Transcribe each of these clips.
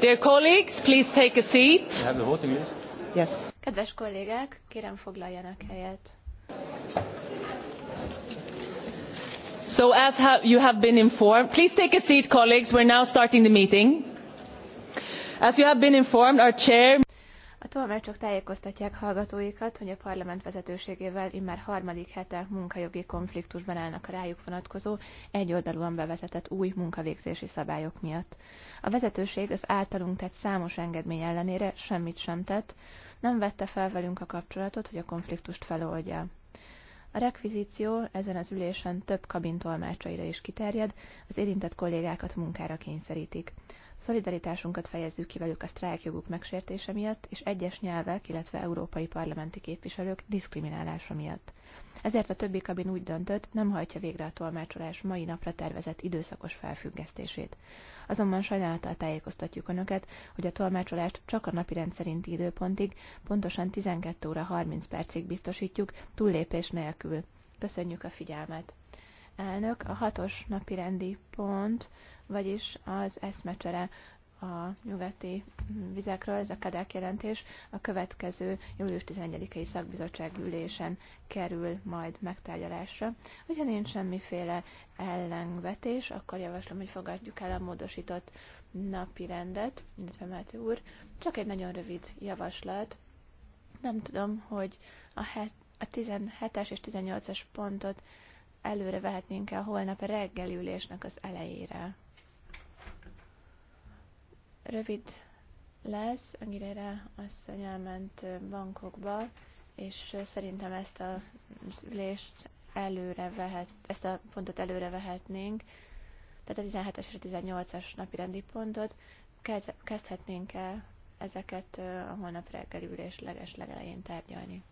Dear colleagues, please take a seat. Yes. Kedves kollégák, kérem foglaljanak helyet. So as ha you have been informed, please take a seat colleagues, we're now starting the meeting. As you have been informed, our chair már csak tájékoztatják hallgatóikat, hogy a parlament vezetőségével immár harmadik hete munkajogi konfliktusban állnak a rájuk vonatkozó egyoldalúan bevezetett új munkavégzési szabályok miatt. A vezetőség az általunk tett számos engedmény ellenére semmit sem tett, nem vette fel velünk a kapcsolatot, hogy a konfliktust feloldja. A rekvizíció ezen az ülésen több kabintolmácsaira is kiterjed, az érintett kollégákat munkára kényszerítik. Szolidaritásunkat fejezzük ki velük a sztrájkjoguk megsértése miatt, és egyes nyelvek, illetve európai parlamenti képviselők diszkriminálása miatt. Ezért a többi kabin úgy döntött, nem hajtja végre a tolmácsolás mai napra tervezett időszakos felfüggesztését. Azonban sajnálattal tájékoztatjuk Önöket, hogy a tolmácsolást csak a napi rendszerinti időpontig, pontosan 12 óra 30 percig biztosítjuk, túllépés nélkül. Köszönjük a figyelmet! Elnök, a hatos napi rendi pont vagyis az eszmecsere a nyugati vizekről, ez a kedek jelentés a következő július 11-i szakbizottság ülésen kerül majd megtárgyalásra. Hogyha nincs semmiféle ellenvetés, akkor javaslom, hogy fogadjuk el a módosított napi rendet, illetve Máté úr. Csak egy nagyon rövid javaslat. Nem tudom, hogy a, het, a 17-es és 18 es pontot előre vehetnénk el holnap reggeli ülésnek az elejére rövid lesz, Angirera asszony elment bankokba, és szerintem ezt a lést előre vehet, ezt a pontot előre vehetnénk, tehát a 17-es és a 18-as napi rendi pontot, kezdhetnénk el ezeket a holnap reggel ülés leges legelején tárgyalni.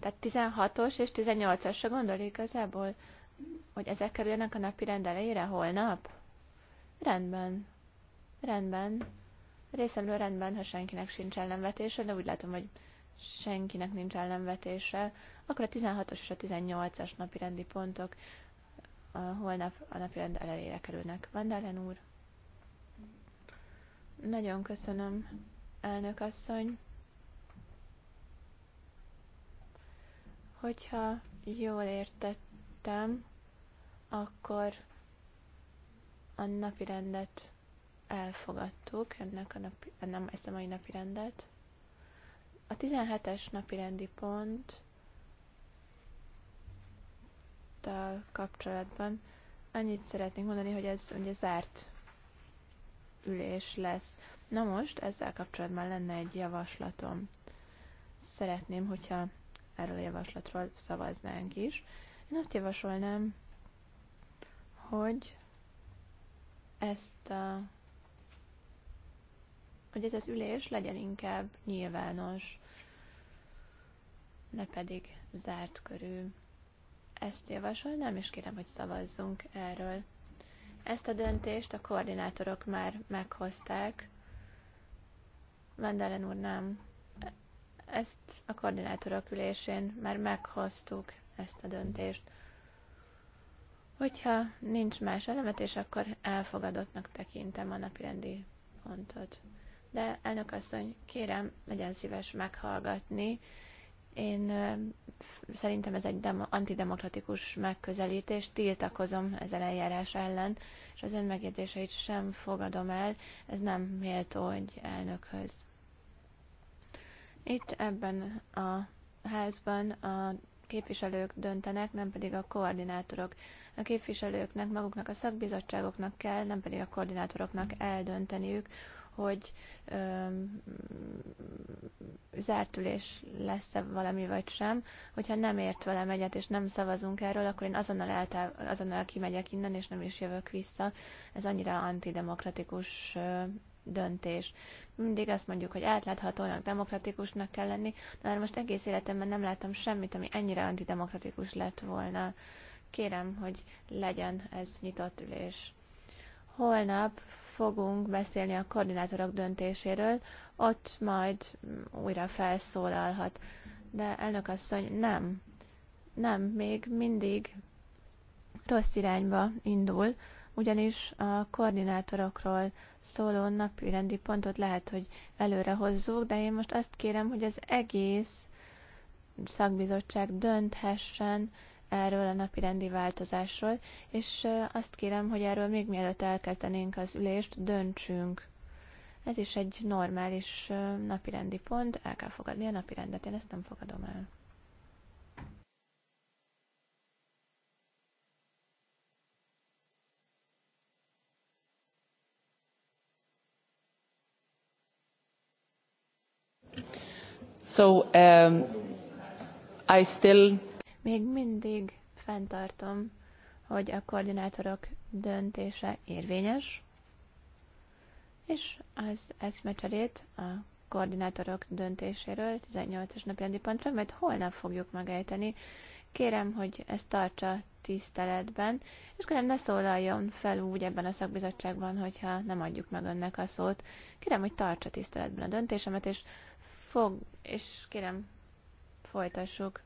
Tehát 16-os és 18-asra gondol igazából, hogy ezek kerüljenek a napi rend elejére holnap? Rendben. Rendben. Részemről rendben, ha senkinek sincs ellenvetése, de úgy látom, hogy senkinek nincs ellenvetése. Akkor a 16-os és a 18-as napi rendi pontok a holnap a napi rend elejére kerülnek. Vandalen úr. Nagyon köszönöm, elnök asszony. Hogyha jól értettem, akkor a napi rendet elfogadtuk, ennek a napi, eh, nem, ezt a mai napi rendet. A 17-es napi rendi pont kapcsolatban annyit szeretnék mondani, hogy ez ugye zárt ülés lesz. Na most ezzel kapcsolatban lenne egy javaslatom. Szeretném, hogyha erről a javaslatról szavaznánk is. Én azt javasolnám, hogy ezt a hogy ez az ülés legyen inkább nyilvános, ne pedig zárt körül. Ezt javasolnám, és kérem, hogy szavazzunk erről. Ezt a döntést a koordinátorok már meghozták. Vendelen úr nem. Ezt a koordinátorok ülésén már meghoztuk ezt a döntést. Hogyha nincs más elemetés, akkor elfogadottnak tekintem a napirendi pontot. De elnök asszony, kérem, legyen szíves meghallgatni. Én szerintem ez egy dem- antidemokratikus megközelítés, tiltakozom ezen eljárás ellen, és az ön megjegyzéseit sem fogadom el, ez nem méltó egy elnökhöz. Itt ebben a házban a képviselők döntenek, nem pedig a koordinátorok. A képviselőknek, maguknak a szakbizottságoknak kell, nem pedig a koordinátoroknak eldönteniük, hogy ö, zártülés lesz-e valami vagy sem. Hogyha nem ért velem egyet, és nem szavazunk erről, akkor én azonnal, eltáv, azonnal kimegyek innen, és nem is jövök vissza. Ez annyira antidemokratikus ö, döntés. Mindig azt mondjuk, hogy átláthatónak, demokratikusnak kell lenni, de már most egész életemben nem láttam semmit, ami ennyire antidemokratikus lett volna. Kérem, hogy legyen ez nyitott ülés. Holnap fogunk beszélni a koordinátorok döntéséről, ott majd újra felszólalhat. De elnök asszony, nem. Nem, még mindig rossz irányba indul ugyanis a koordinátorokról szóló napirendi pontot lehet, hogy előre hozzuk, de én most azt kérem, hogy az egész szakbizottság dönthessen erről a napirendi változásról, és azt kérem, hogy erről még mielőtt elkezdenénk az ülést, döntsünk. Ez is egy normális napirendi pont, el kell fogadni a napirendet, én ezt nem fogadom el. So um, I still... Még mindig fenntartom, hogy a koordinátorok döntése érvényes, és az eszmecserét a koordinátorok döntéséről 18-as napjándi pontra, mert holnap fogjuk megejteni. Kérem, hogy ezt tartsa tiszteletben, és kérem ne szólaljon fel úgy ebben a szakbizottságban, hogyha nem adjuk meg önnek a szót. Kérem, hogy tartsa tiszteletben a döntésemet, és fog, és kérem, folytassuk.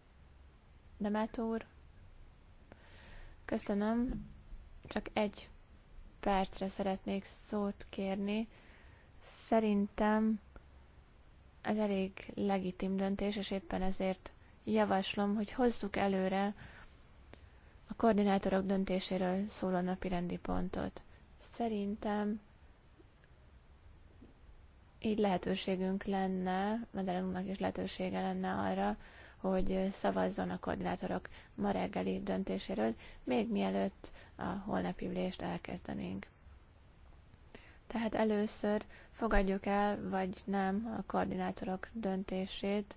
Demeto úr, köszönöm, csak egy percre szeretnék szót kérni. Szerintem ez elég legitim döntés, és éppen ezért javaslom, hogy hozzuk előre a koordinátorok döntéséről szóló napi rendi pontot. Szerintem így lehetőségünk lenne, Medelunknak is lehetősége lenne arra, hogy szavazzon a koordinátorok ma reggeli döntéséről, még mielőtt a holnapi ülést elkezdenénk. Tehát először fogadjuk el, vagy nem a koordinátorok döntését,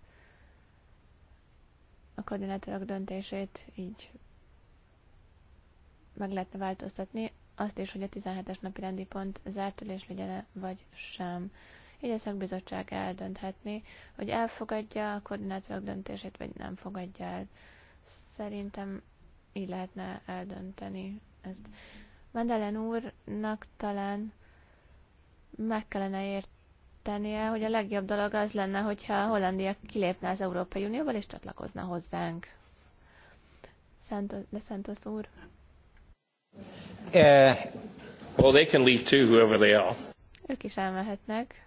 a koordinátorok döntését így meg lehetne változtatni, azt is, hogy a 17-es napi rendi pont zártülés legyen -e, vagy sem így a szakbizottság eldönthetné, hogy elfogadja a koordinátorok döntését, vagy nem fogadja el. Szerintem így lehetne eldönteni ezt. Mendelen úrnak talán meg kellene értenie, hogy a legjobb dolog az lenne, hogyha Hollandia kilépne az Európai Unióból és csatlakozna hozzánk. Santos, de Santos úr. Uh, well, they can leave too, whoever they are. Ők is elmehetnek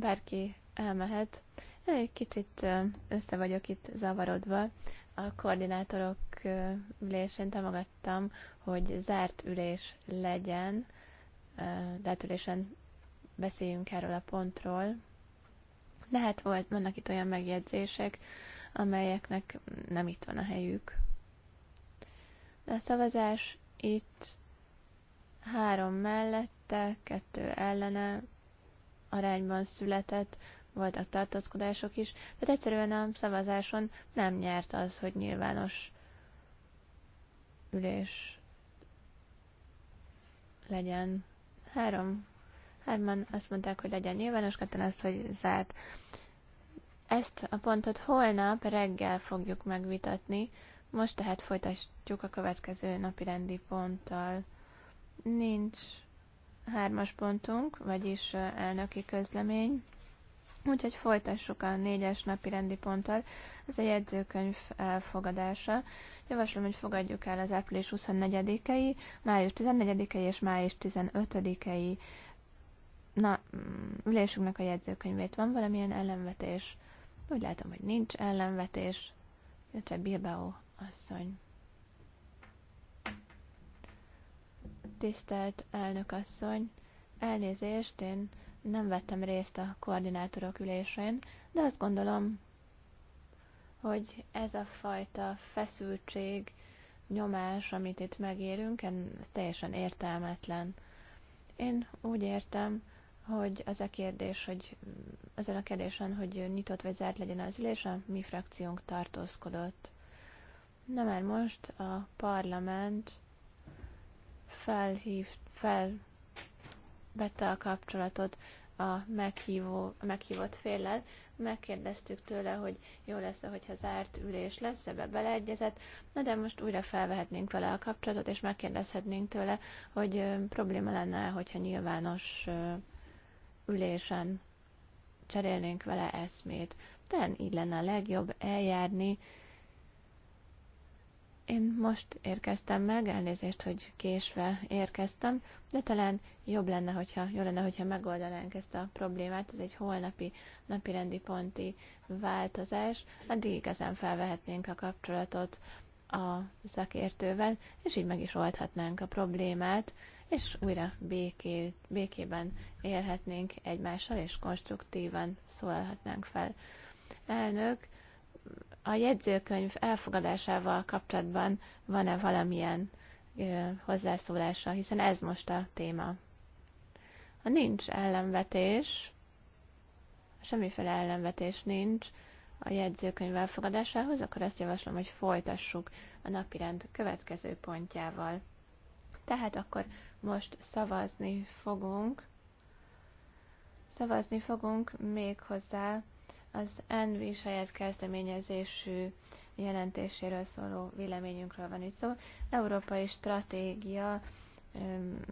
bárki elmehet. Egy kicsit össze vagyok itt zavarodva. A koordinátorok ülésén támogattam, hogy zárt ülés legyen, zárt ülésen beszéljünk erről a pontról. De hát volt, vannak itt olyan megjegyzések, amelyeknek nem itt van a helyük. De A szavazás itt három mellette, kettő ellene, arányban született, voltak tartózkodások is, tehát egyszerűen a szavazáson nem nyert az, hogy nyilvános ülés legyen. Három. Hárman azt mondták, hogy legyen nyilvános, ketten azt, hogy zárt. Ezt a pontot holnap reggel fogjuk megvitatni, most tehát folytatjuk a következő napi rendi ponttal. Nincs hármas pontunk, vagyis elnöki közlemény. Úgyhogy folytassuk a négyes napi rendi ponttal. Ez a jegyzőkönyv elfogadása. Javaslom, hogy fogadjuk el az április 24 i május 14 i és május 15 i na, mm, ülésünknek a jegyzőkönyvét. Van valamilyen ellenvetés? Úgy látom, hogy nincs ellenvetés, illetve Bilbao asszony. Tisztelt elnök asszony, elnézést, én nem vettem részt a koordinátorok ülésén, de azt gondolom, hogy ez a fajta feszültség, nyomás, amit itt megérünk, ez teljesen értelmetlen. Én úgy értem, hogy az a kérdés, hogy ezen a kérdésen, hogy nyitott vagy zárt legyen az ülés, a mi frakciónk tartózkodott. Na már most a parlament felhív, vette a kapcsolatot a, meghívó, a meghívott féllel, megkérdeztük tőle, hogy jó lesz-e, hogyha zárt ülés lesz, ebbe beleegyezett, na de most újra felvehetnénk vele a kapcsolatot, és megkérdezhetnénk tőle, hogy ö, probléma lenne, hogyha nyilvános ö, ülésen cserélnénk vele eszmét. De így lenne a legjobb eljárni, én most érkeztem meg, elnézést, hogy késve érkeztem, de talán jobb lenne, hogyha, jó lenne, hogyha megoldanánk ezt a problémát. Ez egy holnapi napirendi ponti változás. Addig igazán felvehetnénk a kapcsolatot a szakértővel, és így meg is oldhatnánk a problémát, és újra béké, békében élhetnénk egymással, és konstruktívan szólhatnánk fel. Elnök, a jegyzőkönyv elfogadásával kapcsolatban van-e valamilyen hozzászólása, hiszen ez most a téma. Ha nincs ellenvetés, semmiféle ellenvetés nincs a jegyzőkönyv elfogadásához, akkor azt javaslom, hogy folytassuk a napirend következő pontjával. Tehát akkor most szavazni fogunk. Szavazni fogunk még hozzá. Az ENVI saját kezdeményezésű jelentéséről szóló véleményünkről van itt szó. Európai stratégia,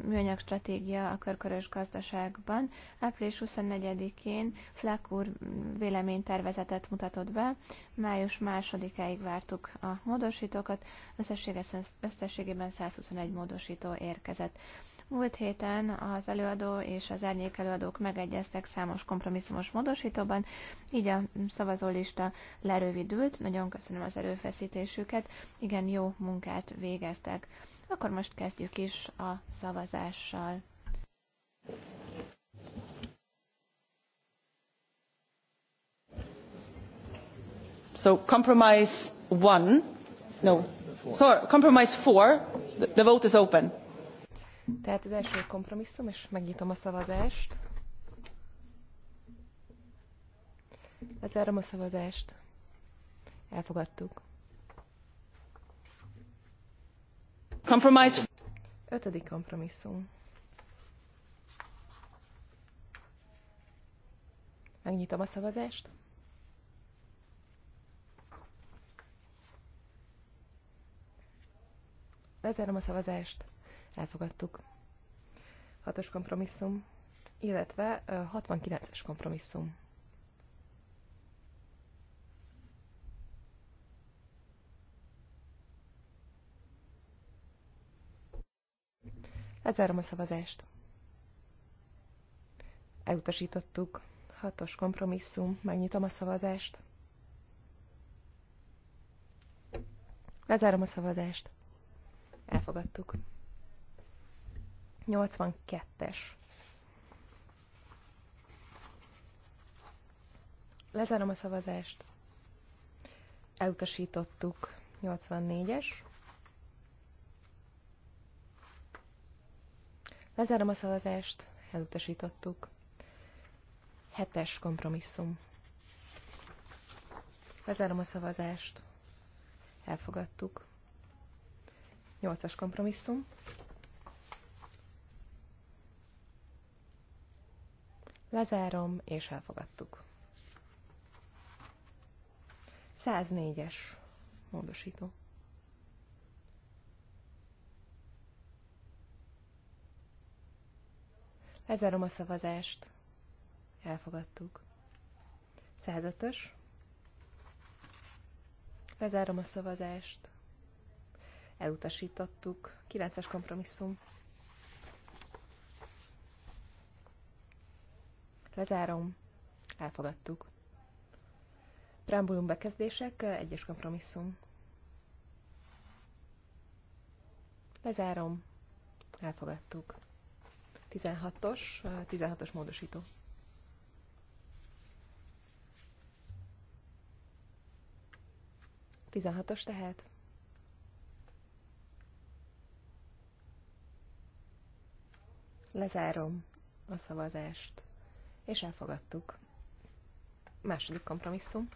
műanyag stratégia a körkörös gazdaságban. Április 24-én Fleck úr véleménytervezetet mutatott be, május 2-áig vártuk a módosítókat, összességében 121 módosító érkezett. Múlt héten az előadó és az árnyék előadók megegyeztek számos kompromisszumos módosítóban, így a szavazólista lerövidült. Nagyon köszönöm az erőfeszítésüket, igen jó munkát végeztek. Akkor most kezdjük is a szavazással. So compromise one, no, sorry, compromise four, the vote is open. Tehát az első kompromisszum, és megnyitom a szavazást. Lezárom a szavazást. Elfogadtuk. Compromise. Ötödik kompromisszum. Megnyitom a szavazást. Lezárom a szavazást elfogadtuk. Hatos kompromisszum, illetve 69-es kompromisszum. Lezárom a szavazást. Elutasítottuk. Hatos kompromisszum. Megnyitom a szavazást. Lezárom a szavazást. Elfogadtuk. 82-es. Lezárom a szavazást. Elutasítottuk 84-es. Lezárom a szavazást. Elutasítottuk. 7-es kompromisszum. Lezárom a szavazást. Elfogadtuk. 8 8-as kompromisszum. Lezárom, és elfogadtuk. 104-es módosító. Lezárom a szavazást. Elfogadtuk. 105-ös. Lezárom a szavazást. Elutasítottuk. 9-es kompromisszum. Lezárom. Elfogadtuk. Preambulum bekezdések, egyes kompromisszum. Lezárom. Elfogadtuk. 16-os, 16-os módosító. Tizenhatos tehát. Lezárom a szavazást és elfogadtuk. Második kompromisszum.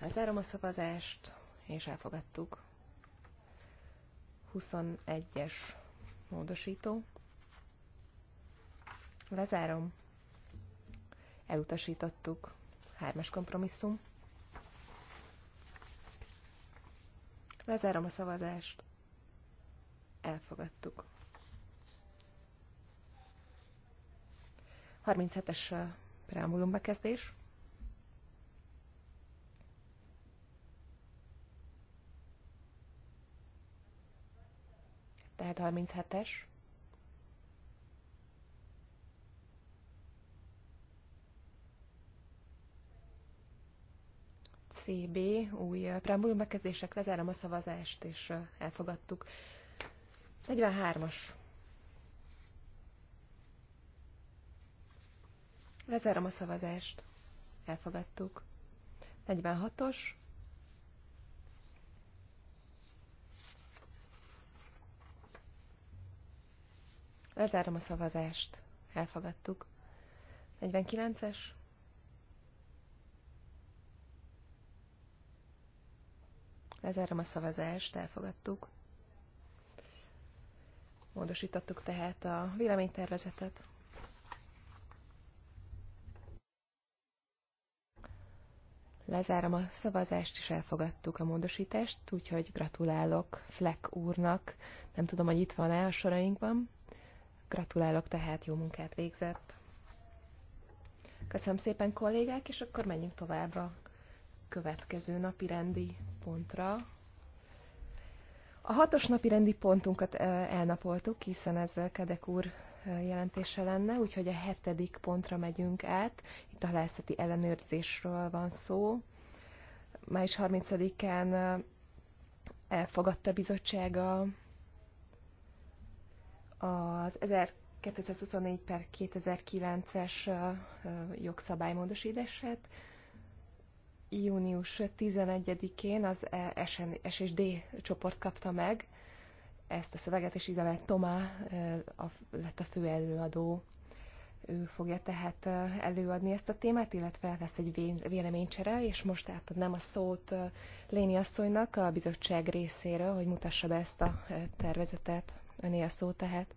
Lezárom a szavazást, és elfogadtuk. 21-es módosító. Lezárom. Elutasítottuk. Hármas kompromisszum. Lezárom a szavazást. Elfogadtuk. 37-es preambulum bekezdés. Tehát 37-es. CB, új preambulum bekezdések, lezárom a szavazást, és elfogadtuk. 43-as Lezárom a szavazást. Elfogadtuk. 46-os. Lezárom a szavazást. Elfogadtuk. 49-es. Lezárom a szavazást, elfogadtuk. Módosítottuk tehát a véleménytervezetet. Lezárom a szavazást, és elfogadtuk a módosítást, úgyhogy gratulálok Fleck úrnak. Nem tudom, hogy itt van-e a sorainkban. Gratulálok, tehát jó munkát végzett. Köszönöm szépen, kollégák, és akkor menjünk tovább a következő napi rendi pontra. A hatos napi rendi pontunkat eh, elnapoltuk, hiszen ez Kedek úr jelentése lenne, úgyhogy a hetedik pontra megyünk át. Itt a halászati ellenőrzésről van szó. Május 30-án elfogadta a bizottság az 1224 per 2009-es jogszabálymódosítását. Június 11-én az e D csoport kapta meg, ezt a szöveget, és Izabel Tomá a, lett a fő előadó. Ő fogja tehát előadni ezt a témát, illetve lesz egy véleménycsere, és most átadnám a szót Léni asszonynak a bizottság részéről, hogy mutassa be ezt a tervezetet. Öné a szó tehát.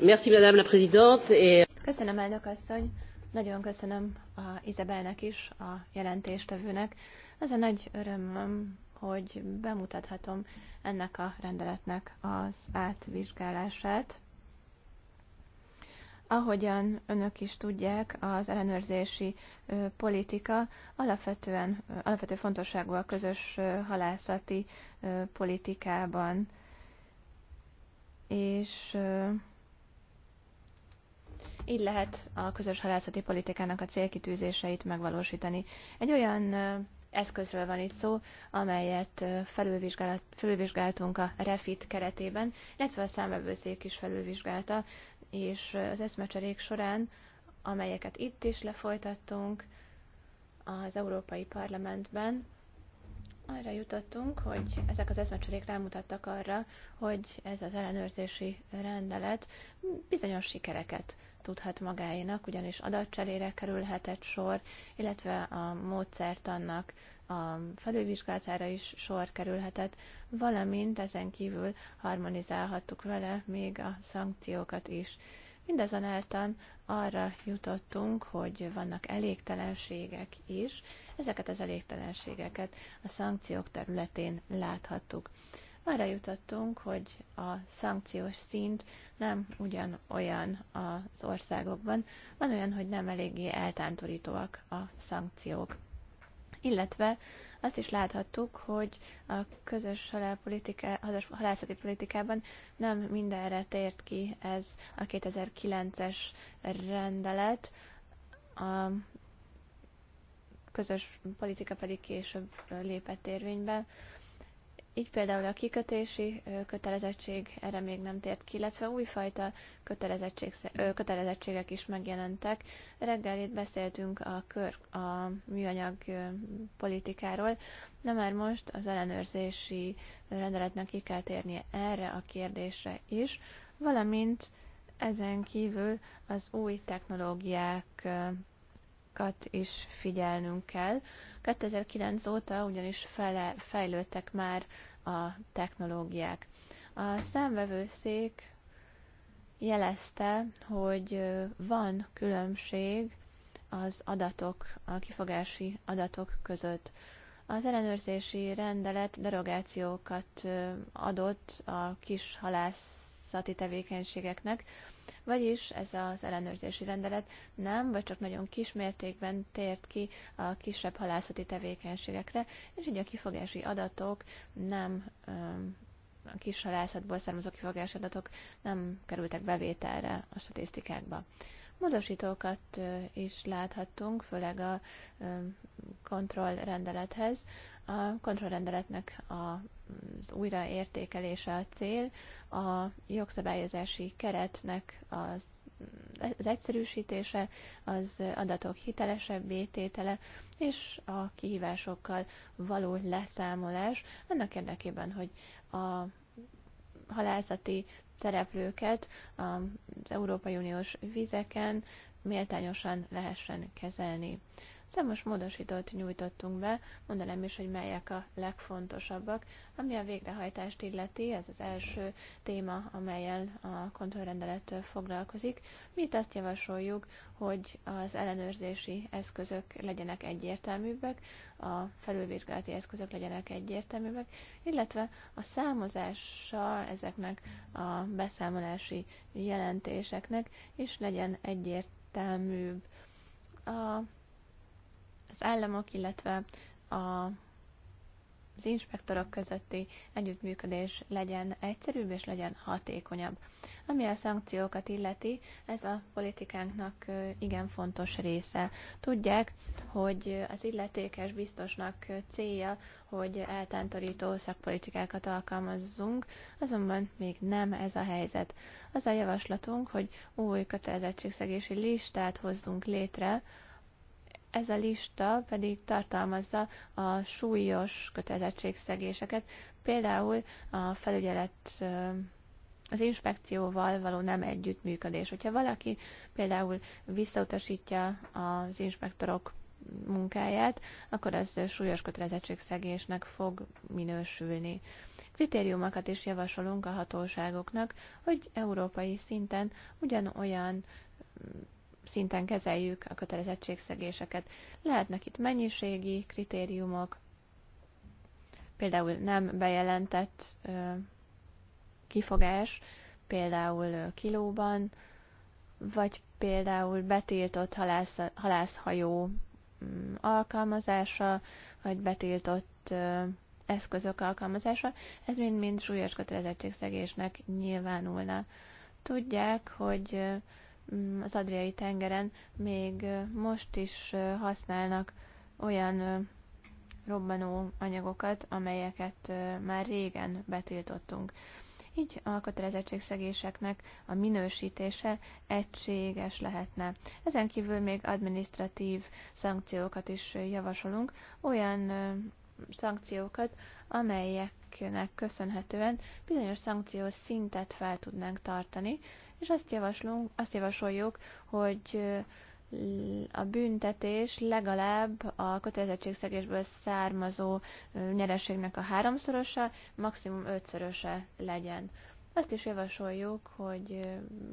Merci, Madame la Présidente. Et... Köszönöm, elnök asszony. Nagyon köszönöm a Izabelnek is, a jelentéstevőnek. Ez a nagy öröm hogy bemutathatom ennek a rendeletnek az átvizsgálását. Ahogyan önök is tudják, az ellenőrzési ö, politika alapvetően, ö, alapvető fontosságú a közös ö, halászati ö, politikában, és ö, így lehet a közös halászati politikának a célkitűzéseit megvalósítani. Egy olyan eszközről van itt szó, amelyet felülvizsgálat, felülvizsgáltunk a REFIT keretében, illetve a számvevőszék is felülvizsgálta, és az eszmecserék során, amelyeket itt is lefolytattunk az Európai Parlamentben, arra jutottunk, hogy ezek az eszmecserék rámutattak arra, hogy ez az ellenőrzési rendelet bizonyos sikereket tudhat magáénak, ugyanis adatcserére kerülhetett sor, illetve a módszertannak a felülvizsgálatára is sor kerülhetett, valamint ezen kívül harmonizálhattuk vele még a szankciókat is. Mindazonáltal arra jutottunk, hogy vannak elégtelenségek is, ezeket az elégtelenségeket a szankciók területén láthattuk arra jutottunk, hogy a szankciós szint nem ugyan olyan az országokban, van olyan, hogy nem eléggé eltántorítóak a szankciók. Illetve azt is láthattuk, hogy a közös halászati politikában nem mindenre tért ki ez a 2009-es rendelet, a közös politika pedig később lépett érvénybe. Így például a kikötési kötelezettség erre még nem tért ki, illetve újfajta kötelezettség, kötelezettségek is megjelentek. Reggel itt beszéltünk a, kör, a műanyag politikáról, de már most az ellenőrzési rendeletnek ki kell térnie erre a kérdésre is, valamint ezen kívül az új technológiák kat is figyelnünk kell. 2009 óta ugyanis fele, fejlődtek már a technológiák. A számvevőszék jelezte, hogy van különbség az adatok, a kifogási adatok között. Az ellenőrzési rendelet derogációkat adott a kis halászati tevékenységeknek, vagyis ez az ellenőrzési rendelet nem, vagy csak nagyon kis mértékben tért ki a kisebb halászati tevékenységekre, és így a kifogási adatok nem a kis halászatból származó kifogási adatok nem kerültek bevételre a statisztikákba. Módosítókat is láthattunk, főleg a kontrollrendelethez, a kontrollrendeletnek az újraértékelése a cél, a jogszabályozási keretnek az, az egyszerűsítése, az adatok hitelesebb tétele, és a kihívásokkal való leszámolás, annak érdekében, hogy a halászati szereplőket az Európai Uniós vizeken méltányosan lehessen kezelni. Számos módosítót nyújtottunk be, mondanám is, hogy melyek a legfontosabbak. Ami a végrehajtást illeti, ez az első téma, amelyel a kontrollrendelet foglalkozik. Mi itt azt javasoljuk, hogy az ellenőrzési eszközök legyenek egyértelműbbek, a felülvizsgálati eszközök legyenek egyértelműbbek, illetve a számozása ezeknek a beszámolási jelentéseknek is legyen egyértelműbb. A az államok, illetve a az inspektorok közötti együttműködés legyen egyszerűbb és legyen hatékonyabb. Ami a szankciókat illeti, ez a politikánknak igen fontos része. Tudják, hogy az illetékes biztosnak célja, hogy eltántorító szakpolitikákat alkalmazzunk, azonban még nem ez a helyzet. Az a javaslatunk, hogy új kötelezettségszegési listát hozzunk létre, ez a lista pedig tartalmazza a súlyos kötelezettségszegéseket, például a felügyelet az inspekcióval való nem együttműködés. Hogyha valaki például visszautasítja az inspektorok munkáját, akkor ez súlyos kötelezettségszegésnek fog minősülni. Kritériumokat is javasolunk a hatóságoknak, hogy európai szinten ugyanolyan szinten kezeljük a kötelezettségszegéseket. Lehetnek itt mennyiségi kritériumok, például nem bejelentett kifogás, például kilóban, vagy például betiltott halász, halászhajó mm, alkalmazása, vagy betiltott eszközök alkalmazása, ez mind-mind súlyos kötelezettségszegésnek nyilvánulna. Tudják, hogy Mm, az Adriai tengeren még most is használnak olyan robbanó anyagokat, amelyeket már régen betiltottunk. Így a kötelezettségszegéseknek a minősítése egységes lehetne. Ezen kívül még administratív szankciókat is javasolunk, olyan szankciókat, amelyeknek köszönhetően bizonyos szankciós szintet fel tudnánk tartani, és azt, javaslunk, azt javasoljuk, hogy a büntetés legalább a kötelezettségszegésből származó nyereségnek a háromszorosa, maximum ötszöröse legyen. Azt is javasoljuk, hogy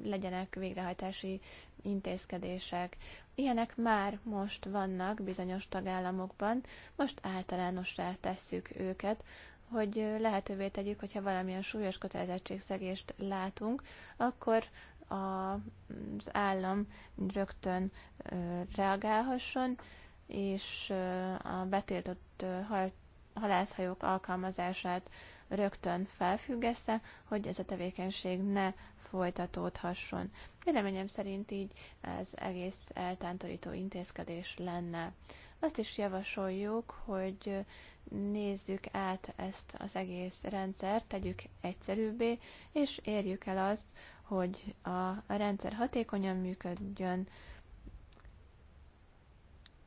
legyenek végrehajtási intézkedések. Ilyenek már most vannak bizonyos tagállamokban, most általánossá tesszük őket hogy lehetővé tegyük, hogyha valamilyen súlyos kötelezettségszegést látunk, akkor az állam rögtön reagálhasson, és a betiltott hal, halászhajók alkalmazását rögtön felfüggesse, hogy ez a tevékenység ne folytatódhasson. Véleményem szerint így ez egész eltántorító intézkedés lenne. Azt is javasoljuk, hogy nézzük át ezt az egész rendszert, tegyük egyszerűbbé, és érjük el azt, hogy a rendszer hatékonyan működjön,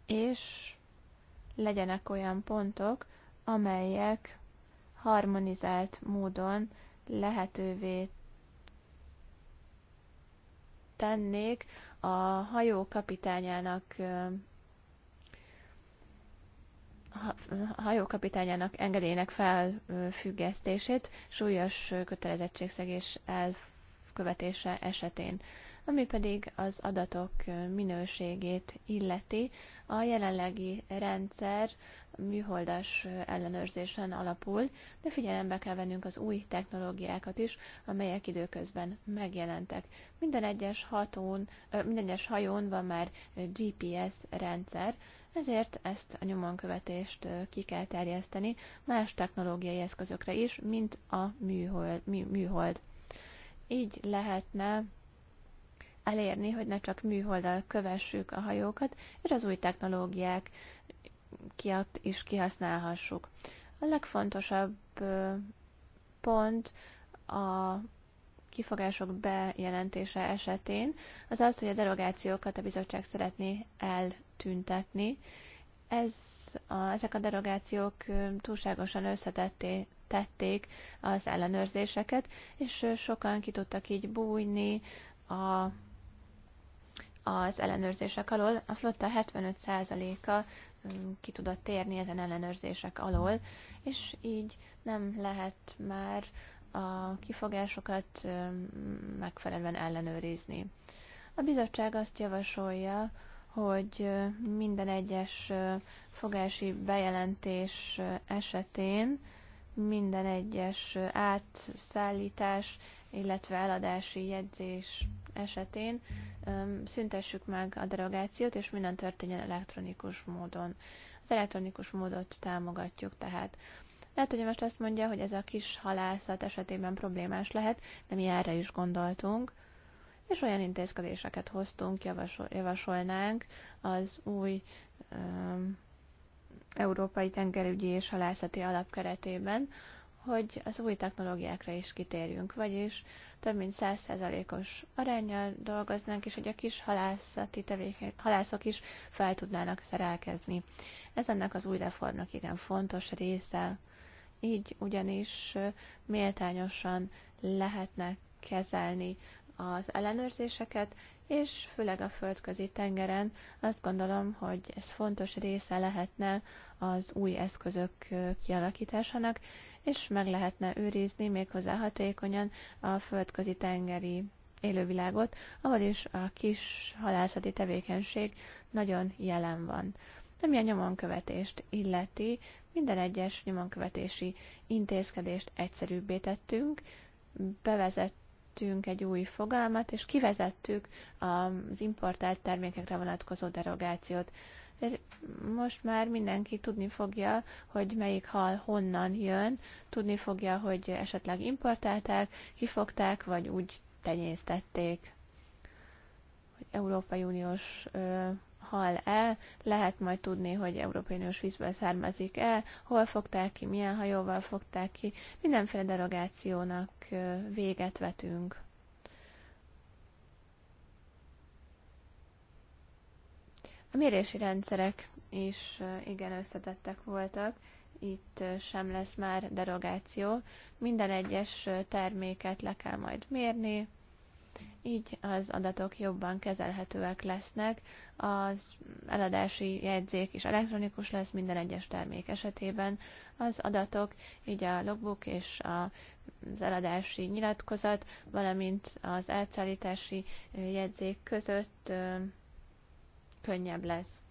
és legyenek olyan pontok, amelyek harmonizált módon lehetővé tennék a hajó kapitányának hajókapitányának engedélyének felfüggesztését súlyos kötelezettségszegés elkövetése esetén. Ami pedig az adatok minőségét illeti, a jelenlegi rendszer műholdas ellenőrzésen alapul, de figyelembe kell vennünk az új technológiákat is, amelyek időközben megjelentek. Minden egyes, hatón, minden egyes hajón van már GPS rendszer, ezért ezt a nyomonkövetést ki kell terjeszteni más technológiai eszközökre is, mint a műhold. Mű, műhold. Így lehetne elérni, hogy ne csak műholddal kövessük a hajókat, és az új technológiák kiatt is kihasználhassuk. A legfontosabb pont a kifogások bejelentése esetén az az, hogy a derogációkat a bizottság szeretné el tüntetni. Ez a, ezek a derogációk túlságosan összetetté tették az ellenőrzéseket, és sokan ki tudtak így bújni a, az ellenőrzések alól. A flotta 75%-a ki tudott térni ezen ellenőrzések alól, és így nem lehet már a kifogásokat megfelelően ellenőrizni. A bizottság azt javasolja, hogy minden egyes fogási bejelentés esetén minden egyes átszállítás, illetve eladási jegyzés esetén szüntessük meg a derogációt, és minden történjen elektronikus módon. Az elektronikus módot támogatjuk tehát. Lehet, hogy most azt mondja, hogy ez a kis halászat esetében problémás lehet, de mi erre is gondoltunk és olyan intézkedéseket hoztunk, javasol, javasolnánk az új um, Európai Tengerügyi és Halászati Alap keretében, hogy az új technológiákra is kitérjünk, vagyis több mint 100%-os arányjal dolgoznánk, és hogy a kis halászati tevékeny, halászok is fel tudnának szerelkezni. Ez ennek az új reformnak igen fontos része. Így ugyanis méltányosan lehetnek kezelni az ellenőrzéseket, és főleg a földközi tengeren azt gondolom, hogy ez fontos része lehetne az új eszközök kialakításának, és meg lehetne őrizni méghozzá hatékonyan a földközi tengeri élővilágot, ahol is a kis halászati tevékenység nagyon jelen van. Nem a nyomonkövetést illeti, minden egyes nyomonkövetési intézkedést egyszerűbbé tettünk, bevezett bevezettünk egy új fogalmat, és kivezettük az importált termékekre vonatkozó derogációt. Most már mindenki tudni fogja, hogy melyik hal honnan jön, tudni fogja, hogy esetleg importálták, kifogták, vagy úgy tenyésztették. Hogy Európai Uniós hal el, lehet majd tudni, hogy Európai Uniós vízből származik el, hol fogták ki, milyen hajóval fogták ki, mindenféle derogációnak véget vetünk. A mérési rendszerek is igen összetettek voltak, itt sem lesz már derogáció. Minden egyes terméket le kell majd mérni, így az adatok jobban kezelhetőek lesznek, az eladási jegyzék is elektronikus lesz minden egyes termék esetében. Az adatok, így a logbook és az eladási nyilatkozat, valamint az elszállítási jegyzék között könnyebb lesz.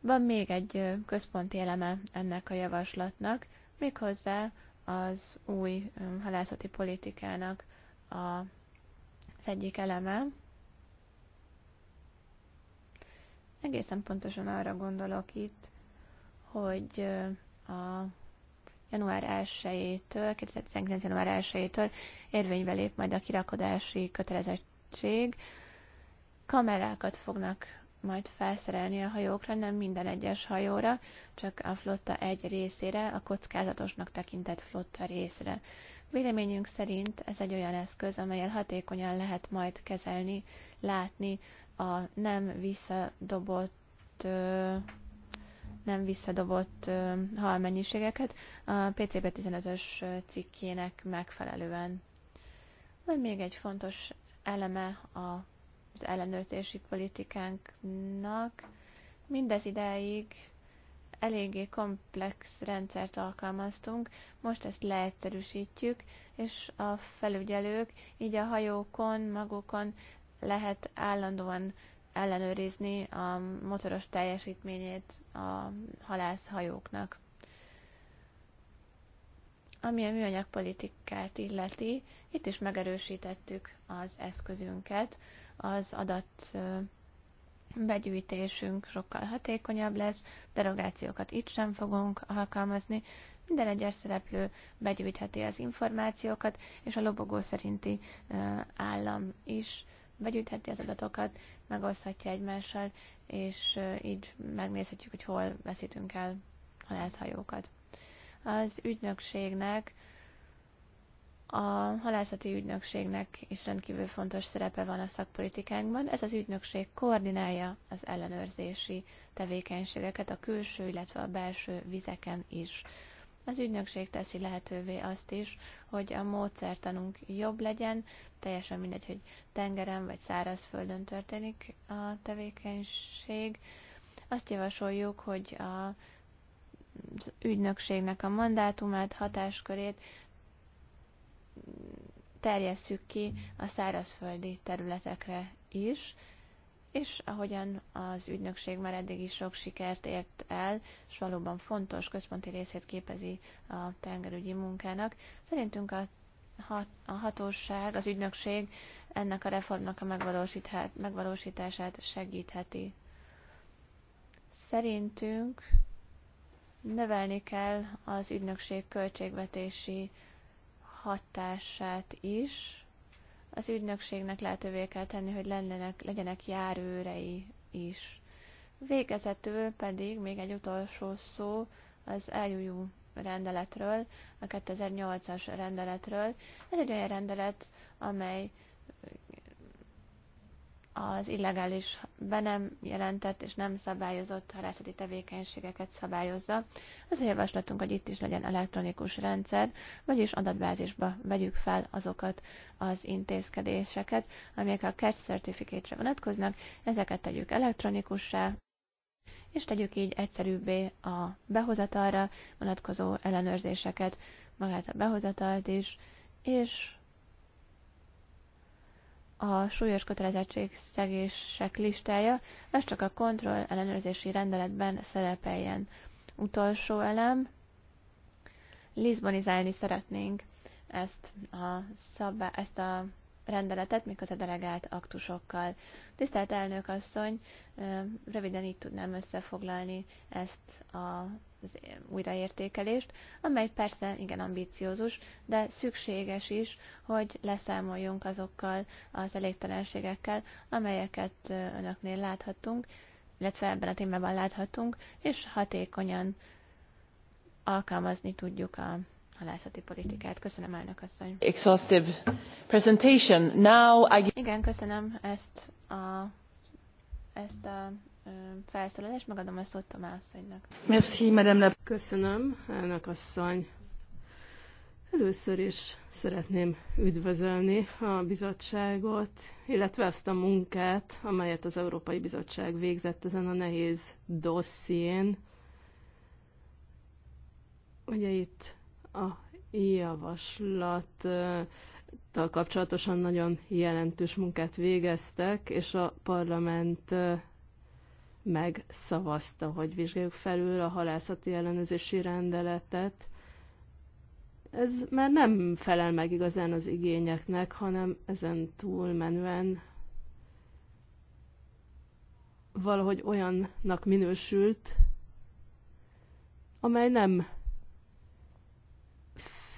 Van még egy központi eleme ennek a javaslatnak, méghozzá az új halászati politikának a piac egyik eleme, egészen pontosan arra gondolok itt, hogy a január 1-től, 2019. január 1-től érvénybe lép majd a kirakodási kötelezettség. Kamerákat fognak majd felszerelni a hajókra, nem minden egyes hajóra, csak a flotta egy részére, a kockázatosnak tekintett flotta részre. Véleményünk szerint ez egy olyan eszköz, amelyel hatékonyan lehet majd kezelni, látni a nem visszadobott nem visszadobott halmennyiségeket a PCB 15-ös cikkének megfelelően. Van még egy fontos eleme az ellenőrzési politikánknak. Mindez ideig eléggé komplex rendszert alkalmaztunk, most ezt leegyszerűsítjük, és a felügyelők így a hajókon, magukon lehet állandóan ellenőrizni a motoros teljesítményét a halászhajóknak. Ami a műanyag politikát illeti, itt is megerősítettük az eszközünket, az adat begyűjtésünk sokkal hatékonyabb lesz, derogációkat itt sem fogunk alkalmazni, minden egyes szereplő begyűjtheti az információkat, és a lobogó szerinti állam is begyűjtheti az adatokat, megoszthatja egymással, és így megnézhetjük, hogy hol veszítünk el halászhajókat. Az ügynökségnek a halászati ügynökségnek is rendkívül fontos szerepe van a szakpolitikánkban. Ez az ügynökség koordinálja az ellenőrzési tevékenységeket a külső, illetve a belső vizeken is. Az ügynökség teszi lehetővé azt is, hogy a módszertanunk jobb legyen, teljesen mindegy, hogy tengeren vagy szárazföldön történik a tevékenység. Azt javasoljuk, hogy a az ügynökségnek a mandátumát, hatáskörét terjesszük ki a szárazföldi területekre is, és ahogyan az ügynökség már eddig is sok sikert ért el, és valóban fontos központi részét képezi a tengerügyi munkának, szerintünk a a hatóság, az ügynökség ennek a reformnak a megvalósítását segítheti. Szerintünk növelni kell az ügynökség költségvetési hatását is az ügynökségnek lehetővé kell tenni, hogy lennének, legyenek járőrei is. Végezetül pedig még egy utolsó szó az eljújú rendeletről, a 2008-as rendeletről. Ez egy olyan rendelet, amely az illegális, be nem jelentett és nem szabályozott halászati tevékenységeket szabályozza. Az a javaslatunk, hogy itt is legyen elektronikus rendszer, vagyis adatbázisba vegyük fel azokat az intézkedéseket, amelyek a Catch Certificate-re vonatkoznak, ezeket tegyük elektronikussá, és tegyük így egyszerűbbé a behozatalra vonatkozó ellenőrzéseket, magát a behozatalt is, és a súlyos szegések listája, ez csak a kontroll ellenőrzési rendeletben szerepeljen. Utolsó elem, Lisbonizálni szeretnénk ezt a, szabá, ezt a rendeletet, a delegált aktusokkal. Tisztelt elnök asszony, röviden így tudnám összefoglalni ezt a az újraértékelést, amely persze igen ambíciózus, de szükséges is, hogy leszámoljunk azokkal az elégtelenségekkel, amelyeket önöknél láthatunk, illetve ebben a témában láthatunk, és hatékonyan alkalmazni tudjuk a halászati politikát. Köszönöm, elnök asszony. Exhaustive presentation. Now I... Igen, köszönöm ezt a, ezt a felszólalás. Megadom a szót Tomá asszonynak. Merci, Madame la... Köszönöm, elnök asszony. Először is szeretném üdvözölni a bizottságot, illetve azt a munkát, amelyet az Európai Bizottság végzett ezen a nehéz dosszién. Ugye itt a javaslat kapcsolatosan nagyon jelentős munkát végeztek, és a parlament megszavazta, hogy vizsgáljuk felül a halászati ellenőrzési rendeletet. Ez már nem felel meg igazán az igényeknek, hanem ezen menően valahogy olyannak minősült, amely nem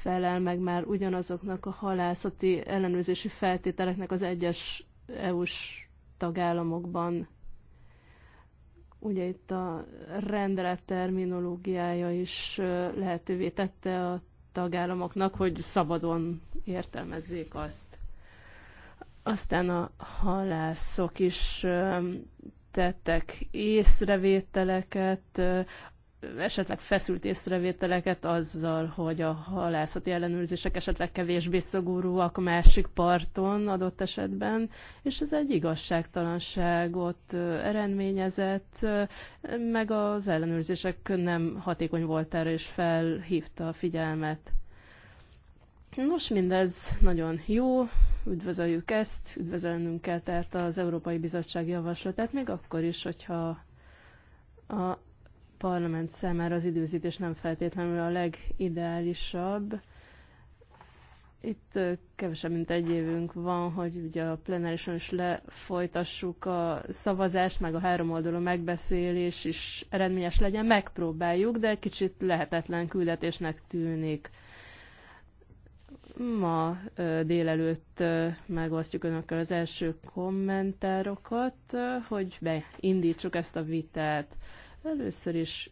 felel meg már ugyanazoknak a halászati ellenőrzési feltételeknek az egyes EU-s tagállamokban. Ugye itt a rendelet terminológiája is lehetővé tette a tagállamoknak, hogy szabadon értelmezzék azt. Aztán a halászok is tettek észrevételeket esetleg feszült észrevételeket azzal, hogy a halászati ellenőrzések esetleg kevésbé szigorúak a másik parton adott esetben, és ez egy igazságtalanságot eredményezett, meg az ellenőrzések nem hatékony volt erre, és felhívta a figyelmet. Nos, mindez nagyon jó, üdvözöljük ezt, üdvözölnünk kell tehát az Európai Bizottság javaslatát, még akkor is, hogyha a parlament számára az időzítés nem feltétlenül a legideálisabb. Itt kevesebb, mint egy évünk van, hogy ugye a plenárison is lefolytassuk a szavazást, meg a három oldalú megbeszélés is eredményes legyen. Megpróbáljuk, de egy kicsit lehetetlen küldetésnek tűnik. Ma délelőtt megosztjuk önökkel az első kommentárokat, hogy beindítsuk ezt a vitát. Először is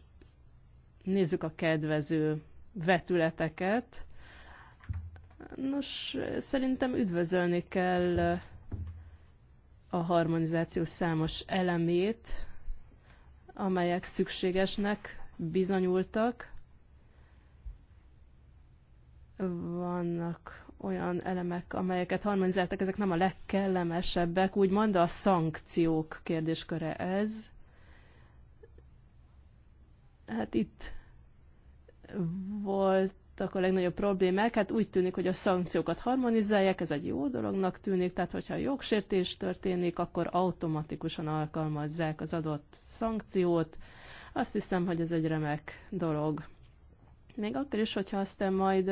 nézzük a kedvező vetületeket. Nos, szerintem üdvözölni kell a harmonizáció számos elemét, amelyek szükségesnek bizonyultak. Vannak olyan elemek, amelyeket harmonizáltak, ezek nem a legkellemesebbek, úgymond a szankciók kérdésköre ez hát itt voltak a legnagyobb problémák, hát úgy tűnik, hogy a szankciókat harmonizálják, ez egy jó dolognak tűnik, tehát hogyha jogsértés történik, akkor automatikusan alkalmazzák az adott szankciót. Azt hiszem, hogy ez egy remek dolog. Még akkor is, hogyha aztán majd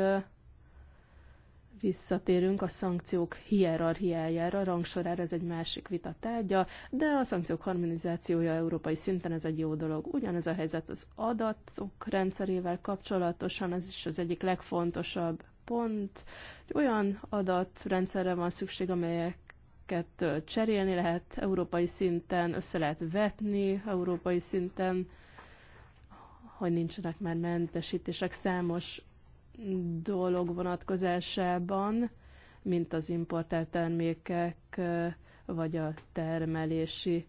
visszatérünk a szankciók hierarchiájára, rangsorára, ez egy másik vita tárgya, de a szankciók harmonizációja európai szinten ez egy jó dolog. Ugyanez a helyzet az adatok rendszerével kapcsolatosan, ez is az egyik legfontosabb pont. Egy olyan adatrendszerre van szükség, amelyek cserélni lehet európai szinten, össze lehet vetni európai szinten, hogy nincsenek már mentesítések számos dolog vonatkozásában, mint az importált termékek vagy a termelési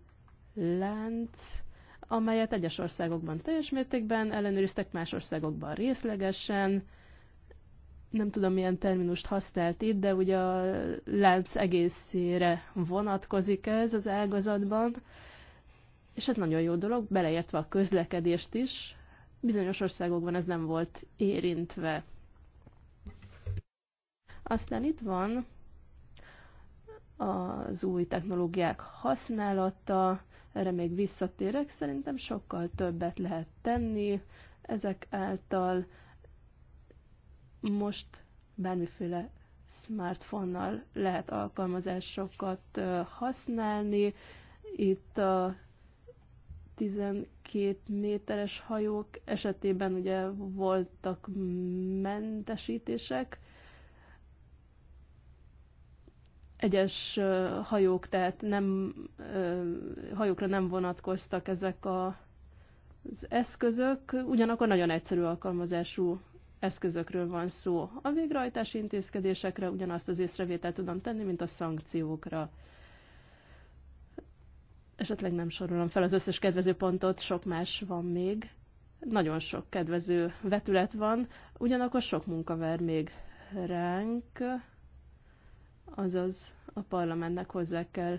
lánc, amelyet egyes országokban teljes mértékben ellenőriztek, más országokban részlegesen. Nem tudom, milyen terminust használt itt, de ugye a lánc egészére vonatkozik ez az ágazatban, és ez nagyon jó dolog, beleértve a közlekedést is. Bizonyos országokban ez nem volt érintve. Aztán itt van az új technológiák használata, erre még visszatérek, szerintem sokkal többet lehet tenni ezek által. Most bármiféle smartphone-nal lehet alkalmazásokat használni. Itt a 12 méteres hajók esetében ugye voltak mentesítések, egyes hajók, tehát nem, hajókra nem vonatkoztak ezek a, az eszközök, ugyanakkor nagyon egyszerű alkalmazású eszközökről van szó. A végrehajtási intézkedésekre ugyanazt az észrevételt tudom tenni, mint a szankciókra. Esetleg nem sorolom fel az összes kedvező pontot, sok más van még. Nagyon sok kedvező vetület van, ugyanakkor sok munka vár még ránk azaz a parlamentnek hozzá kell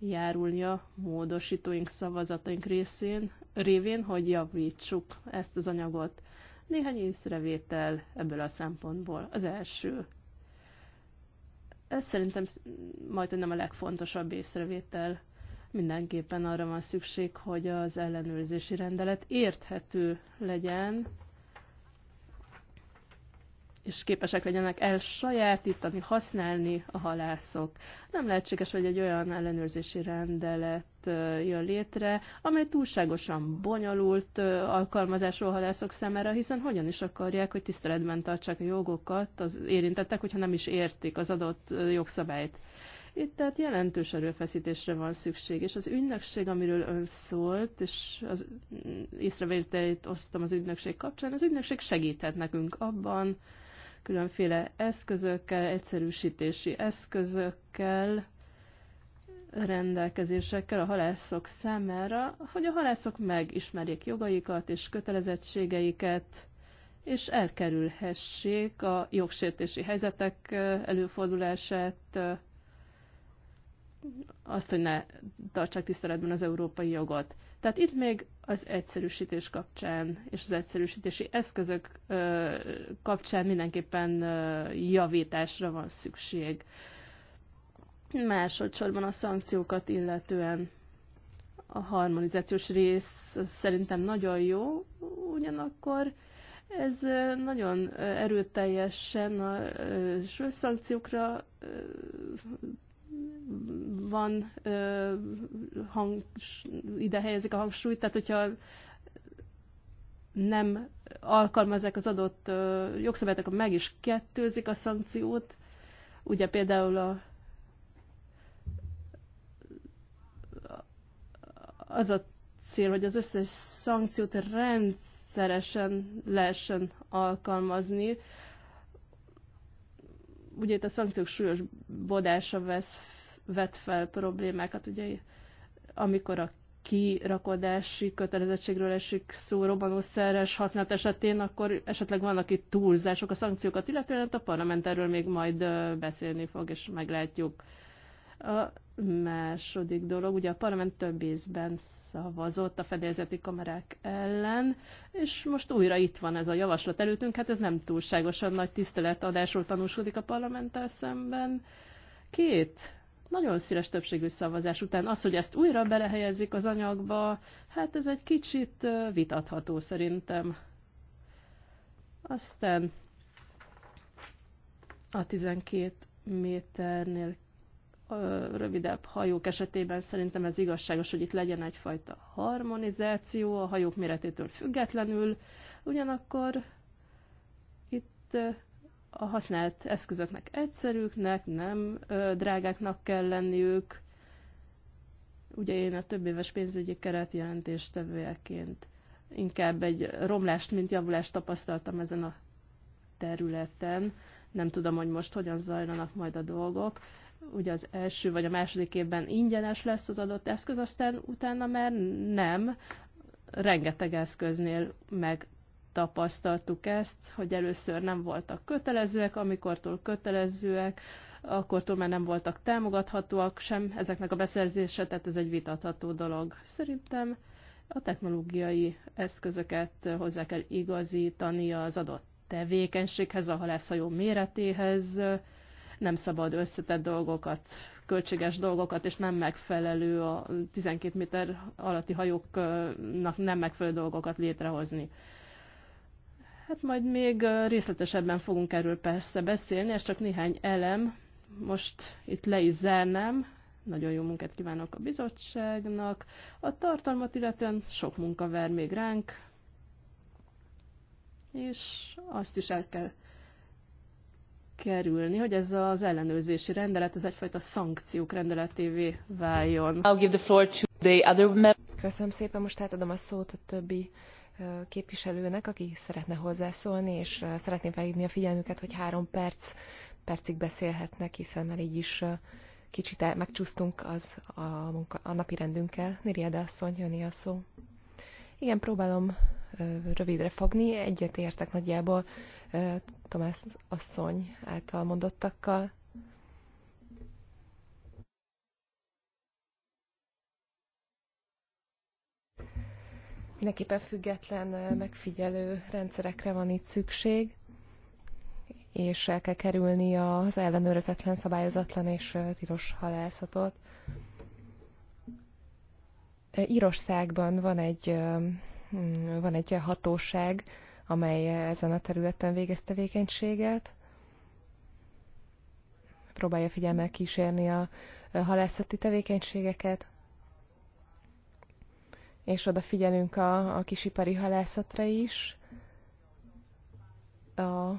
járulnia módosítóink szavazataink részén, révén, hogy javítsuk ezt az anyagot. Néhány észrevétel ebből a szempontból. Az első. Ez szerintem majdnem a legfontosabb észrevétel. Mindenképpen arra van szükség, hogy az ellenőrzési rendelet érthető legyen, és képesek legyenek elsajátítani, használni a halászok. Nem lehetséges, hogy egy olyan ellenőrzési rendelet jön létre, amely túlságosan bonyolult alkalmazású a halászok szemére, hiszen hogyan is akarják, hogy tiszteletben tartsák a jogokat az érintettek, hogyha nem is értik az adott jogszabályt. Itt tehát jelentős erőfeszítésre van szükség, és az ügynökség, amiről ön szólt, és az mm, észrevételét osztam az ügynökség kapcsán, az ügynökség segíthet nekünk abban, különféle eszközökkel, egyszerűsítési eszközökkel, rendelkezésekkel a halászok számára, hogy a halászok megismerjék jogaikat és kötelezettségeiket, és elkerülhessék a jogsértési helyzetek előfordulását, azt, hogy ne tartsák tiszteletben az európai jogot. Tehát itt még az egyszerűsítés kapcsán és az egyszerűsítési eszközök kapcsán mindenképpen javításra van szükség. Másodszorban a szankciókat illetően a harmonizációs rész szerintem nagyon jó, ugyanakkor ez nagyon erőteljesen a szankciókra van ö, hang, ide helyezik a hangsúlyt, tehát hogyha nem alkalmazzák az adott ö, jogszabályt, akkor meg is kettőzik a szankciót. Ugye például a az a cél, hogy az összes szankciót rendszeresen lehessen alkalmazni, ugye itt a szankciók súlyos bodása vesz, vet fel problémákat, ugye amikor a kirakodási kötelezettségről esik szó robbanószeres használat esetén, akkor esetleg vannak itt túlzások a szankciókat, illetően hát a parlament erről még majd beszélni fog, és meglátjuk. Második dolog, ugye a parlament több ízben szavazott a fedélzeti kamerák ellen, és most újra itt van ez a javaslat előttünk, hát ez nem túlságosan nagy tiszteletadásról tanúsodik a parlamenttel szemben. Két nagyon szíves többségű szavazás után az, hogy ezt újra belehelyezik az anyagba, hát ez egy kicsit vitatható szerintem. Aztán a 12 méternél rövidebb hajók esetében szerintem ez igazságos, hogy itt legyen egyfajta harmonizáció a hajók méretétől függetlenül, ugyanakkor itt a használt eszközöknek egyszerűknek, nem drágáknak kell lenniük. Ugye én a több éves pénzügyi keret jelentéstevőjeként inkább egy romlást, mint javulást tapasztaltam ezen a területen. Nem tudom, hogy most hogyan zajlanak majd a dolgok, ugye az első vagy a második évben ingyenes lesz az adott eszköz, aztán utána már nem. Rengeteg eszköznél megtapasztaltuk ezt, hogy először nem voltak kötelezőek, amikortól kötelezőek, akkortól már nem voltak támogathatóak sem ezeknek a beszerzése, tehát ez egy vitatható dolog. Szerintem a technológiai eszközöket hozzá kell igazítani az adott tevékenységhez, a halászhajó méretéhez, nem szabad összetett dolgokat, költséges dolgokat, és nem megfelelő a 12 méter alatti hajóknak nem megfelelő dolgokat létrehozni. Hát majd még részletesebben fogunk erről persze beszélni, ez csak néhány elem. Most itt le is zárnám. Nagyon jó munkát kívánok a bizottságnak. A tartalmat illetően sok munka ver még ránk, és azt is el kell kerülni, hogy ez az ellenőrzési rendelet, ez egyfajta szankciók rendeletévé váljon. I'll give the floor to the other Köszönöm szépen, most átadom a szót a többi képviselőnek, aki szeretne hozzászólni, és szeretném felhívni a figyelmüket, hogy három perc, percig beszélhetnek, hiszen már így is kicsit el, megcsúsztunk az a, munka, a napi rendünkkel. Niriade asszony, jönni a szó. Igen, próbálom rövidre fogni. Egyet értek nagyjából Tomás asszony által mondottakkal. Mindenképpen független megfigyelő rendszerekre van itt szükség, és el kell kerülni az ellenőrzetlen, szabályozatlan és tilos halászatot. Írországban van egy, van egy hatóság, amely ezen a területen végez tevékenységet. Próbálja figyelmel kísérni a halászati tevékenységeket, és odafigyelünk a, a kisipari halászatra is. A,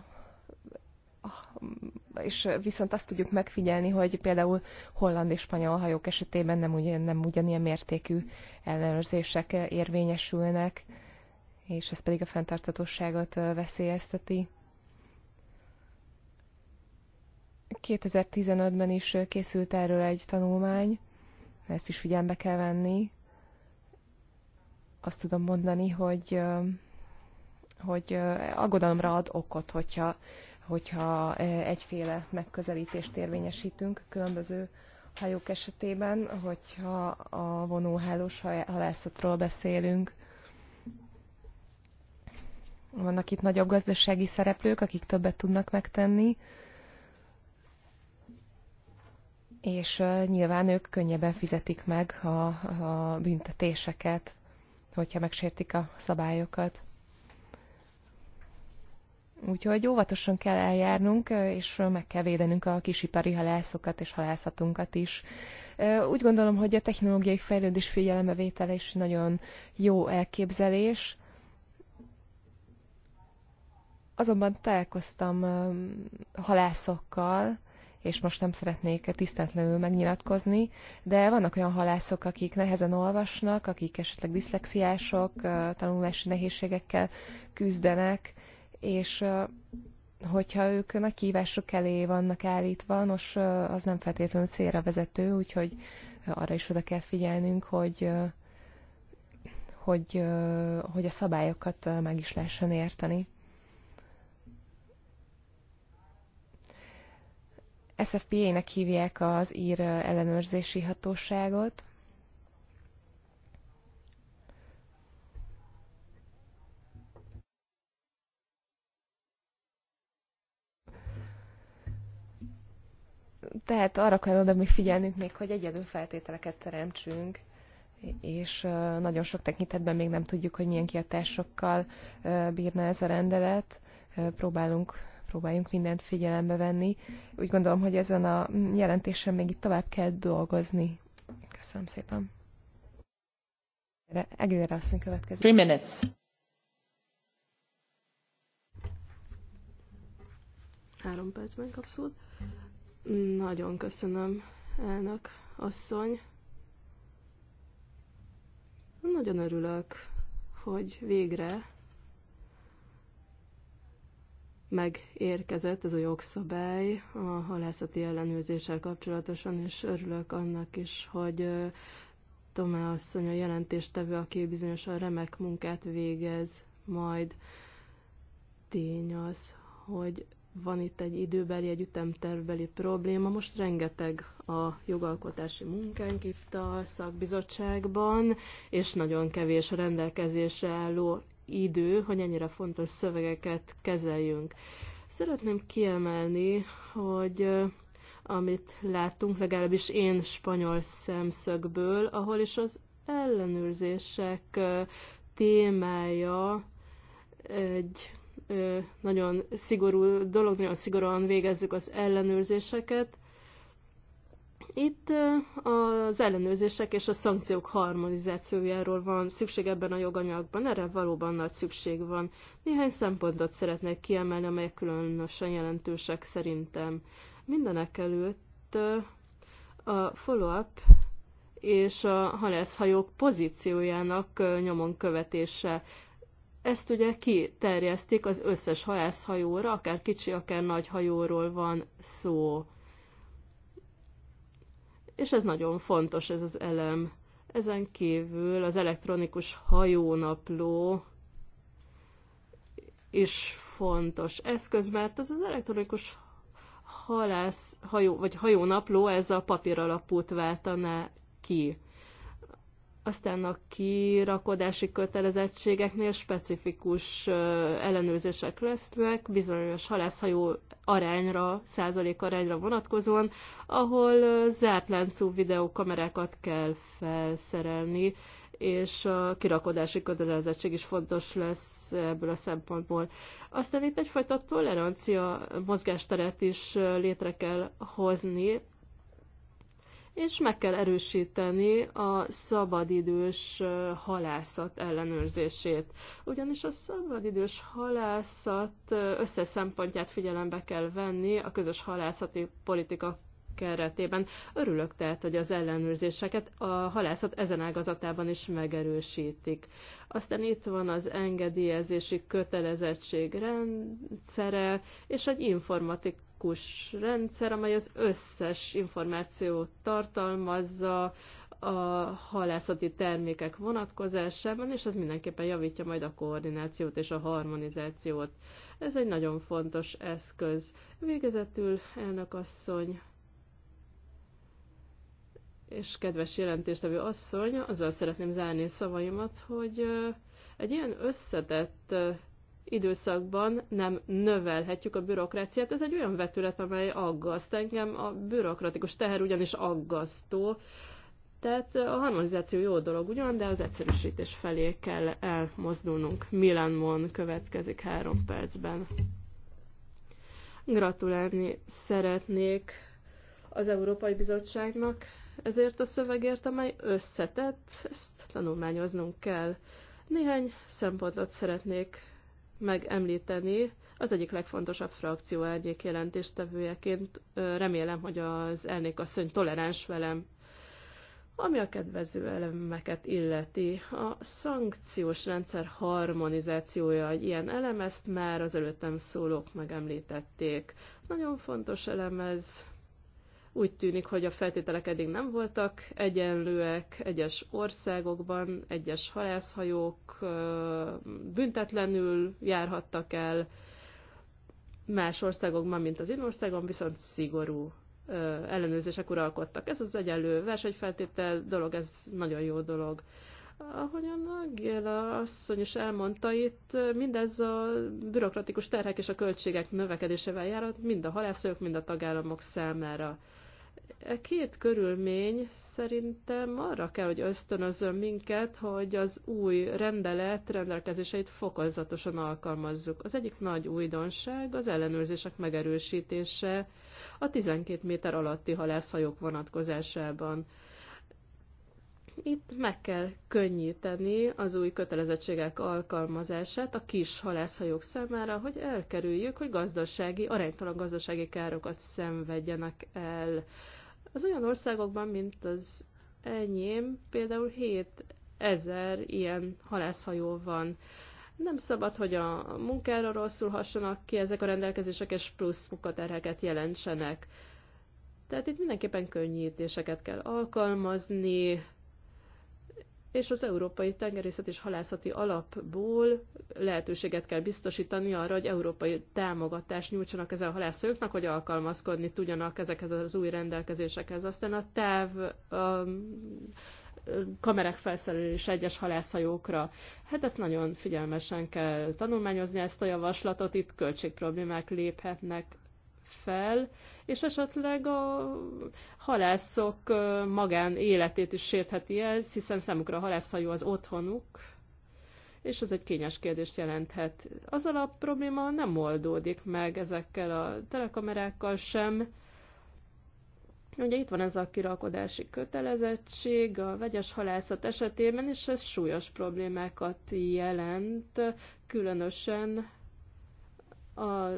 és viszont azt tudjuk megfigyelni, hogy például holland és spanyol hajók esetében nem, ugyan, nem ugyanilyen mértékű ellenőrzések érvényesülnek, és ez pedig a fenntartatóságot veszélyezteti. 2015-ben is készült erről egy tanulmány, ezt is figyelembe kell venni. Azt tudom mondani, hogy, hogy aggodalomra ad okot, hogyha, hogyha egyféle megközelítést érvényesítünk különböző hajók esetében, hogyha a vonóhálós halászatról beszélünk, vannak itt nagyobb gazdasági szereplők, akik többet tudnak megtenni, és nyilván ők könnyebben fizetik meg a, a büntetéseket, hogyha megsértik a szabályokat. Úgyhogy óvatosan kell eljárnunk, és meg kell védenünk a kisipari halászokat és halászatunkat is. Úgy gondolom, hogy a technológiai fejlődés figyelembevétele is nagyon jó elképzelés, Azonban találkoztam halászokkal, és most nem szeretnék tisztetlenül megnyilatkozni, de vannak olyan halászok, akik nehezen olvasnak, akik esetleg diszlexiások, tanulási nehézségekkel küzdenek, és hogyha ők nagy kívások elé vannak állítva, nos, az nem feltétlenül célra vezető, úgyhogy arra is oda kell figyelnünk, hogy hogy, hogy a szabályokat meg is lehessen érteni. SFPA-nek hívják az ír ellenőrzési hatóságot. Tehát arra kell oda még figyelnünk még, hogy egyedül feltételeket teremtsünk és nagyon sok tekintetben még nem tudjuk, hogy milyen kiadásokkal bírna ez a rendelet. Próbálunk próbáljunk mindent figyelembe venni. Úgy gondolom, hogy ezen a jelentésen még itt tovább kell dolgozni. Köszönöm szépen. Aguilera asszony következik. Three minutes. Három percben kapszul. Nagyon köszönöm, elnök asszony. Nagyon örülök, hogy végre megérkezett ez a jogszabály a halászati ellenőrzéssel kapcsolatosan, és örülök annak is, hogy Tomá asszony a jelentéstevő, aki bizonyosan remek munkát végez, majd tény az, hogy van itt egy időbeli, egy ütemtervbeli probléma. Most rengeteg a jogalkotási munkánk itt a szakbizottságban, és nagyon kevés a rendelkezésre álló idő, hogy ennyire fontos szövegeket kezeljünk. Szeretném kiemelni, hogy amit láttunk, legalábbis én spanyol szemszögből, ahol is az ellenőrzések témája egy nagyon szigorú dolog, nagyon szigorúan végezzük az ellenőrzéseket, itt az ellenőrzések és a szankciók harmonizációjáról van szükség ebben a joganyagban, erre valóban nagy szükség van. Néhány szempontot szeretnék kiemelni, amelyek különösen jelentősek szerintem. Mindenek előtt a follow-up és a halászhajók pozíciójának nyomon követése. Ezt ugye kiterjesztik az összes halászhajóra, akár kicsi, akár nagy hajóról van szó és ez nagyon fontos, ez az elem. Ezen kívül az elektronikus hajónapló is fontos eszköz, mert az az elektronikus halász, hajó, vagy hajónapló ez a papír alapút váltaná ki. Aztán a kirakodási kötelezettségeknél specifikus ellenőrzések lesznek, bizonyos halászhajó arányra, százalék arányra vonatkozóan, ahol zárt láncú videókamerákat kell felszerelni, és a kirakodási kötelezettség is fontos lesz ebből a szempontból. Aztán itt egyfajta tolerancia mozgásteret is létre kell hozni és meg kell erősíteni a szabadidős halászat ellenőrzését. Ugyanis a szabadidős halászat összes szempontját figyelembe kell venni a közös halászati politika keretében. Örülök tehát, hogy az ellenőrzéseket a halászat ezen ágazatában is megerősítik. Aztán itt van az engedélyezési kötelezettség rendszere, és egy informatik hierarchikus rendszer, amely az összes információt tartalmazza a halászati termékek vonatkozásában, és ez mindenképpen javítja majd a koordinációt és a harmonizációt. Ez egy nagyon fontos eszköz. Végezetül, elnök asszony, és kedves jelentéstevő asszony, azzal szeretném zárni szavaimat, hogy egy ilyen összetett időszakban nem növelhetjük a bürokráciát. Ez egy olyan vetület, amely aggaszt engem. A bürokratikus teher ugyanis aggasztó. Tehát a harmonizáció jó dolog ugyan, de az egyszerűsítés felé kell elmozdulnunk. Milan Mon következik három percben. Gratulálni szeretnék az Európai Bizottságnak ezért a szövegért, amely összetett, ezt tanulmányoznunk kell. Néhány szempontot szeretnék megemlíteni. Az egyik legfontosabb frakció árnyék jelentéstevőjeként remélem, hogy az elnék asszony toleráns velem. Ami a kedvező elemeket illeti, a szankciós rendszer harmonizációja egy ilyen elem, ezt már az előttem szólók megemlítették. Nagyon fontos elem ez, úgy tűnik, hogy a feltételek eddig nem voltak egyenlőek egyes országokban, egyes halászhajók büntetlenül járhattak el, más országokban, mint az én országom, viszont szigorú ellenőrzések uralkodtak. Ez az egyenlő versenyfeltétel dolog, ez nagyon jó dolog. Ahogyan a Géla asszony is elmondta, itt mindez a bürokratikus terhek és a költségek növekedésével jár, mind a halászok, mind a tagállamok számára. E Két körülmény szerintem arra kell, hogy ösztönözön minket, hogy az új rendelet rendelkezéseit fokozatosan alkalmazzuk. Az egyik nagy újdonság az ellenőrzések megerősítése a 12 méter alatti halászhajók vonatkozásában. Itt meg kell könnyíteni az új kötelezettségek alkalmazását a kis halászhajók számára, hogy elkerüljük, hogy gazdasági, aránytalan gazdasági károkat szenvedjenek el az olyan országokban, mint az enyém, például 7000 ilyen halászhajó van. Nem szabad, hogy a munkára rosszul hassanak ki ezek a rendelkezések, és plusz munkaterheket jelentsenek. Tehát itt mindenképpen könnyítéseket kell alkalmazni, és az Európai Tengerészet és Halászati Alapból lehetőséget kell biztosítani arra, hogy európai támogatást nyújtsanak ezzel a halászoknak, hogy alkalmazkodni tudjanak ezekhez az új rendelkezésekhez. Aztán a táv kamerák felszerelés egyes halászhajókra. Hát ezt nagyon figyelmesen kell tanulmányozni, ezt a javaslatot, itt költségproblémák léphetnek fel, és esetleg a halászok magán életét is sértheti ez, hiszen számukra a halászhajó az otthonuk, és ez egy kényes kérdést jelenthet. Az a probléma nem oldódik meg ezekkel a telekamerákkal sem. Ugye itt van ez a kirakodási kötelezettség a vegyes halászat esetében, és ez súlyos problémákat jelent, különösen a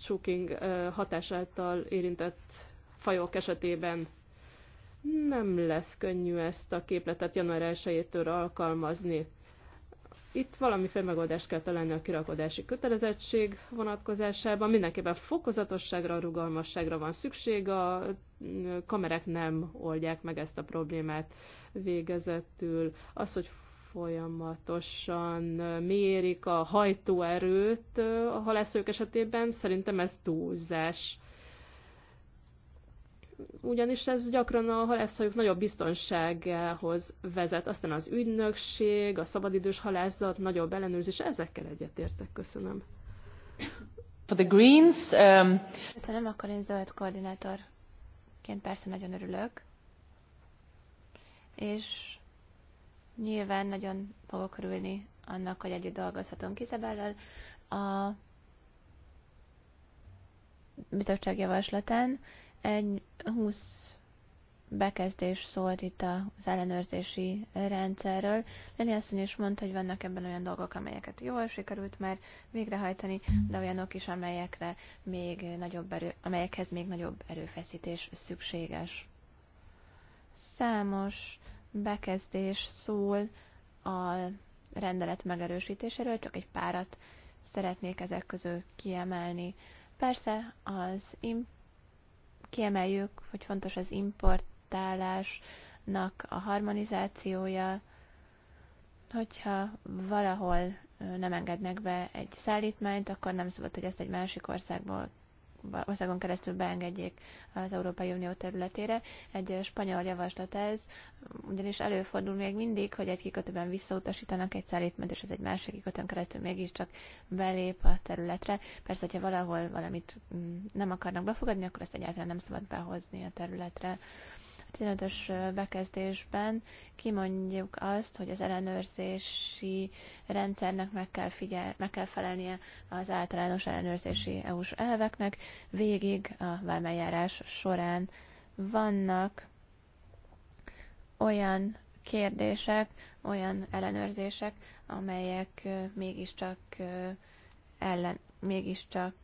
choking hatás által érintett fajok esetében nem lesz könnyű ezt a képletet január 1-től alkalmazni. Itt valamiféle megoldást kell találni a kirakodási kötelezettség vonatkozásában. Mindenképpen fokozatosságra, rugalmasságra van szükség, a kamerák nem oldják meg ezt a problémát végezetül. Az, hogy folyamatosan mérik a hajtóerőt a halászők esetében, szerintem ez túlzás. Ugyanis ez gyakran a halászhajók nagyobb biztonságához vezet. Aztán az ügynökség, a szabadidős halászat, nagyobb ellenőrzés, ezekkel egyetértek. Köszönöm. For the Greens, um... Köszönöm, akkor én zöld koordinátorként persze nagyon örülök. És Nyilván nagyon fogok örülni annak, hogy együtt dolgozhatunk Izabellel a bizottság javaslatán. Egy 20 bekezdés szólt itt az ellenőrzési rendszerről. Leni asszony is mondta, hogy vannak ebben olyan dolgok, amelyeket jól sikerült már végrehajtani, de olyanok is, amelyekre még nagyobb erő, amelyekhez még nagyobb erőfeszítés szükséges. Számos bekezdés szól a rendelet megerősítéséről, csak egy párat szeretnék ezek közül kiemelni. Persze az im- kiemeljük, hogy fontos az importálásnak a harmonizációja, hogyha valahol nem engednek be egy szállítmányt, akkor nem szabad, hogy ezt egy másik országból országon keresztül beengedjék az Európai Unió területére. Egy spanyol javaslat ez, ugyanis előfordul még mindig, hogy egy kikötőben visszautasítanak egy szállítmányt, és ez egy másik kikötőn keresztül mégiscsak belép a területre. Persze, hogyha valahol valamit mm, nem akarnak befogadni, akkor ezt egyáltalán nem szabad behozni a területre. 15-ös bekezdésben kimondjuk azt, hogy az ellenőrzési rendszernek meg kell, figyel, meg kell felelnie az általános ellenőrzési EU-s elveknek. Végig a vámeljárás során vannak olyan kérdések, olyan ellenőrzések, amelyek mégiscsak ellen, mégiscsak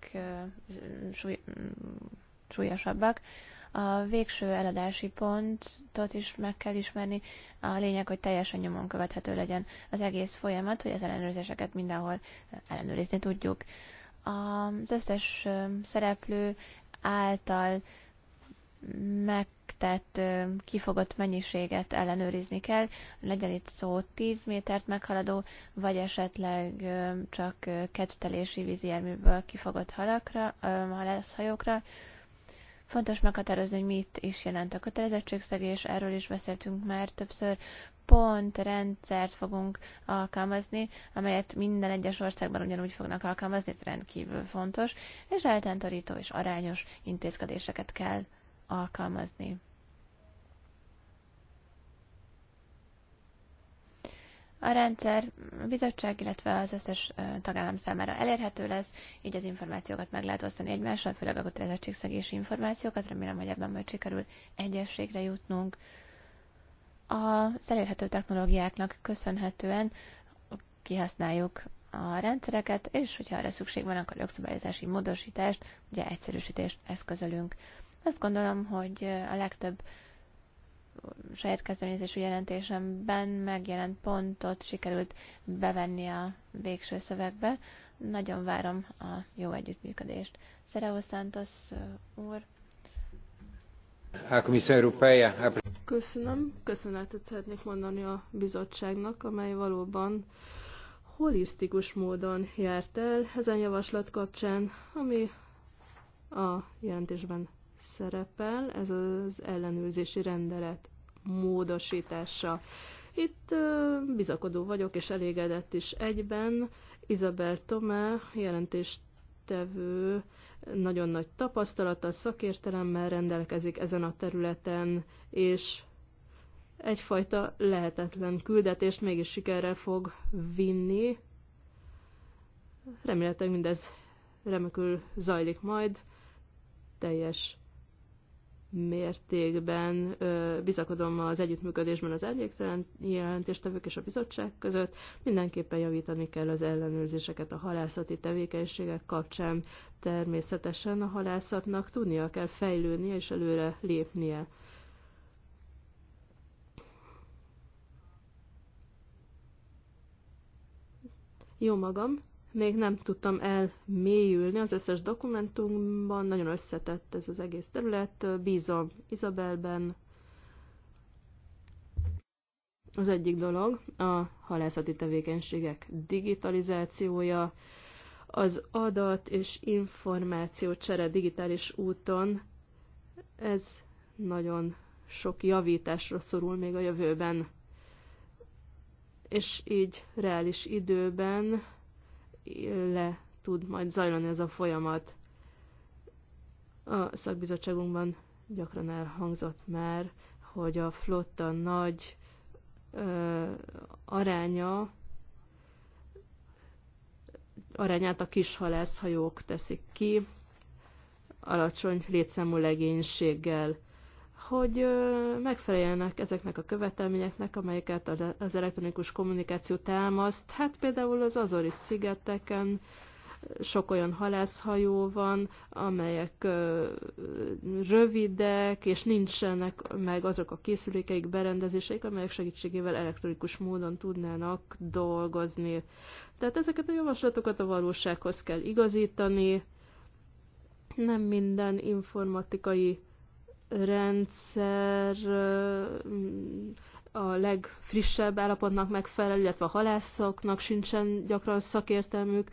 súly, súlyosabbak. A végső eladási pontot is meg kell ismerni. A lényeg, hogy teljesen nyomon követhető legyen az egész folyamat, hogy az ellenőrzéseket mindenhol ellenőrizni tudjuk. Az összes szereplő által megtett kifogott mennyiséget ellenőrizni kell, legyen itt szó 10 métert meghaladó, vagy esetleg csak kettelési vízjárműből kifogott halakra, halászhajókra, Fontos meghatározni, hogy mit is jelent a kötelezettségszegés, erről is beszéltünk már többször, pont rendszert fogunk alkalmazni, amelyet minden egyes országban ugyanúgy fognak alkalmazni, ez rendkívül fontos, és eltántorító és arányos intézkedéseket kell alkalmazni. a rendszer a bizottság, illetve az összes tagállam számára elérhető lesz, így az információkat meg lehet osztani egymással, főleg a kötelezettségszegési információkat. Remélem, hogy ebben majd sikerül egyességre jutnunk. A elérhető technológiáknak köszönhetően kihasználjuk a rendszereket, és hogyha erre szükség van, akkor jogszabályozási módosítást, ugye egyszerűsítést eszközölünk. Azt gondolom, hogy a legtöbb saját kezdeményezésű jelentésemben megjelent pontot sikerült bevenni a végső szövegbe. Nagyon várom a jó együttműködést. Szereó Santos uh, úr. Köszönöm. Köszönetet szeretnék mondani a bizottságnak, amely valóban holisztikus módon járt el ezen javaslat kapcsán, ami a jelentésben szerepel, ez az ellenőrzési rendelet módosítása. Itt bizakodó vagyok, és elégedett is egyben. Izabel Tomá, jelentéstevő, nagyon nagy tapasztalata, szakértelemmel rendelkezik ezen a területen, és egyfajta lehetetlen küldetést mégis sikerrel fog vinni. Remélhetőleg mindez remekül zajlik majd, teljes mértékben bizakodom az együttműködésben az elégtelen jelentéstevők és a bizottság között. Mindenképpen javítani kell az ellenőrzéseket a halászati tevékenységek kapcsán. Természetesen a halászatnak tudnia kell fejlődnie és előre lépnie. Jó magam, még nem tudtam elmélyülni az összes dokumentumban, nagyon összetett ez az egész terület, bízom Izabelben. Az egyik dolog a halászati tevékenységek digitalizációja, az adat és információ csere digitális úton, ez nagyon sok javításra szorul még a jövőben. És így reális időben le tud majd zajlani ez a folyamat. A szakbizottságunkban gyakran elhangzott már, hogy a flotta nagy ö, aránya arányát a kis halászhajók teszik ki, alacsony létszámú legénységgel hogy megfeleljenek ezeknek a követelményeknek, amelyeket az elektronikus kommunikáció támaszt. Hát például az Azoris szigeteken sok olyan halászhajó van, amelyek rövidek, és nincsenek meg azok a készülékeik, berendezéseik, amelyek segítségével elektronikus módon tudnának dolgozni. Tehát ezeket a javaslatokat a valósághoz kell igazítani, nem minden informatikai rendszer a legfrissebb állapotnak megfelel, illetve a halászoknak sincsen gyakran szakértelmük.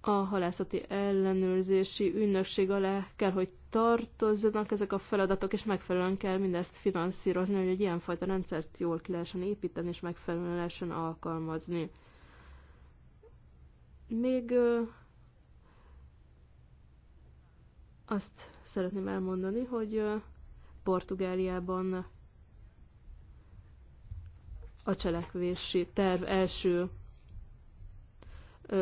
A halászati ellenőrzési ügynökség alá kell, hogy tartozzanak ezek a feladatok, és megfelelően kell mindezt finanszírozni, hogy egy ilyenfajta rendszert jól ki lehessen építeni, és megfelelően lehessen alkalmazni. Még azt szeretném elmondani, hogy Portugáliában a cselekvési terv első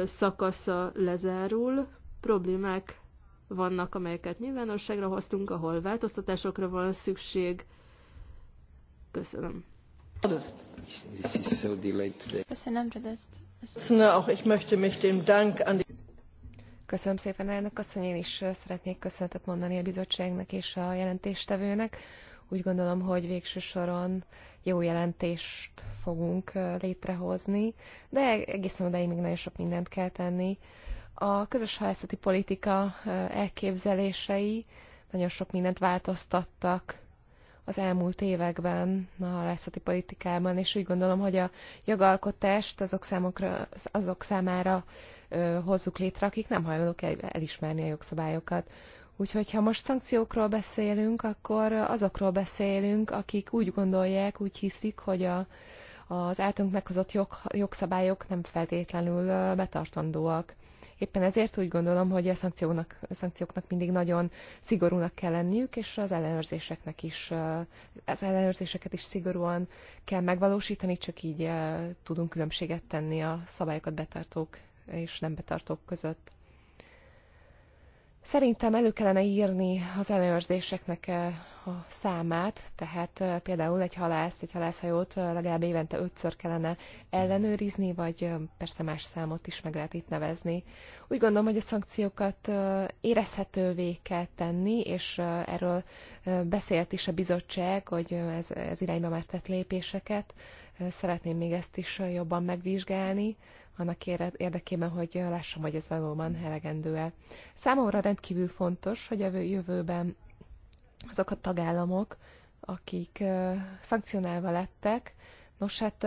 szakasza lezárul, problémák vannak, amelyeket nyilvánosságra hoztunk, ahol változtatásokra van szükség. Köszönöm. Köszönöm, Rödözt. Köszönöm. Auch ich möchte mich dem Dank an die Köszönöm szépen, elnök asszony, én is szeretnék köszönetet mondani a bizottságnak és a jelentéstevőnek. Úgy gondolom, hogy végső soron jó jelentést fogunk létrehozni, de egészen odáig még nagyon sok mindent kell tenni. A közös halászati politika elképzelései nagyon sok mindent változtattak az elmúlt években a halászati politikában, és úgy gondolom, hogy a jogalkotást azok, számokra, azok számára hozzuk létre, akik nem hajlandók el, elismerni a jogszabályokat. Úgyhogy ha most szankciókról beszélünk, akkor azokról beszélünk, akik úgy gondolják, úgy hiszik, hogy a, az általunk meghozott jog, jogszabályok nem feltétlenül betartandóak. Éppen ezért úgy gondolom, hogy a szankcióknak, a szankcióknak mindig nagyon szigorúnak kell lenniük, és az ellenőrzéseknek is, az ellenőrzéseket is szigorúan kell megvalósítani, csak így tudunk különbséget tenni a szabályokat betartók és nem betartók között. Szerintem elő kellene írni az ellenőrzéseknek e, a számát, tehát e, például egy halász, egy halászhajót e, legalább évente ötször kellene ellenőrizni, vagy persze más számot is meg lehet itt nevezni. Úgy gondolom, hogy a szankciókat érezhetővé kell tenni, és erről beszélt is a bizottság, hogy ez, ez irányba már tett lépéseket. Szeretném még ezt is jobban megvizsgálni annak érdekében, hogy lássam, hogy ez valóban elegendő-e. Számomra rendkívül fontos, hogy a jövőben azok a tagállamok, akik szankcionálva lettek, Nos, hát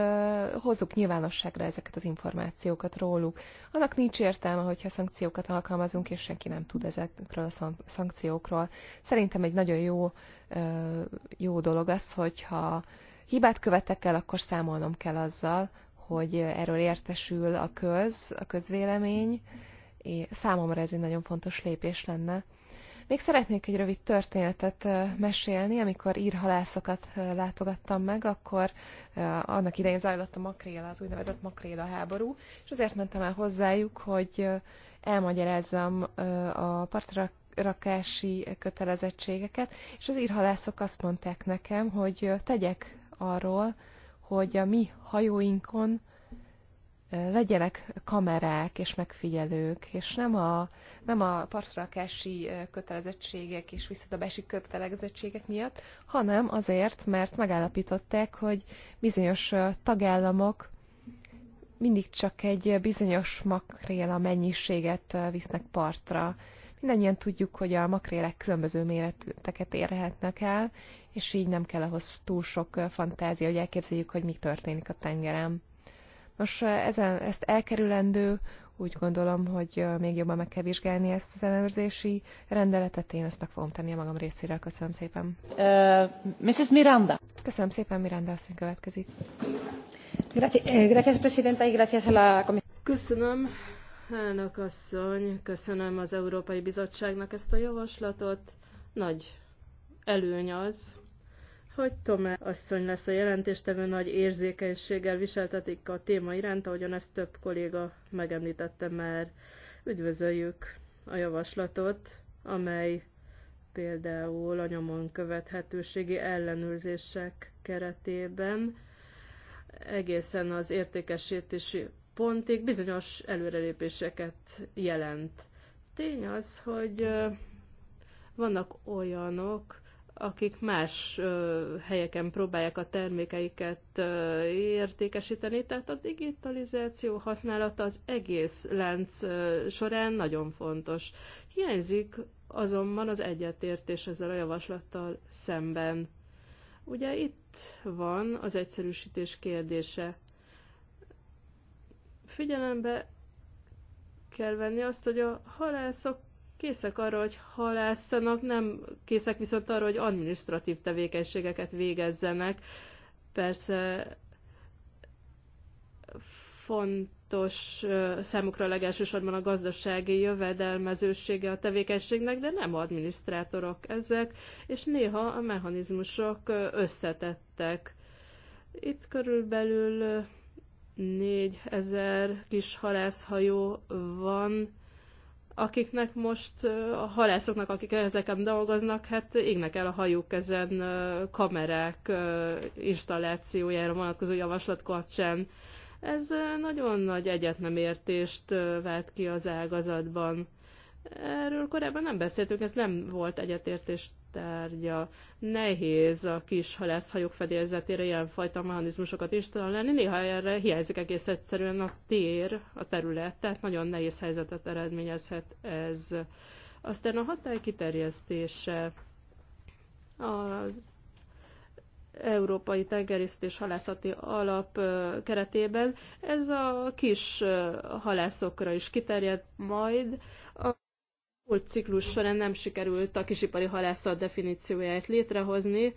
hozzuk nyilvánosságra ezeket az információkat róluk. Annak nincs értelme, hogyha szankciókat alkalmazunk, és senki nem tud ezekről a szankciókról. Szerintem egy nagyon jó, jó dolog az, hogyha hibát követek el, akkor számolnom kell azzal, hogy erről értesül a köz, a közvélemény, és számomra ez egy nagyon fontos lépés lenne. Még szeretnék egy rövid történetet mesélni, amikor írhalászokat látogattam meg, akkor annak idején zajlott a makréla, az úgynevezett makréla háború, és azért mentem el hozzájuk, hogy elmagyarázzam a partra rakási kötelezettségeket, és az írhalászok azt mondták nekem, hogy tegyek arról, hogy a mi hajóinkon legyenek kamerák és megfigyelők, és nem a, nem a partrakási kötelezettségek és visszadobási kötelezettségek miatt, hanem azért, mert megállapították, hogy bizonyos tagállamok mindig csak egy bizonyos makréla mennyiséget visznek partra. Mindennyien tudjuk, hogy a makrélek különböző méreteket érhetnek el, és így nem kell ahhoz túl sok fantázia, hogy elképzeljük, hogy mi történik a tengeren. Nos, ezen, ezt elkerülendő, úgy gondolom, hogy még jobban meg kell vizsgálni ezt az ellenőrzési rendeletet. Én ezt meg fogom tenni a magam részére, Köszönöm szépen. Uh, Mrs. Miranda. Köszönöm szépen, Miranda, azt következik. Eh, Presidenta, e Köszönöm, elnök asszony, köszönöm az Európai Bizottságnak ezt a javaslatot. Nagy előny az, hogy Tome asszony lesz a jelentéstevő, nagy érzékenységgel viseltetik a téma iránt, ahogyan ezt több kolléga megemlítette már. Üdvözöljük a javaslatot, amely például a nyomon követhetőségi ellenőrzések keretében egészen az értékesítési pontig bizonyos előrelépéseket jelent. Tény az, hogy vannak olyanok, akik más helyeken próbálják a termékeiket értékesíteni. Tehát a digitalizáció használata az egész lánc során nagyon fontos. Hiányzik azonban az egyetértés ezzel a javaslattal szemben. Ugye itt van az egyszerűsítés kérdése. Figyelembe kell venni azt, hogy a halászok készek arra, hogy halásszanak, nem készek viszont arra, hogy administratív tevékenységeket végezzenek. Persze fontos számukra legelsősorban a gazdasági jövedelmezősége a tevékenységnek, de nem adminisztrátorok ezek, és néha a mechanizmusok összetettek. Itt körülbelül 4000 kis halászhajó van, akiknek most a halászoknak, akik ezeken dolgoznak, hát égnek el a hajuk ezen kamerák installációjára vonatkozó javaslat kapcsán. Ez nagyon nagy egyetnemértést vált ki az ágazatban. Erről korábban nem beszéltünk, ez nem volt egyetértés tárgya. Nehéz a kis halászhajók fedélzetére ilyenfajta mechanizmusokat is találni, Néha erre hiányzik egész egyszerűen a tér, a terület, tehát nagyon nehéz helyzetet eredményezhet ez. Aztán a hatály kiterjesztése az Európai Tengerészet és Halászati Alap keretében. Ez a kis halászokra is kiterjed majd. A elmúlt ciklus során nem sikerült a kisipari halászat definícióját létrehozni.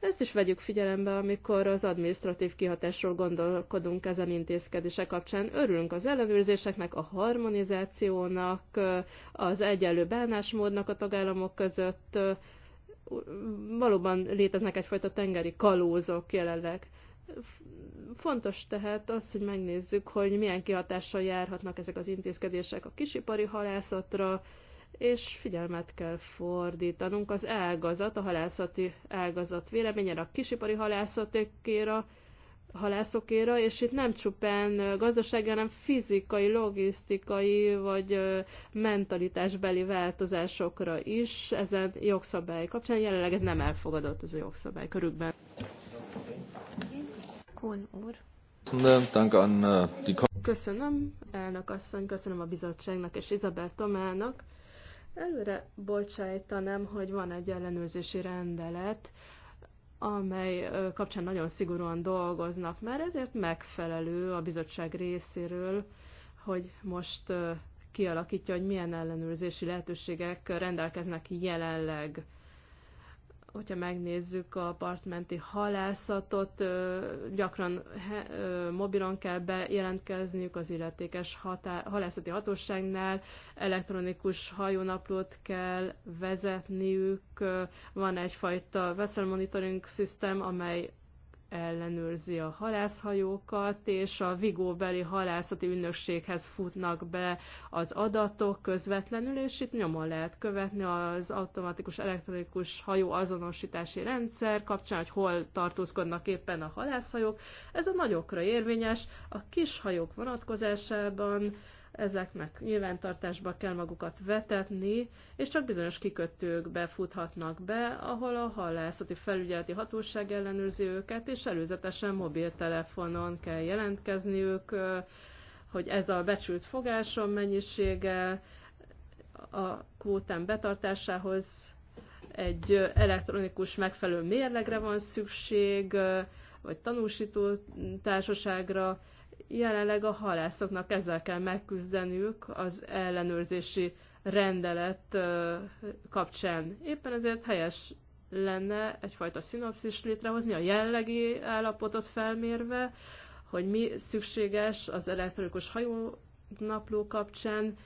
Ezt is vegyük figyelembe, amikor az administratív kihatásról gondolkodunk ezen intézkedése kapcsán. Örülünk az ellenőrzéseknek, a harmonizációnak, az egyenlő bánásmódnak a tagállamok között. Valóban léteznek egyfajta tengeri kalózok jelenleg. Fontos tehát az, hogy megnézzük, hogy milyen kihatással járhatnak ezek az intézkedések a kisipari halászatra, és figyelmet kell fordítanunk az ágazat, a halászati ágazat véleményére, a kisipari halászatokéra, halászokéra, és itt nem csupán gazdasági, hanem fizikai, logisztikai vagy mentalitásbeli változásokra is ezen jogszabály kapcsán. Jelenleg ez nem elfogadott ez a jogszabály körükben. Kuhn úr. Köszönöm, elnök asszony, köszönöm a bizottságnak és Izabel Tomának. Előre bocsájtanám, hogy van egy ellenőrzési rendelet, amely kapcsán nagyon szigorúan dolgoznak, mert ezért megfelelő a bizottság részéről, hogy most kialakítja, hogy milyen ellenőrzési lehetőségek rendelkeznek jelenleg hogyha megnézzük a partmenti halászatot, gyakran mobilon kell bejelentkezniük az illetékes hatá- halászati hatóságnál, elektronikus hajónaplót kell vezetniük, van egyfajta vessel monitoring system, amely ellenőrzi a halászhajókat, és a Vigóbeli halászati ügynökséghez futnak be az adatok közvetlenül, és itt nyomon lehet követni az automatikus elektronikus hajó azonosítási rendszer kapcsán, hogy hol tartózkodnak éppen a halászhajók. Ez a nagyokra érvényes, a kis hajók vonatkozásában ezeknek nyilvántartásba kell magukat vetetni, és csak bizonyos kikötőkbe futhatnak be, ahol a halászati felügyeleti hatóság ellenőrzi őket, és előzetesen mobiltelefonon kell jelentkezniük, hogy ez a becsült fogásom mennyisége a kvótán betartásához egy elektronikus megfelelő mérlegre van szükség, vagy tanúsító társaságra, Jelenleg a halászoknak ezzel kell megküzdenünk az ellenőrzési rendelet kapcsán. Éppen ezért helyes lenne egyfajta szinopszis létrehozni, a jellegi állapotot felmérve, hogy mi szükséges az elektronikus hajónapló kapcsán.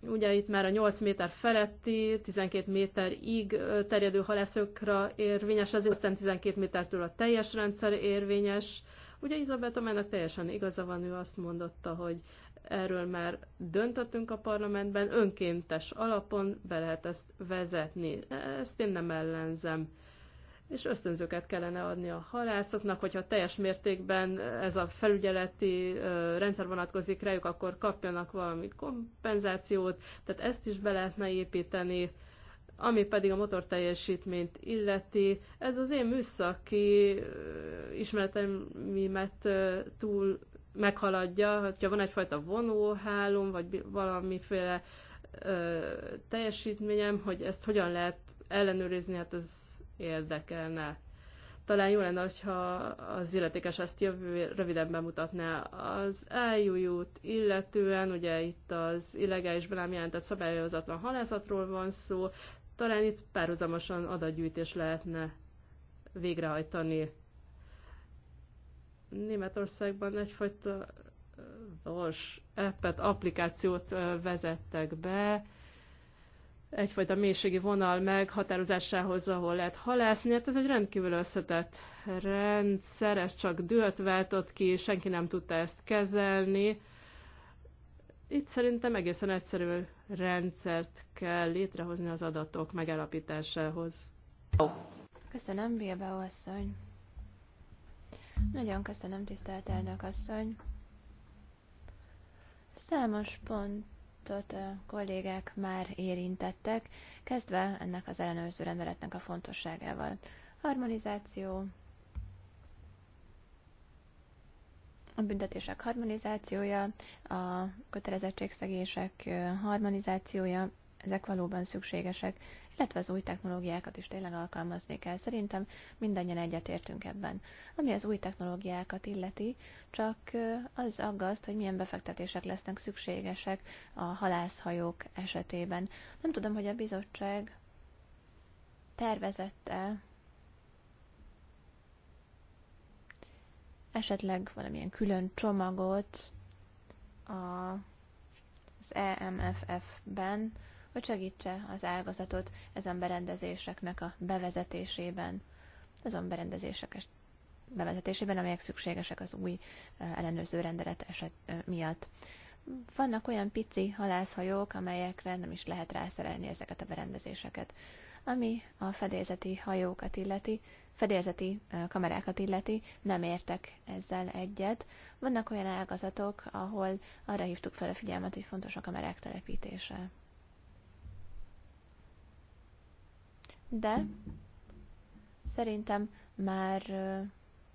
Ugye itt már a 8 méter feletti, 12 méterig terjedő halászokra érvényes, azért aztán 12 métertől a teljes rendszer érvényes, Ugye Izabel Tomának teljesen igaza van, ő azt mondotta, hogy erről már döntöttünk a parlamentben, önkéntes alapon be lehet ezt vezetni. Ezt én nem ellenzem és ösztönzőket kellene adni a halászoknak, hogyha teljes mértékben ez a felügyeleti rendszer vonatkozik rájuk, akkor kapjanak valami kompenzációt, tehát ezt is be lehetne építeni, ami pedig a motor teljesítményt illeti, ez az én műszaki ismeretemimet túl meghaladja, hogyha hát, van egyfajta vonóhálom, vagy valamiféle ö, teljesítményem, hogy ezt hogyan lehet ellenőrizni, hát ez érdekelne. Talán jó lenne, hogyha az illetékes ezt jövő rövidebben mutatná. Az eljújút illetően, ugye itt az illegális be jelentett szabályozatlan halászatról van szó, talán itt párhuzamosan adatgyűjtés lehetne végrehajtani. Németországban egyfajta gyors appet, applikációt vezettek be, egyfajta mélységi vonal meghatározásához, ahol lehet halászni. Hát ez egy rendkívül összetett rendszer, ez csak dőlt váltott ki, senki nem tudta ezt kezelni. Itt szerintem egészen egyszerű rendszert kell létrehozni az adatok megállapításához. Köszönöm, Bilbao asszony. Nagyon köszönöm, tisztelt elnök asszony. Számos pontot a kollégák már érintettek, kezdve ennek az ellenőrző rendeletnek a fontosságával. Harmonizáció, a büntetések harmonizációja, a kötelezettségszegések harmonizációja, ezek valóban szükségesek, illetve az új technológiákat is tényleg alkalmazni kell. Szerintem mindannyian egyetértünk ebben. Ami az új technológiákat illeti, csak az aggaszt, hogy milyen befektetések lesznek szükségesek a halászhajók esetében. Nem tudom, hogy a bizottság tervezette esetleg valamilyen külön csomagot a, az EMFF-ben, hogy segítse az ágazatot ezen berendezéseknek a bevezetésében, azon berendezések bevezetésében, amelyek szükségesek az új ellenőrző rendelet eset miatt. Vannak olyan pici halászhajók, amelyekre nem is lehet rászerelni ezeket a berendezéseket. Ami a fedélzeti hajókat illeti, fedélzeti kamerákat illeti, nem értek ezzel egyet. Vannak olyan ágazatok, ahol arra hívtuk fel a figyelmet, hogy fontos a kamerák telepítése. De szerintem már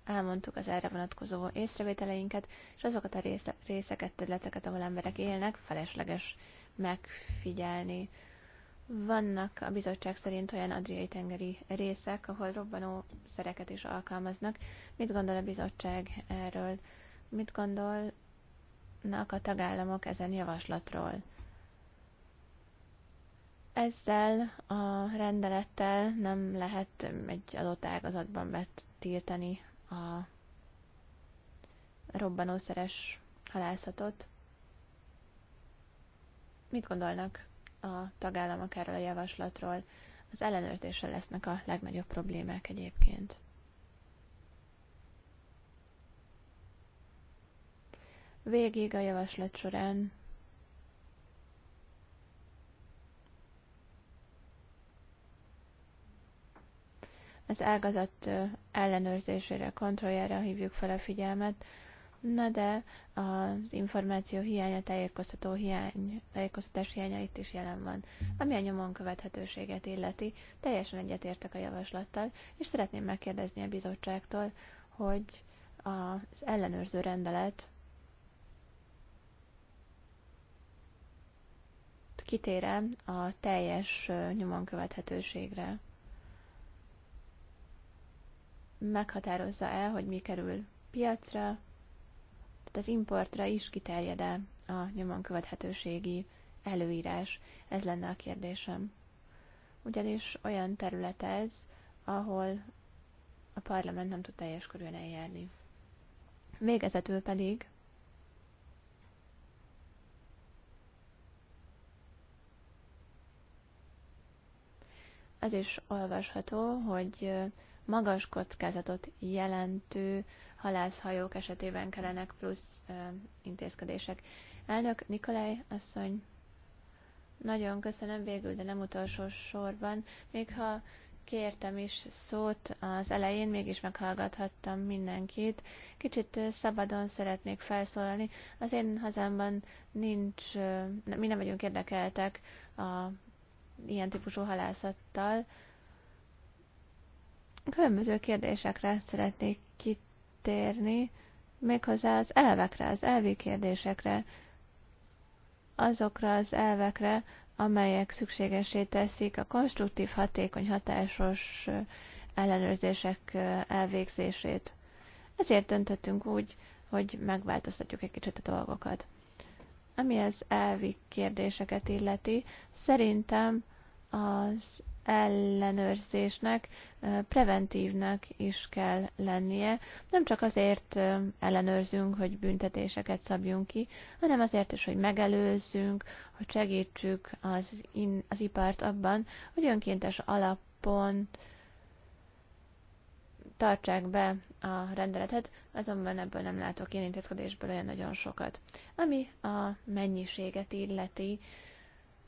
elmondtuk az erre vonatkozó észrevételeinket, és azokat a részeket, területeket, ahol emberek élnek, felesleges megfigyelni. Vannak a bizottság szerint olyan adriai tengeri részek, ahol robbanó szereket is alkalmaznak. Mit gondol a bizottság erről? Mit gondolnak a tagállamok ezen javaslatról? Ezzel a rendelettel nem lehet egy adott ágazatban betiltani a robbanószeres halászatot. Mit gondolnak a tagállamok erről a javaslatról. Az ellenőrzésre lesznek a legnagyobb problémák egyébként. Végig a javaslat során az ágazat ellenőrzésére, kontrolljára hívjuk fel a figyelmet, Na de az információ hiánya, tájékoztató hiány, tájékoztatás hiánya itt is jelen van. Ami a nyomon követhetőséget illeti, teljesen egyetértek a javaslattal, és szeretném megkérdezni a bizottságtól, hogy az ellenőrző rendelet kitére a teljes nyomon követhetőségre. Meghatározza el, hogy mi kerül piacra, az importra is kiterjed el a nyomon követhetőségi előírás? Ez lenne a kérdésem. Ugyanis olyan terület ez, ahol a parlament nem tud teljes körülön eljárni. Végezetül pedig az is olvasható, hogy magas kockázatot jelentő halászhajók esetében kellenek plusz ö, intézkedések. Elnök Nikolaj asszony, nagyon köszönöm végül, de nem utolsó sorban. Még ha kértem is szót az elején, mégis meghallgathattam mindenkit. Kicsit szabadon szeretnék felszólalni. Az én hazámban nincs, mi nem vagyunk érdekeltek a ilyen típusú halászattal. Különböző kérdésekre szeretnék kit térni, méghozzá az elvekre, az elvi kérdésekre, azokra az elvekre, amelyek szükségesé teszik a konstruktív, hatékony, hatásos ellenőrzések elvégzését. Ezért döntöttünk úgy, hogy megváltoztatjuk egy kicsit a dolgokat. Ami az elvi kérdéseket illeti, szerintem az ellenőrzésnek preventívnek is kell lennie. Nem csak azért ellenőrzünk, hogy büntetéseket szabjunk ki, hanem azért is, hogy megelőzzünk, hogy segítsük az, in, az ipart abban, hogy önkéntes alapon tartsák be a rendeletet, azonban ebből nem látok én intézkedésből olyan nagyon sokat. Ami a mennyiséget illeti,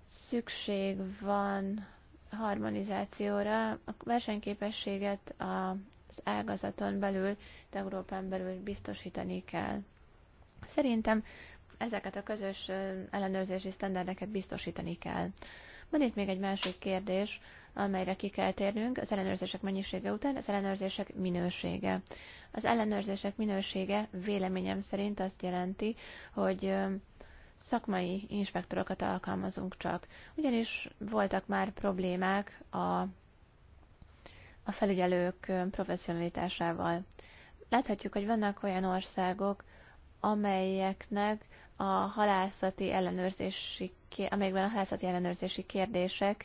szükség van harmonizációra, a versenyképességet az ágazaton belül, de Európán belül biztosítani kell. Szerintem ezeket a közös ellenőrzési sztenderdeket biztosítani kell. Van itt még egy másik kérdés, amelyre ki kell térnünk, az ellenőrzések mennyisége után, az ellenőrzések minősége. Az ellenőrzések minősége véleményem szerint azt jelenti, hogy szakmai inspektorokat alkalmazunk csak, ugyanis voltak már problémák a, a felügyelők professzionalitásával. Láthatjuk, hogy vannak olyan országok, amelyeknek a halászati ellenőrzési, amelyekben a halászati ellenőrzési kérdések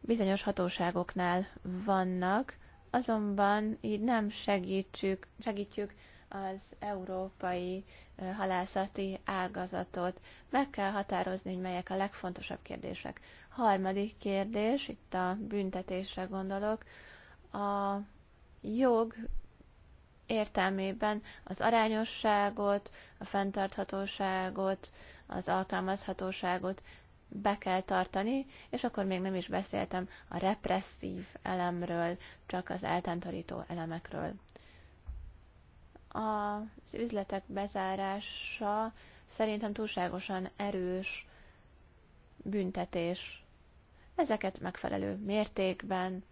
bizonyos hatóságoknál vannak, azonban így nem segítjük segítjük az európai halászati ágazatot. Meg kell határozni, hogy melyek a legfontosabb kérdések. Harmadik kérdés, itt a büntetésre gondolok. A jog értelmében az arányosságot, a fenntarthatóságot, az alkalmazhatóságot be kell tartani, és akkor még nem is beszéltem a represszív elemről, csak az eltántorító elemekről az üzletek bezárása szerintem túlságosan erős büntetés. Ezeket megfelelő mértékben,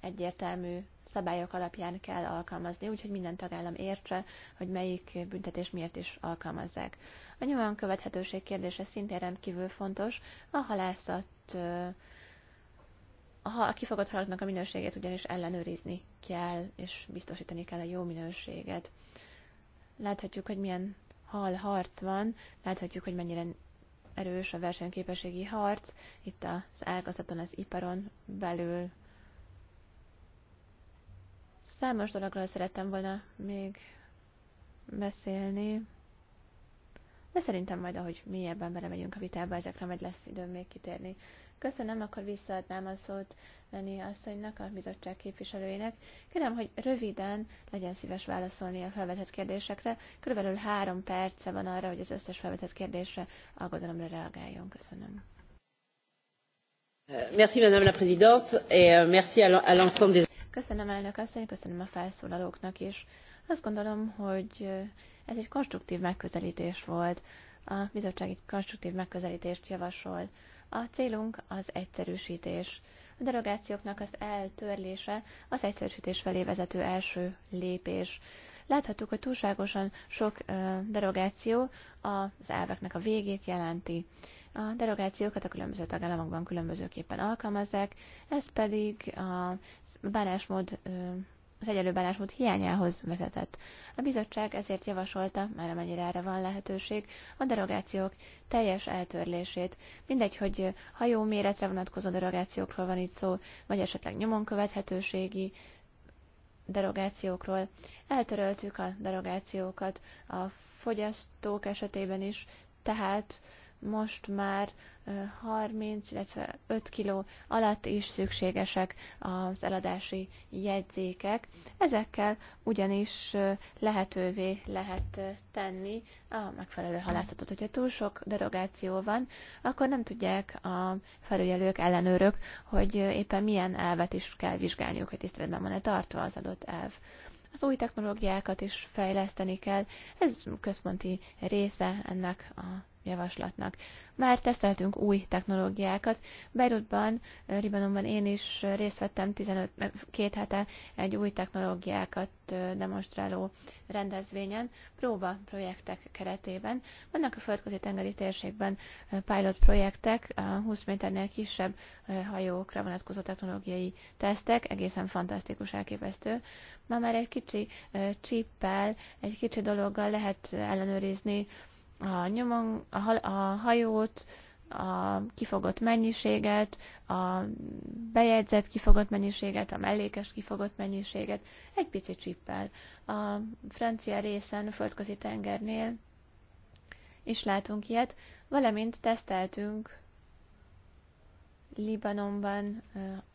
egyértelmű szabályok alapján kell alkalmazni, úgyhogy minden tagállam értse, hogy melyik büntetés miért is alkalmazzák. A nyomon követhetőség kérdése szintén rendkívül fontos. A halászat a kifogott halatnak a minőségét ugyanis ellenőrizni kell, és biztosítani kell a jó minőséget. Láthatjuk, hogy milyen hal harc van, láthatjuk, hogy mennyire erős a versenyképességi harc, itt az ágazaton, az iparon belül. Számos dologról szerettem volna még beszélni, de szerintem majd, ahogy mélyebben belemegyünk a vitába, ezekre majd lesz időm még kitérni. Köszönöm, akkor visszaadnám a szót Leni asszonynak, a bizottság képviselőjének. Kérem, hogy röviden legyen szíves válaszolni a felvetett kérdésekre. Körülbelül három perce van arra, hogy az összes felvetett kérdésre aggodalomra reagáljon. Köszönöm. Merci, Madame la Présidente, et euh, merci à l'ensemble des... Köszönöm elnök asszony, köszönöm a felszólalóknak is. Azt gondolom, hogy euh, ez egy konstruktív megközelítés volt. A bizottság egy konstruktív megközelítést javasol a célunk az egyszerűsítés. A derogációknak az eltörlése az egyszerűsítés felé vezető első lépés. Láthattuk, hogy túlságosan sok derogáció az elveknek a végét jelenti. A derogációkat a különböző tagállamokban különbözőképpen alkalmazzák, ez pedig a bánásmód az egyenlő bánásmód hiányához vezetett. A bizottság ezért javasolta, már amennyire erre van lehetőség, a derogációk teljes eltörlését. Mindegy, hogy hajó méretre vonatkozó derogációkról van itt szó, vagy esetleg nyomon követhetőségi derogációkról. Eltöröltük a derogációkat a fogyasztók esetében is, tehát most már 30, illetve 5 kg alatt is szükségesek az eladási jegyzékek. Ezekkel ugyanis lehetővé lehet tenni a megfelelő halászatot. Hogyha túl sok derogáció van, akkor nem tudják a felügyelők, ellenőrök, hogy éppen milyen elvet is kell vizsgálniuk, hogy tiszteletben van-e tartva az adott elv az új technológiákat is fejleszteni kell. Ez központi része ennek a javaslatnak. Már teszteltünk új technológiákat. Beirutban, eh, Libanonban én is részt vettem 15, eh, két hete egy új technológiákat eh, demonstráló rendezvényen, próba projektek keretében. Vannak a földközi tengeri térségben pilot projektek, a 20 méternél kisebb hajókra vonatkozó technológiai tesztek, egészen fantasztikus, elképesztő. Ma már egy kicsi csíppel, egy kicsi dologgal lehet ellenőrizni, a, nyomon, a, a hajót, a kifogott mennyiséget, a bejegyzett kifogott mennyiséget, a mellékes kifogott mennyiséget, egy pici csippel. A francia részen, a földközi tengernél is látunk ilyet, valamint teszteltünk Libanonban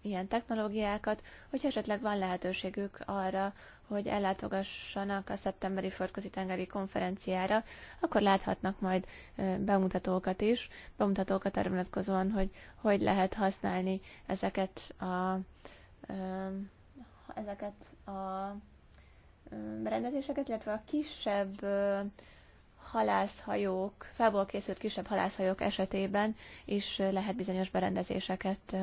ilyen technológiákat, hogy esetleg van lehetőségük arra, hogy ellátogassanak a szeptemberi földközi tengeri konferenciára, akkor láthatnak majd bemutatókat is, bemutatókat arra vonatkozóan, hogy hogy lehet használni ezeket a ezeket a berendezéseket, illetve a kisebb halászhajók, fából készült kisebb halászhajók esetében is lehet bizonyos berendezéseket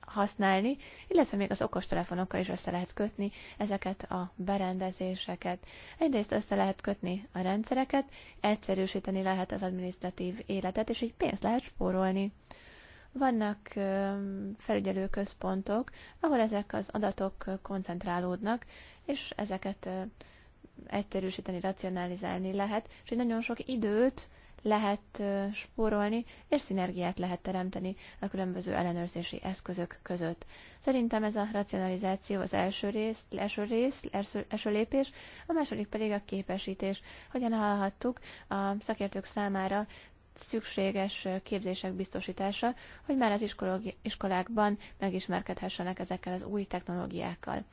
használni, illetve még az okostelefonokkal is össze lehet kötni ezeket a berendezéseket. Egyrészt össze lehet kötni a rendszereket, egyszerűsíteni lehet az administratív életet, és így pénzt lehet spórolni. Vannak felügyelőközpontok, ahol ezek az adatok koncentrálódnak, és ezeket egyszerűsíteni, racionalizálni lehet, és hogy nagyon sok időt lehet spórolni, és szinergiát lehet teremteni a különböző ellenőrzési eszközök között. Szerintem ez a racionalizáció az első rész, első, rész, első, első lépés, a második pedig a képesítés. Hogyan hallhattuk a szakértők számára szükséges képzések biztosítása, hogy már az iskolákban megismerkedhessenek ezekkel az új technológiákkal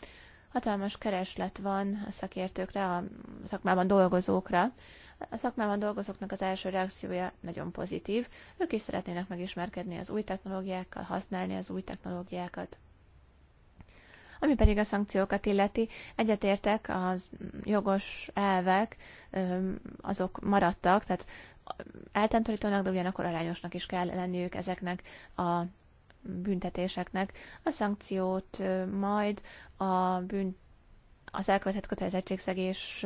hatalmas kereslet van a szakértőkre, a szakmában dolgozókra. A szakmában dolgozóknak az első reakciója nagyon pozitív. Ők is szeretnének megismerkedni az új technológiákkal, használni az új technológiákat. Ami pedig a szankciókat illeti, egyetértek, az jogos elvek azok maradtak, tehát eltántorítónak, de ugyanakkor arányosnak is kell lenniük ezeknek a büntetéseknek. A szankciót majd a bűn az elkövetett kötelezettségszegés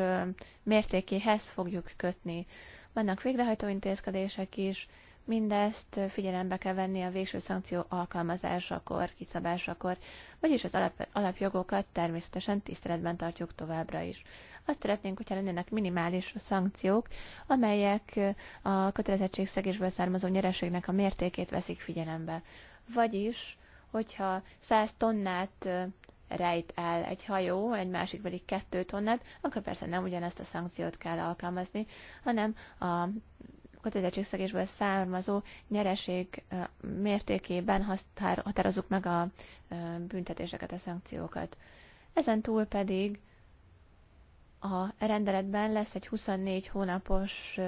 mértékéhez fogjuk kötni. Vannak végrehajtó intézkedések is, mindezt figyelembe kell venni a végső szankció alkalmazásakor, kiszabásakor, vagyis az alap, alapjogokat természetesen tiszteletben tartjuk továbbra is. Azt szeretnénk, hogyha lennének minimális szankciók, amelyek a kötelezettségszegésből származó nyereségnek a mértékét veszik figyelembe. Vagyis, hogyha 100 tonnát rejt el egy hajó, egy másik pedig kettő tonnát, akkor persze nem ugyanezt a szankciót kell alkalmazni, hanem a kötelezettségszegésből származó nyereség mértékében határozzuk meg a büntetéseket, a szankciókat. Ezen túl pedig a rendeletben lesz egy 24 hónapos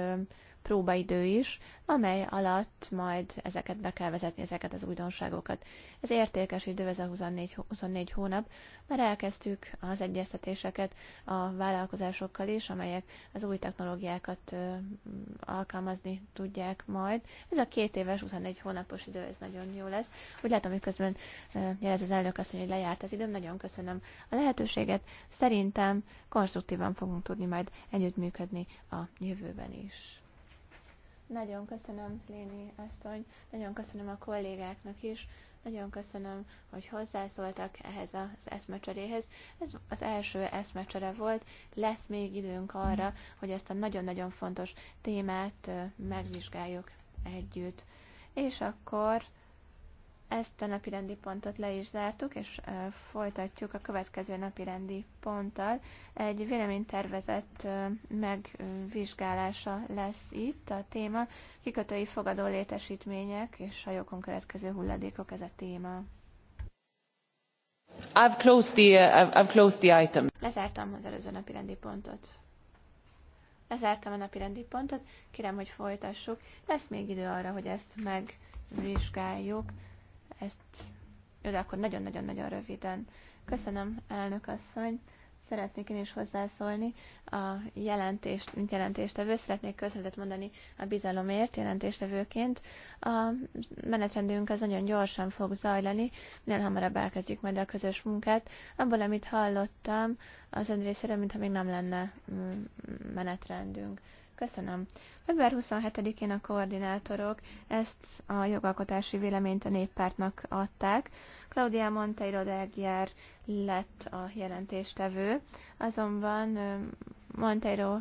próbaidő is, amely alatt majd ezeket be kell vezetni, ezeket az újdonságokat. Ez értékes idő, ez a 24, 24 hónap, mert elkezdtük az egyeztetéseket a vállalkozásokkal is, amelyek az új technológiákat ö, alkalmazni tudják majd. Ez a két éves, 24 hónapos idő, ez nagyon jó lesz. Úgy látom, hogy közben jelez az elnök azt, hogy lejárt az időm, nagyon köszönöm a lehetőséget. Szerintem konstruktívan fogunk tudni majd együttműködni a jövőben is. Nagyon köszönöm, Léni asszony, nagyon köszönöm a kollégáknak is, nagyon köszönöm, hogy hozzászóltak ehhez az eszmecseréhez. Ez az első eszmecsere volt, lesz még időnk arra, hogy ezt a nagyon-nagyon fontos témát megvizsgáljuk együtt. És akkor ezt a napi rendi pontot le is zártuk, és folytatjuk a következő napi rendi ponttal. Egy véleménytervezett megvizsgálása lesz itt a téma. Kikötői fogadó létesítmények és a hajókon következő hulladékok ez a téma. I've closed the, uh, I've closed the item. Lezártam az előző napi rendi pontot. Lezártam a napi rendi pontot, kérem, hogy folytassuk. Lesz még idő arra, hogy ezt megvizsgáljuk ezt, de akkor nagyon-nagyon-nagyon röviden. Köszönöm, elnök asszony. Szeretnék én is hozzászólni a jelentést, mint jelentéstevő. Szeretnék köszönetet mondani a bizalomért jelentéstevőként. A menetrendünk az nagyon gyorsan fog zajlani, minél hamarabb elkezdjük majd a közös munkát. Abból, amit hallottam, az ön részéről, mintha még nem lenne mm, menetrendünk. Köszönöm. Február 27-én a koordinátorok ezt a jogalkotási véleményt a néppártnak adták. Claudia Monteiro Delgiár lett a jelentéstevő, azonban Monteiro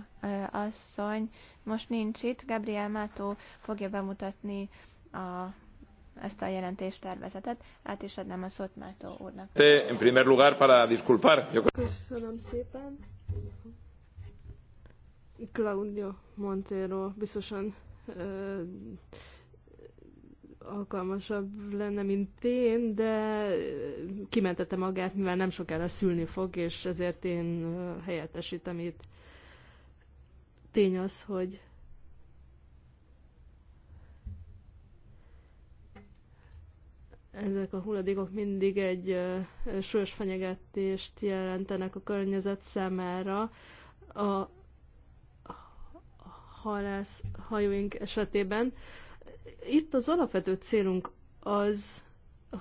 asszony most nincs itt, Gabriel Mátó fogja bemutatni a ezt a jelentést tervezetet. Át is adnám a szót Mátó úrnak. Te, en primer lugar, para disculpar. Köszönöm szépen. Claudio Montero biztosan ö, alkalmasabb lenne, mint én, de kimentette magát, mivel nem sokára szülni fog, és ezért én helyettesítem itt. Tény az, hogy ezek a hulladékok mindig egy súlyos fenyegetést jelentenek a környezet számára. A halász hajóink esetében. Itt az alapvető célunk az,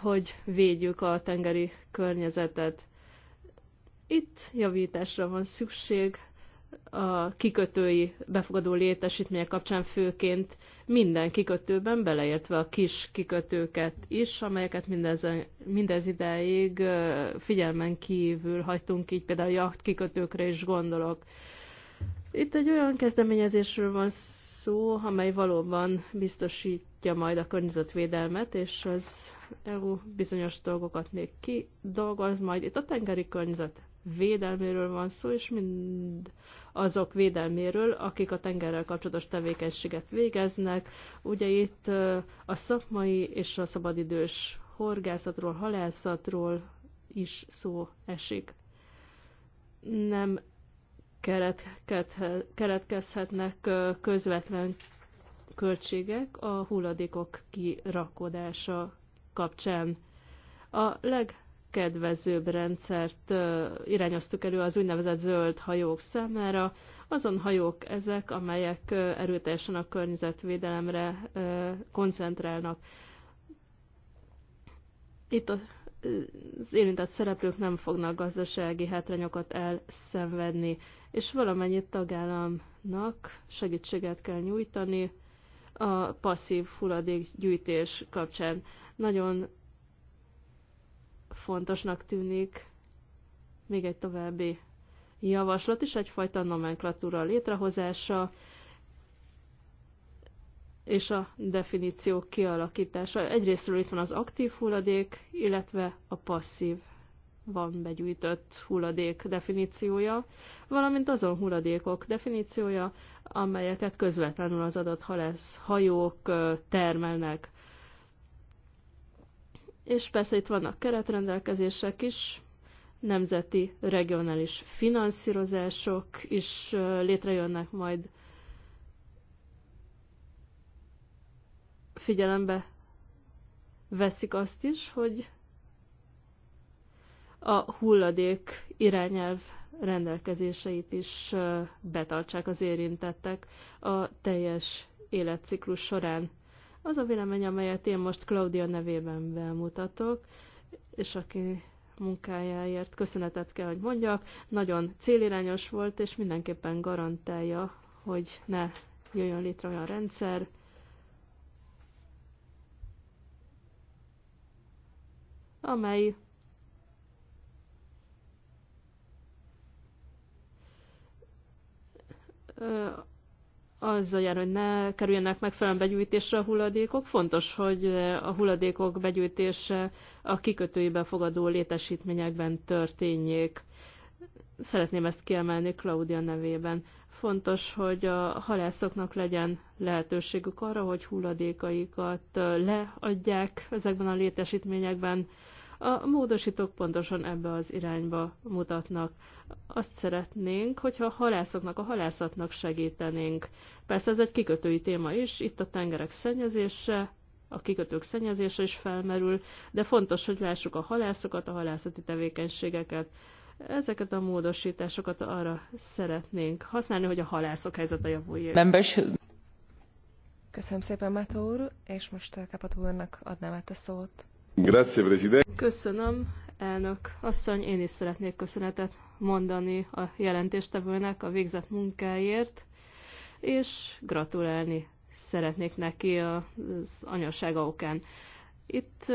hogy védjük a tengeri környezetet. Itt javításra van szükség a kikötői befogadó létesítmények kapcsán főként minden kikötőben, beleértve a kis kikötőket is, amelyeket mindez, mindez idáig figyelmen kívül hagytunk, így például jacht kikötőkre is gondolok. Itt egy olyan kezdeményezésről van szó, amely valóban biztosítja majd a környezetvédelmet, és az EU bizonyos dolgokat még kidolgoz majd. Itt a tengeri környezet védelméről van szó, és mind azok védelméről, akik a tengerrel kapcsolatos tevékenységet végeznek. Ugye itt a szakmai és a szabadidős horgászatról, halászatról is szó esik. Nem keletkezhetnek közvetlen költségek a hulladékok kirakodása kapcsán. A legkedvezőbb rendszert irányoztuk elő az úgynevezett zöld hajók számára, azon hajók ezek, amelyek erőteljesen a környezetvédelemre koncentrálnak. Itt az érintett szereplők nem fognak gazdasági hátrányokat elszenvedni és valamennyi tagállamnak segítséget kell nyújtani a passzív hulladékgyűjtés kapcsán. Nagyon fontosnak tűnik még egy további javaslat is, egyfajta nomenklatúra létrehozása, és a definíció kialakítása. Egyrésztről itt van az aktív hulladék, illetve a passzív van begyűjtött hulladék definíciója, valamint azon hulladékok definíciója, amelyeket közvetlenül az adott halász hajók termelnek. És persze itt vannak keretrendelkezések is, nemzeti, regionális finanszírozások is létrejönnek majd figyelembe veszik azt is, hogy a hulladék irányelv rendelkezéseit is betartsák az érintettek a teljes életciklus során. Az a vélemény, amelyet én most Claudia nevében bemutatok, és aki munkájáért köszönetet kell, hogy mondjak, nagyon célirányos volt, és mindenképpen garantálja, hogy ne jöjjön létre olyan rendszer, amely az jár, hogy ne kerüljenek megfelelően begyűjtésre a hulladékok. Fontos, hogy a hulladékok begyűjtése a kikötőiben fogadó létesítményekben történjék. Szeretném ezt kiemelni Claudia nevében. Fontos, hogy a halászoknak legyen lehetőségük arra, hogy hulladékaikat leadják ezekben a létesítményekben, a módosítók pontosan ebbe az irányba mutatnak. Azt szeretnénk, hogyha a halászoknak, a halászatnak segítenénk. Persze ez egy kikötői téma is, itt a tengerek szennyezése, a kikötők szennyezése is felmerül, de fontos, hogy lássuk a halászokat, a halászati tevékenységeket. Ezeket a módosításokat arra szeretnénk használni, hogy a halászok helyzete javuljék. Köszönöm szépen, Mátó úr, és most Kapató úrnak adnám át a szót. Köszönöm, elnök asszony. Én is szeretnék köszönetet mondani a jelentéstevőnek a végzett munkáért, és gratulálni szeretnék neki az anyasága okán. Itt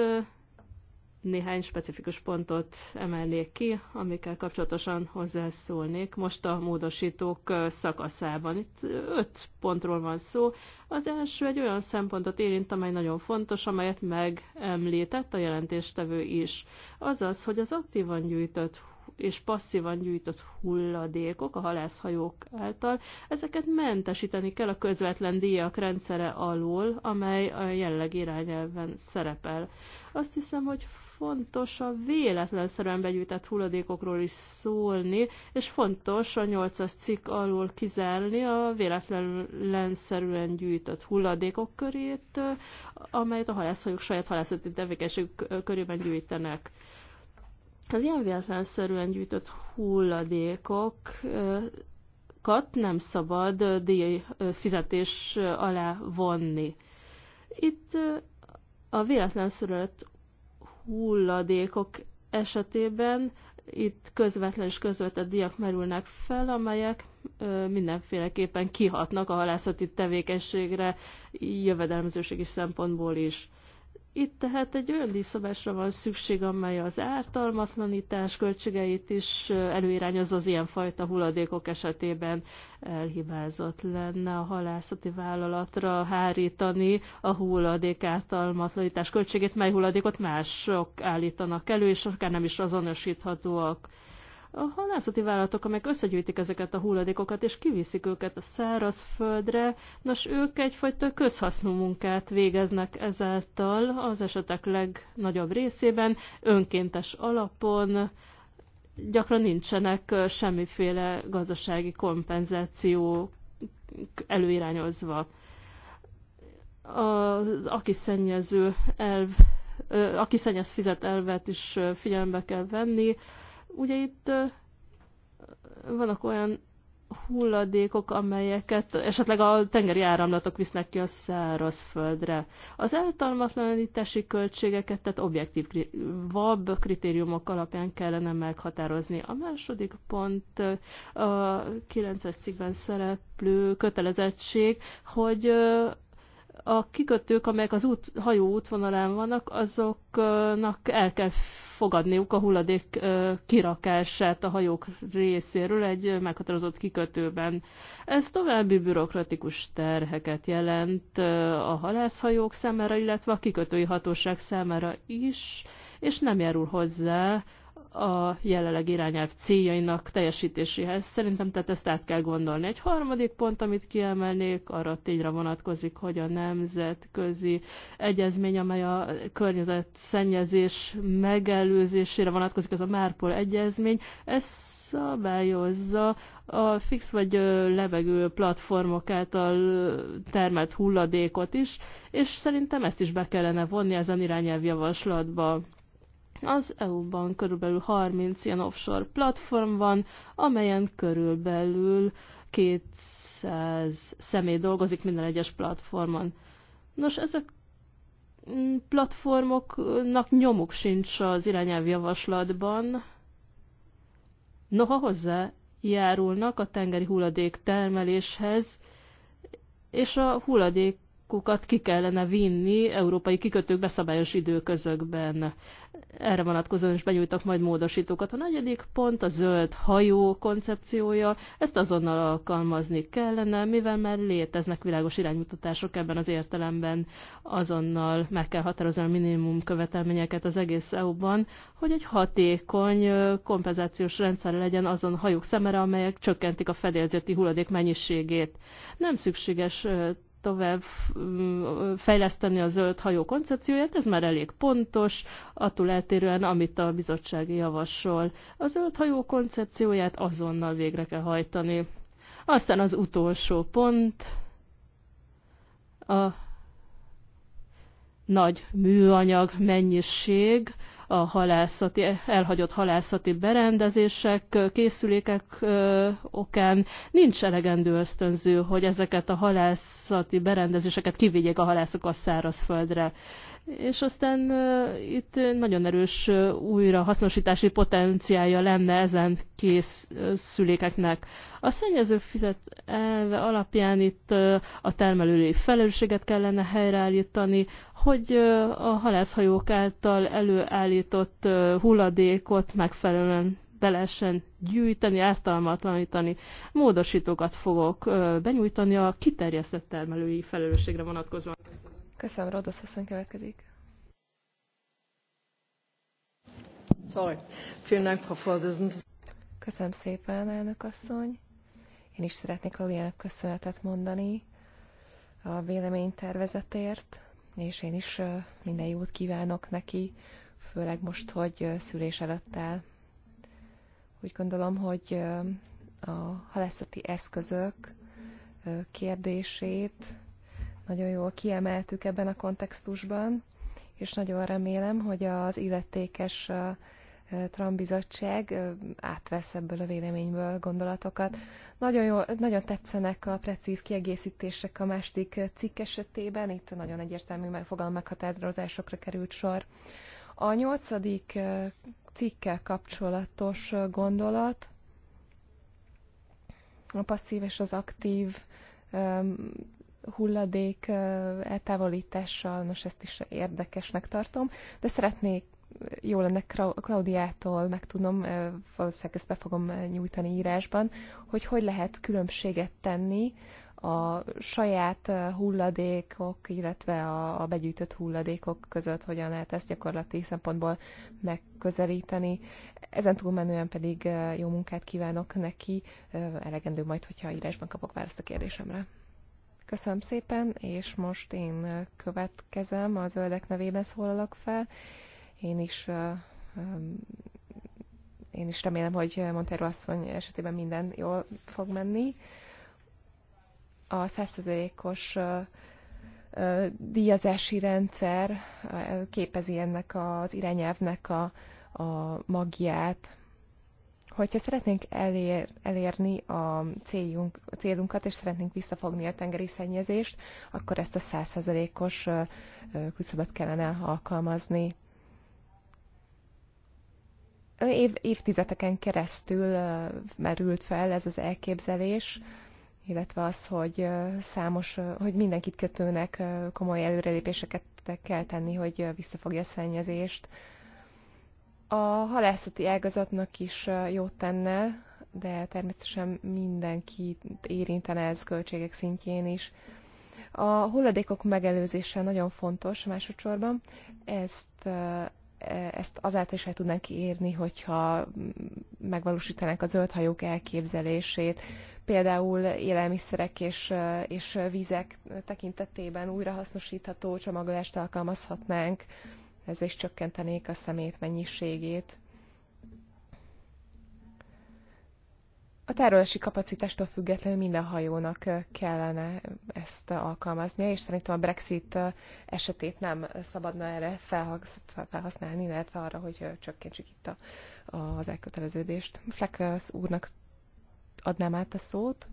néhány specifikus pontot emelnék ki, amikkel kapcsolatosan hozzászólnék. Most a módosítók szakaszában. Itt öt pontról van szó. Az első egy olyan szempontot érint, amely nagyon fontos, amelyet megemlített a jelentéstevő is. Azaz, hogy az aktívan gyűjtött és passzívan gyűjtött hulladékok a halászhajók által, ezeket mentesíteni kell a közvetlen díjak rendszere alól, amely a jelleg irányelven szerepel. Azt hiszem, hogy fontos a véletlenszerűen begyűjtett hulladékokról is szólni, és fontos a 8-as cikk alól kizárni a véletlenszerűen gyűjtött hulladékok körét, amelyet a halászhajók saját halászati tevékenység körében gyűjtenek. Az ilyen véletlenszerűen gyűjtött hulladékokat nem szabad díj fizetés alá vonni. Itt a véletlen hulladékok esetében itt közvetlen és közvetett diak merülnek fel, amelyek ö, mindenféleképpen kihatnak a halászati tevékenységre jövedelmezőségi szempontból is. Itt tehát egy olyan díszabásra van szükség, amely az ártalmatlanítás költségeit is előirányoz az ilyenfajta hulladékok esetében elhibázott lenne a halászati vállalatra hárítani a hulladék ártalmatlanítás költségét, mely hulladékot mások állítanak elő, és akár nem is azonosíthatóak a halászati vállalatok, amelyek összegyűjtik ezeket a hulladékokat, és kiviszik őket a száraz földre, nos, ők egyfajta közhasznú munkát végeznek ezáltal az esetek legnagyobb részében, önkéntes alapon, gyakran nincsenek semmiféle gazdasági kompenzáció előirányozva. Az aki szennyező elv, aki szennyez fizet elvet is figyelembe kell venni, Ugye itt vannak olyan hulladékok, amelyeket esetleg a tengeri áramlatok visznek ki a szárazföldre. Az eltalmatlanítási költségeket, tehát objektív VAB kritériumok alapján kellene meghatározni. A második pont a 9-es cikkben szereplő kötelezettség, hogy a kikötők, amelyek az út, hajó útvonalán vannak, azoknak el kell fogadniuk a hulladék kirakását a hajók részéről egy meghatározott kikötőben. Ez további bürokratikus terheket jelent a halászhajók számára, illetve a kikötői hatóság számára is, és nem járul hozzá a jelenleg irányelv céljainak teljesítéséhez. Szerintem tehát ezt át kell gondolni. Egy harmadik pont, amit kiemelnék, arra tényre vonatkozik, hogy a nemzetközi egyezmény, amely a környezet szennyezés megelőzésére vonatkozik, ez a Márpol egyezmény, ez szabályozza a fix vagy levegő platformok által termelt hulladékot is, és szerintem ezt is be kellene vonni ezen irányelv javaslatba az EU-ban körülbelül 30 ilyen offshore platform van, amelyen körülbelül 200 személy dolgozik minden egyes platformon. Nos, ezek mm, platformoknak nyomuk sincs az irányelv javaslatban. Noha hozzá járulnak a tengeri hulladék termeléshez, és a hulladék bankokat ki kellene vinni európai kikötők beszabályos időközökben. Erre vonatkozóan is benyújtak majd módosítókat. A negyedik pont a zöld hajó koncepciója. Ezt azonnal alkalmazni kellene, mivel már léteznek világos iránymutatások ebben az értelemben. Azonnal meg kell határozni a minimum követelményeket az egész EU-ban, hogy egy hatékony kompenzációs rendszer legyen azon hajók szemére, amelyek csökkentik a fedélzeti hulladék mennyiségét. Nem szükséges tovább mm, fejleszteni a zöld hajó koncepcióját, ez már elég pontos, attól eltérően, amit a bizottság javasol. A zöld hajó koncepcióját azonnal végre kell hajtani. Aztán az utolsó pont, a nagy műanyag mennyiség, a halászati, elhagyott halászati berendezések, készülékek okán nincs elegendő ösztönző, hogy ezeket a halászati berendezéseket kivigyék a halászok a szárazföldre és aztán itt nagyon erős újra hasznosítási potenciálja lenne ezen szülékeknek. A szennyező fizet elve alapján itt a termelői felelősséget kellene helyreállítani, hogy a halászhajók által előállított hulladékot megfelelően be lehessen gyűjteni, ártalmatlanítani. Módosítókat fogok benyújtani a kiterjesztett termelői felelősségre vonatkozóan. Köszönöm. Köszönöm, Rodosz asszony következik. Sorry. Köszönöm szépen, elnök asszony. Én is szeretnék Lóliának köszönetet mondani a véleménytervezetért, és én is minden jót kívánok neki, főleg most, hogy szülés előtt el. Úgy gondolom, hogy a halászati eszközök kérdését nagyon jól kiemeltük ebben a kontextusban, és nagyon remélem, hogy az illetékes Trambizottság átvesz ebből a véleményből gondolatokat. Nagyon, jó nagyon tetszenek a precíz kiegészítések a második cikk esetében, itt nagyon egyértelmű megfogalom meghatározásokra került sor. A nyolcadik cikkkel kapcsolatos gondolat, a passzív és az aktív hulladék eltávolítással, nos ezt is érdekesnek tartom, de szeretnék jó lenne Klaudiától megtudnom, valószínűleg ezt be fogom nyújtani írásban, hogy hogy lehet különbséget tenni a saját hulladékok, illetve a, a begyűjtött hulladékok között hogyan lehet ezt gyakorlati szempontból megközelíteni. Ezen túlmenően pedig jó munkát kívánok neki, elegendő majd, hogyha írásban kapok választ a kérdésemre. Köszönöm szépen, és most én következem, a zöldek nevében szólalok fel. Én is én is remélem, hogy Montero asszony esetében minden jól fog menni. A 100%-os díjazási rendszer képezi ennek az irányelvnek a, a magját, Hogyha szeretnénk elér, elérni a, céljunk, a célunkat, és szeretnénk visszafogni a tengeri szennyezést, akkor ezt a százszerzelékos küszöböt kellene alkalmazni. Év, évtizedeken keresztül merült fel ez az elképzelés, illetve az, hogy számos, hogy mindenkit kötőnek komoly előrelépéseket kell tenni, hogy visszafogja a szennyezést, a halászati ágazatnak is jót tenne, de természetesen mindenki érintene ez költségek szintjén is. A hulladékok megelőzése nagyon fontos másodszorban. Ezt, e, ezt azáltal is el tudnánk érni, hogyha megvalósítanánk a zöldhajók elképzelését, például élelmiszerek és, és vízek tekintetében újrahasznosítható csomagolást alkalmazhatnánk, ez is csökkentenék a szemét mennyiségét. A tárolási kapacitástól függetlenül minden hajónak kellene ezt alkalmaznia, és szerintem a Brexit esetét nem szabadna erre felhasználni, illetve arra, hogy csökkentsük itt a, az elköteleződést. Fleck úrnak adnám át a szót.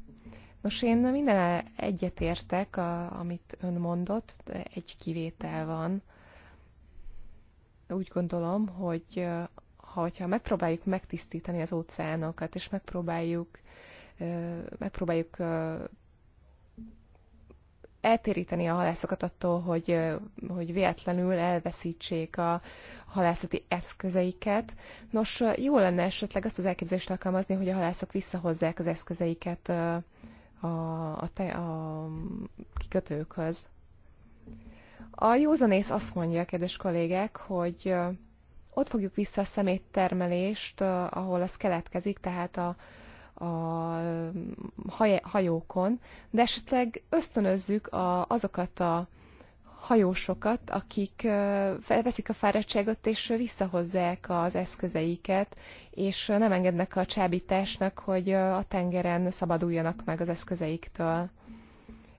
Nos, én minden egyetértek, a, amit ön mondott, de egy kivétel van úgy gondolom, hogy ha hogyha megpróbáljuk megtisztítani az óceánokat, és megpróbáljuk, megpróbáljuk eltéríteni a halászokat attól, hogy, hogy véletlenül elveszítsék a halászati eszközeiket. Nos, jó lenne esetleg azt az elképzelést alkalmazni, hogy a halászok visszahozzák az eszközeiket a, a, te, a kikötőkhöz. A józanész azt mondja, kedves kollégek, hogy ott fogjuk vissza a szeméttermelést, ahol az keletkezik, tehát a, a hajókon, de esetleg ösztönözzük a, azokat a hajósokat, akik veszik a fáradtságot és visszahozzák az eszközeiket, és nem engednek a csábításnak, hogy a tengeren szabaduljanak meg az eszközeiktől.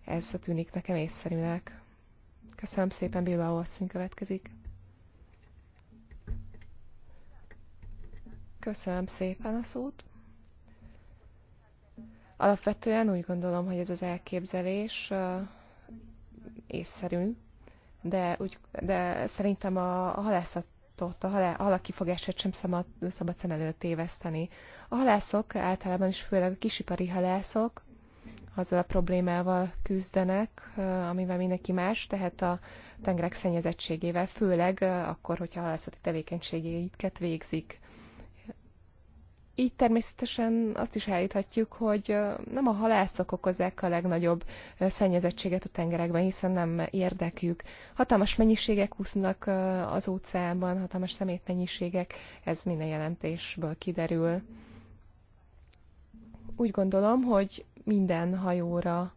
Ez tűnik nekem észszerűnek. Köszönöm szépen, Bilba Olszín következik. Köszönöm szépen a szót. Alapvetően úgy gondolom, hogy ez az elképzelés uh, észszerű, de, úgy, de szerintem a, a halászatot, a, halá, a halakifogását sem szabad, szabad szem előtt téveszteni. A halászok általában is főleg a kisipari halászok azzal a problémával küzdenek, amivel mindenki más, tehát a tengerek szennyezettségével, főleg akkor, hogyha halászati tevékenységeiket végzik. Így természetesen azt is állíthatjuk, hogy nem a halászok okozzák a legnagyobb szennyezettséget a tengerekben, hiszen nem érdekjük. Hatalmas mennyiségek úsznak az óceánban, hatalmas szemétmennyiségek, ez minden jelentésből kiderül. Úgy gondolom, hogy minden hajóra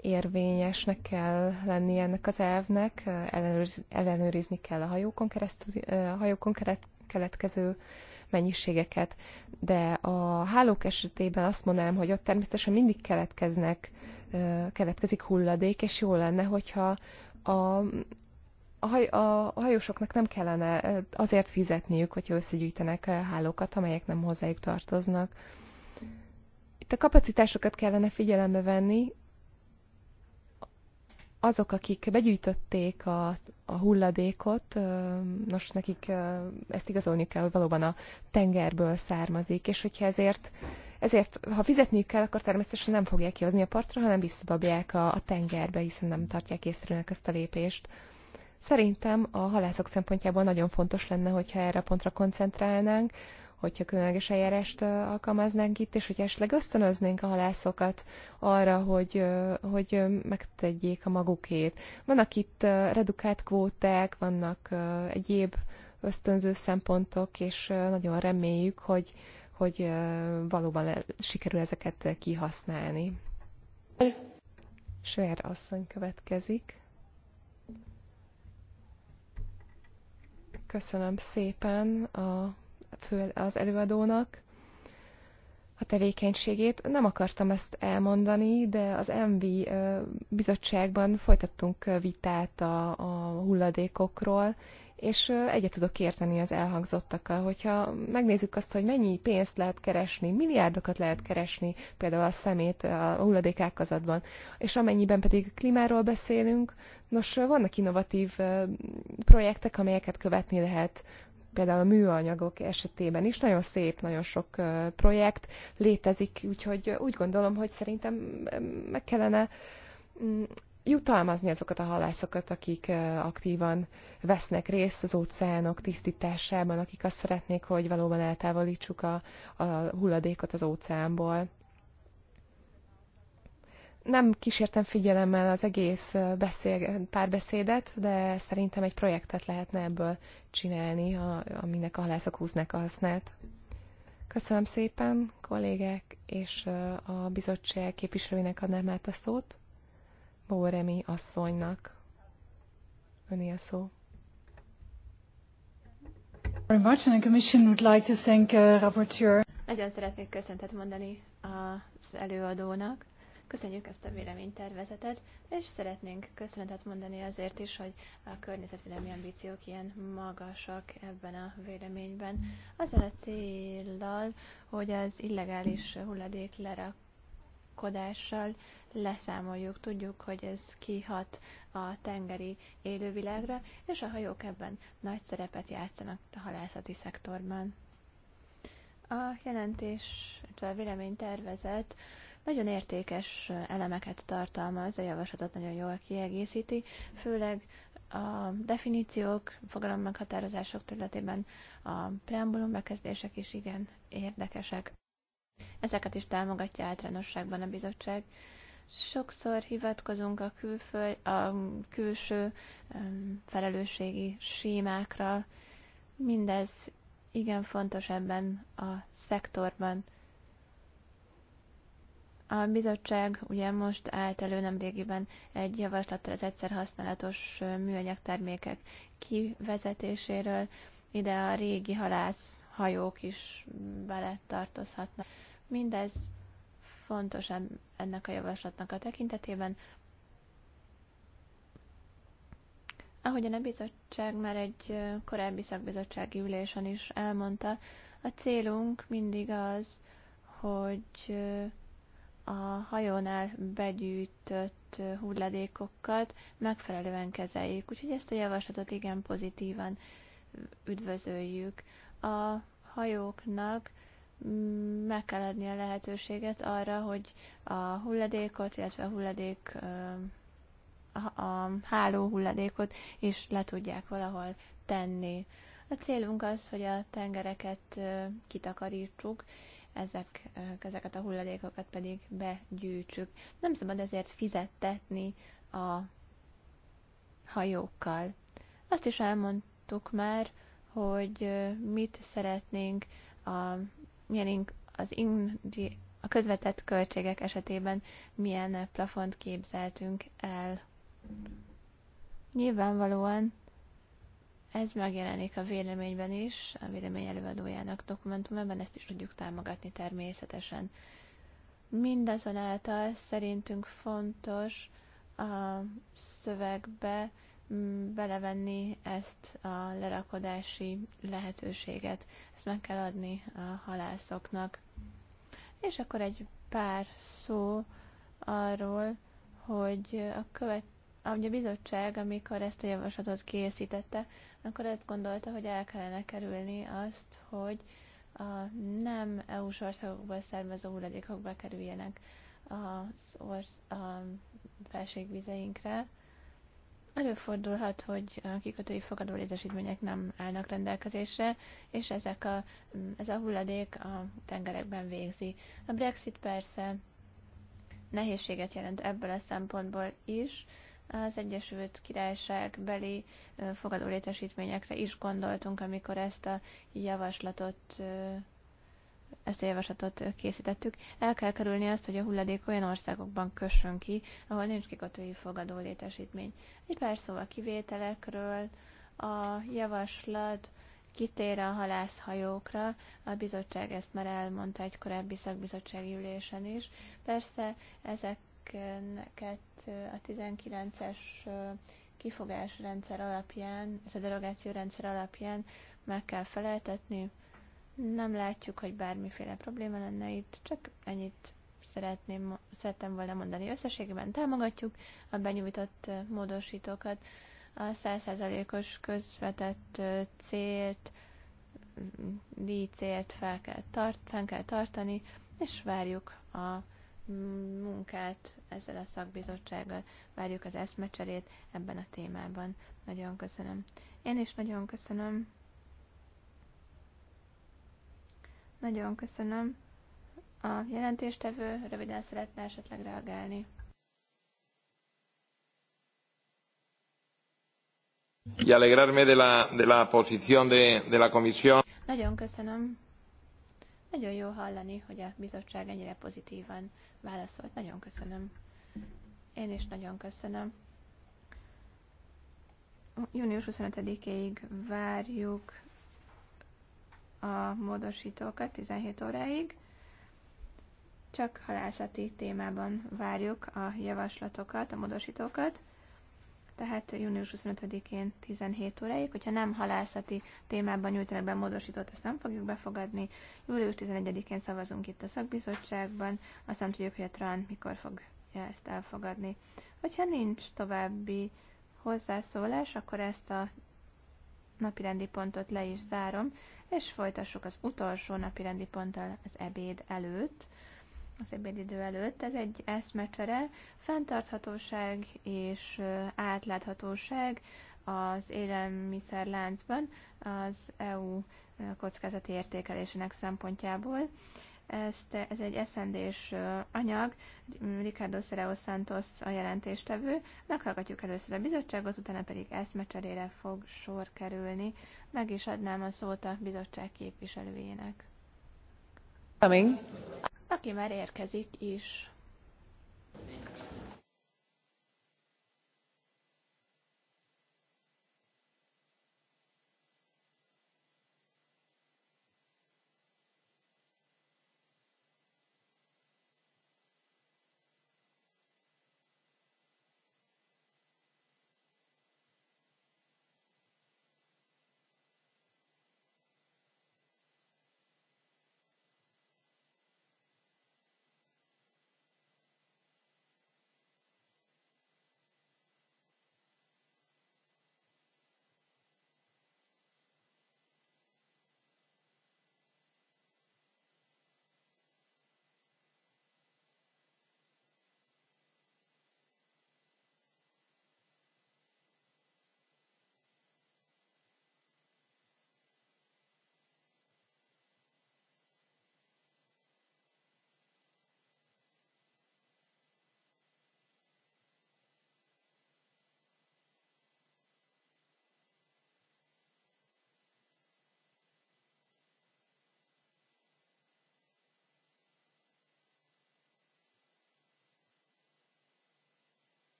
érvényesnek kell lenni ennek az elvnek, ellenőriz, ellenőrizni kell a hajókon, keresztül, a hajókon keret, keletkező mennyiségeket, de a hálók esetében azt mondanám, hogy ott természetesen mindig keletkeznek, keletkezik hulladék, és jó lenne, hogyha a, a, a hajósoknak nem kellene azért fizetniük, hogyha összegyűjtenek hálókat, amelyek nem hozzájuk tartoznak. Itt a kapacitásokat kellene figyelembe venni, azok, akik begyűjtötték a, a hulladékot, nos, nekik ezt igazolni kell, hogy valóban a tengerből származik, és hogyha ezért, ezért ha fizetniük kell, akkor természetesen nem fogják kihozni a partra, hanem visszadobják a, a tengerbe, hiszen nem tartják észrevőnek ezt a lépést. Szerintem a halászok szempontjából nagyon fontos lenne, hogyha erre a pontra koncentrálnánk, hogyha különleges eljárást alkalmaznánk itt, és hogyha esetleg ösztönöznénk a halászokat arra, hogy, hogy megtegyék a magukét. Vannak itt redukált kvóták, vannak egyéb ösztönző szempontok, és nagyon reméljük, hogy, hogy valóban sikerül ezeket kihasználni. Sver asszony következik. Köszönöm szépen a föl az előadónak a tevékenységét. Nem akartam ezt elmondani, de az MV bizottságban folytattunk vitát a, a hulladékokról, és egyet tudok érteni az elhangzottakkal, hogyha megnézzük azt, hogy mennyi pénzt lehet keresni, milliárdokat lehet keresni például a szemét a hulladékákazatban, és amennyiben pedig klímáról beszélünk, nos, vannak innovatív projektek, amelyeket követni lehet, például a műanyagok esetében is. Nagyon szép, nagyon sok projekt létezik, úgyhogy úgy gondolom, hogy szerintem meg kellene mm, jutalmazni azokat a halászokat, akik aktívan vesznek részt az óceánok tisztításában, akik azt szeretnék, hogy valóban eltávolítsuk a, a hulladékot az óceánból nem kísértem figyelemmel az egész beszél, párbeszédet, de szerintem egy projektet lehetne ebből csinálni, a, aminek a halászok húznak a hasznát. Köszönöm szépen, kollégek, és a bizottság képviselőinek adnám át a szót. Bóremi asszonynak. Öné a szó. Commission would like to thank uh, rapporteur. Nagyon szeretnék köszöntet mondani az előadónak Köszönjük ezt a véleménytervezetet, és szeretnénk köszönetet mondani azért is, hogy a környezetvédelmi ambíciók ilyen magasak ebben a véleményben. Azzal a célral, hogy az illegális hulladék lerakodással leszámoljuk, tudjuk, hogy ez kihat a tengeri élővilágra, és a hajók ebben nagy szerepet játszanak a halászati szektorban. A jelentés, illetve a véleménytervezet nagyon értékes elemeket tartalmaz, a javaslatot nagyon jól kiegészíti, főleg a definíciók, fogalommeghatározások területében a preambulum bekezdések is igen érdekesek. Ezeket is támogatja általánosságban a bizottság. Sokszor hivatkozunk a, külföl, a külső felelősségi sémákra. Mindez igen fontos ebben a szektorban. A bizottság ugye most állt elő nemrégiben egy javaslattal az egyszer használatos műanyag termékek kivezetéséről. Ide a régi hajók is bele tartozhatnak. Mindez fontos ennek a javaslatnak a tekintetében. Ahogyan a bizottság már egy korábbi szakbizottsági ülésen is elmondta, a célunk mindig az, hogy a hajónál begyűjtött hulladékokat megfelelően kezeljük. Úgyhogy ezt a javaslatot igen pozitívan üdvözöljük. A hajóknak meg kell adni a lehetőséget arra, hogy a hulladékot, illetve a hulladék a háló hulladékot is le tudják valahol tenni. A célunk az, hogy a tengereket kitakarítsuk, ezek, ezeket a hulladékokat pedig begyűjtsük. Nem szabad ezért fizettetni a hajókkal. Azt is elmondtuk már, hogy mit szeretnénk a, milyen az indi, a közvetett költségek esetében milyen plafont képzeltünk el. Nyilvánvalóan ez megjelenik a véleményben is, a vélemény előadójának dokumentumában, ezt is tudjuk támogatni természetesen. Mindazonáltal szerintünk fontos a szövegbe mm, belevenni ezt a lerakodási lehetőséget. Ezt meg kell adni a halászoknak. És akkor egy pár szó arról, hogy a követ ahogy a bizottság, amikor ezt a javaslatot készítette, akkor ezt gondolta, hogy el kellene kerülni azt, hogy a nem EU-s országokból származó hulladékok bekerüljenek az orsz, a felségvizeinkre. Előfordulhat, hogy a kikötői fogadó létesítmények nem állnak rendelkezésre, és ezek a, ez a hulladék a tengerekben végzi. A Brexit persze nehézséget jelent ebből a szempontból is, az Egyesült Királyság beli fogadó létesítményekre is gondoltunk, amikor ezt a javaslatot ezt a javaslatot készítettük. El kell kerülni azt, hogy a hulladék olyan országokban kössön ki, ahol nincs kikötői fogadó létesítmény. Egy pár szó a kivételekről. A javaslat kitér a halászhajókra, a bizottság ezt már elmondta egy korábbi szakbizottsági ülésen is. Persze ezek ezeket a 19-es kifogásrendszer alapján, és a derogáció rendszer alapján meg kell feleltetni. Nem látjuk, hogy bármiféle probléma lenne itt, csak ennyit szeretném, szerettem volna mondani. Összességében támogatjuk a benyújtott módosítókat, a 100%-os közvetett célt, díjcélt fel kell, tart, fel kell tartani, és várjuk a munkát ezzel a szakbizottsággal, várjuk az eszmecserét ebben a témában. Nagyon köszönöm. Én is nagyon köszönöm. Nagyon köszönöm. A jelentéstevő röviden szeretne esetleg reagálni. Y alegrarme de la, de la posición de, de la comisión. Nagyon köszönöm. Nagyon jó hallani, hogy a bizottság ennyire pozitívan válaszolt. Nagyon köszönöm. Én is nagyon köszönöm. Június 25-ig várjuk a módosítókat 17 óráig. Csak halászati témában várjuk a javaslatokat, a módosítókat tehát június 25-én 17 óráig, hogyha nem halászati témában nyújtanak be módosítót, ezt nem fogjuk befogadni. Július 11-én szavazunk itt a szakbizottságban, azt nem tudjuk, hogy a TRAN mikor fogja ezt elfogadni. Hogyha nincs további hozzászólás, akkor ezt a napirendi pontot le is zárom, és folytassuk az utolsó napirendi ponttal az ebéd előtt az ebédidő előtt. Ez egy eszmecsere, fenntarthatóság és átláthatóság az élelmiszerláncban az EU kockázati értékelésének szempontjából. Ezt, ez egy eszendés anyag, Ricardo Sereo Santos a jelentéstevő. Meghallgatjuk először a bizottságot, utána pedig eszmecserére fog sor kerülni. Meg is adnám a szót a bizottság képviselőjének. Coming aki már érkezik is.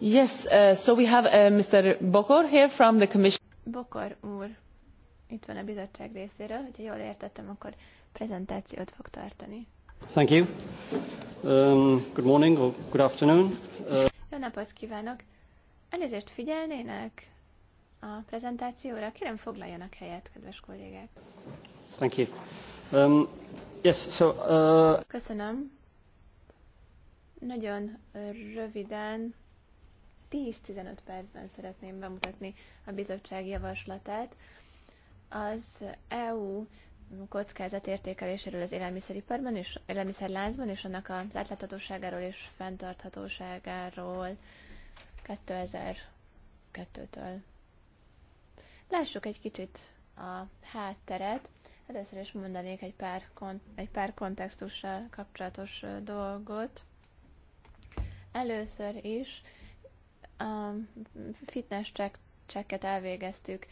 Yes, uh, so we have uh, Mr. Bokor here from the Commission. Bokor úr, itt van a bizottság részéről, hogyha jól értettem, akkor prezentációt fog tartani. Thank you. Um, good morning or good afternoon. Uh... Jó napot kívánok! Elnézést figyelnének a prezentációra. Kérem foglaljanak helyet, kedves kollégák. Thank you. Um, yes, so, uh... Köszönöm. Nagyon röviden 10-15 percben szeretném bemutatni a bizottság javaslatát. Az EU kockázatértékeléséről az élelmiszeriparban és élelmiszerláncban, és annak az átláthatóságáról és fenntarthatóságáról 2002-től. Lássuk egy kicsit a hátteret. Először is mondanék egy pár, kont- egy pár kontextussal kapcsolatos dolgot. Először is a fitness check, checket elvégeztük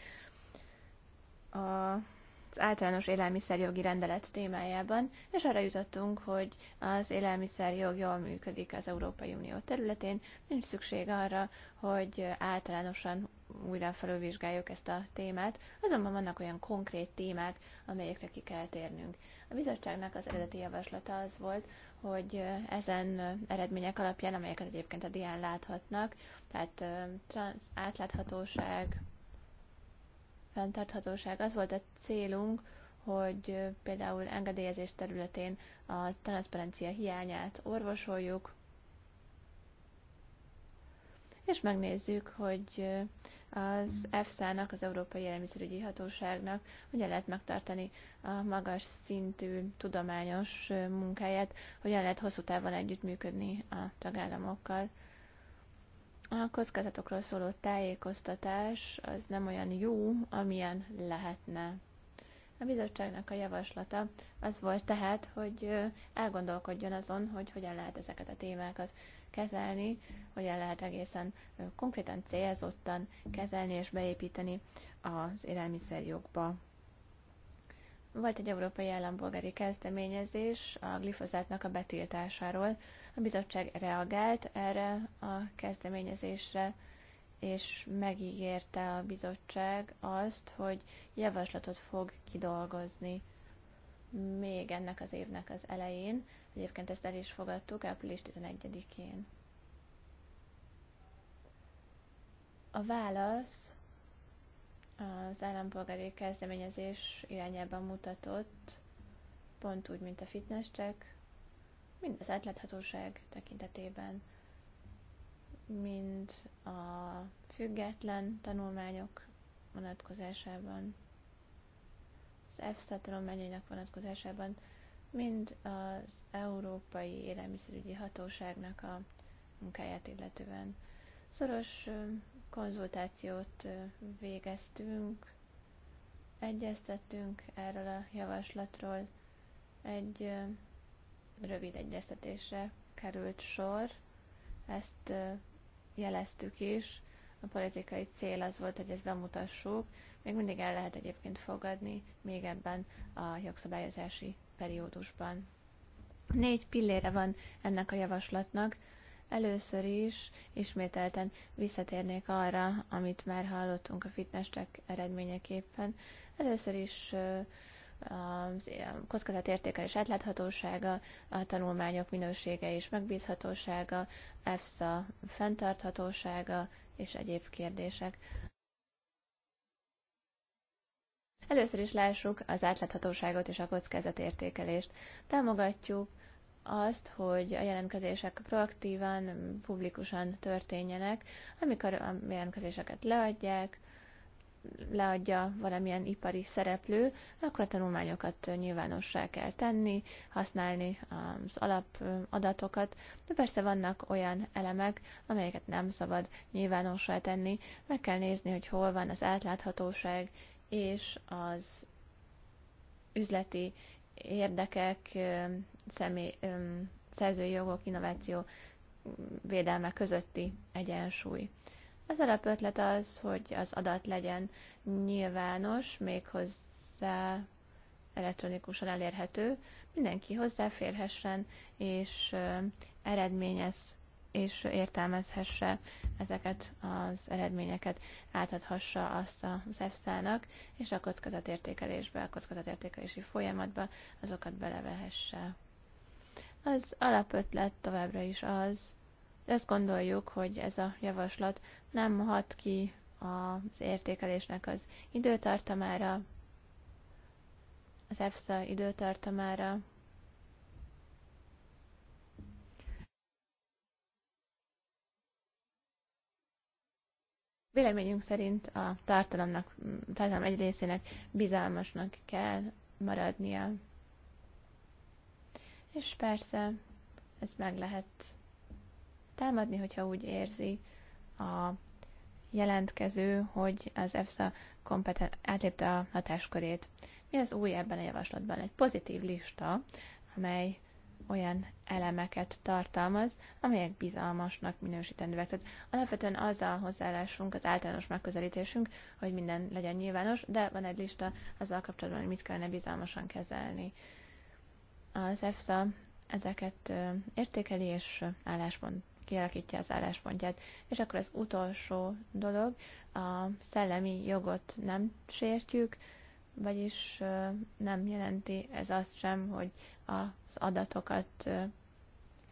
az általános élelmiszerjogi rendelet témájában, és arra jutottunk, hogy az élelmiszerjog jól működik az Európai Unió területén, nincs szükség arra, hogy általánosan újra felülvizsgáljuk ezt a témát, azonban vannak olyan konkrét témák, amelyekre ki kell térnünk. A bizottságnak az eredeti javaslata az volt, hogy ezen eredmények alapján, amelyeket egyébként a dián láthatnak, tehát átláthatóság, fenntarthatóság, az volt a célunk, hogy például engedélyezés területén a transzparencia hiányát orvosoljuk, és megnézzük, hogy az EFSA-nak, az Európai Élelmiszerügyi Hatóságnak hogyan lehet megtartani a magas szintű tudományos munkáját, hogyan lehet hosszú távon együttműködni a tagállamokkal. A kockázatokról szóló tájékoztatás az nem olyan jó, amilyen lehetne. A bizottságnak a javaslata az volt tehát, hogy elgondolkodjon azon, hogy hogyan lehet ezeket a témákat kezelni, hogyan lehet egészen konkrétan célzottan kezelni és beépíteni az élelmiszerjogba. Volt egy európai állampolgári kezdeményezés a glifozátnak a betiltásáról. A bizottság reagált erre a kezdeményezésre, és megígérte a bizottság azt, hogy javaslatot fog kidolgozni még ennek az évnek az elején, Egyébként ezt el is fogadtuk április 11-én. A válasz az állampolgári kezdeményezés irányában mutatott, pont úgy, mint a fitness check, mind az átláthatóság tekintetében, mind a független tanulmányok vonatkozásában, az EFSA tanulmányainak vonatkozásában, mind az Európai Élelmiszerügyi Hatóságnak a munkáját illetően. Szoros konzultációt végeztünk, egyeztettünk erről a javaslatról, egy rövid egyeztetésre került sor, ezt jeleztük is, a politikai cél az volt, hogy ezt bemutassuk, még mindig el lehet egyébként fogadni még ebben a jogszabályozási periódusban. Négy pillére van ennek a javaslatnak. Először is ismételten visszatérnék arra, amit már hallottunk a fitnesstek eredményeképpen. Először is a kockázatértékelés átláthatósága, a tanulmányok minősége és megbízhatósága, EFSA fenntarthatósága és egyéb kérdések. Először is lássuk az átláthatóságot és a kockázatértékelést. Támogatjuk azt, hogy a jelentkezések proaktívan, publikusan történjenek, amikor a jelentkezéseket leadják, leadja valamilyen ipari szereplő, akkor a tanulmányokat nyilvánossá kell tenni, használni az alapadatokat, de persze vannak olyan elemek, amelyeket nem szabad nyilvánossá tenni, meg kell nézni, hogy hol van az átláthatóság és az üzleti érdekek, személy, szerzői jogok, innováció védelme közötti egyensúly. Az alapötlet az, hogy az adat legyen nyilvános, méghozzá elektronikusan elérhető, mindenki hozzáférhessen és eredményez és értelmezhesse ezeket az eredményeket, átadhassa azt az EFSA-nak, és a kockázatértékelésbe, a kockázatértékelési folyamatba azokat belevehesse. Az alapötlet továbbra is az, ezt gondoljuk, hogy ez a javaslat nem hat ki az értékelésnek az időtartamára, az EFSA időtartamára, Véleményünk szerint a tartalomnak, tartalom egy részének bizalmasnak kell maradnia. És persze, ez meg lehet támadni, hogyha úgy érzi a jelentkező, hogy az EFSA kompeten- átlépte a hatáskörét. Mi az új ebben a javaslatban? Egy pozitív lista, amely olyan elemeket tartalmaz, amelyek bizalmasnak minősítendőek. Tehát alapvetően az a hozzáállásunk, az általános megközelítésünk, hogy minden legyen nyilvános, de van egy lista azzal kapcsolatban, hogy mit kellene bizalmasan kezelni. Az EFSA ezeket értékeli és álláspont kialakítja az álláspontját. És akkor az utolsó dolog, a szellemi jogot nem sértjük, vagyis nem jelenti ez azt sem, hogy az adatokat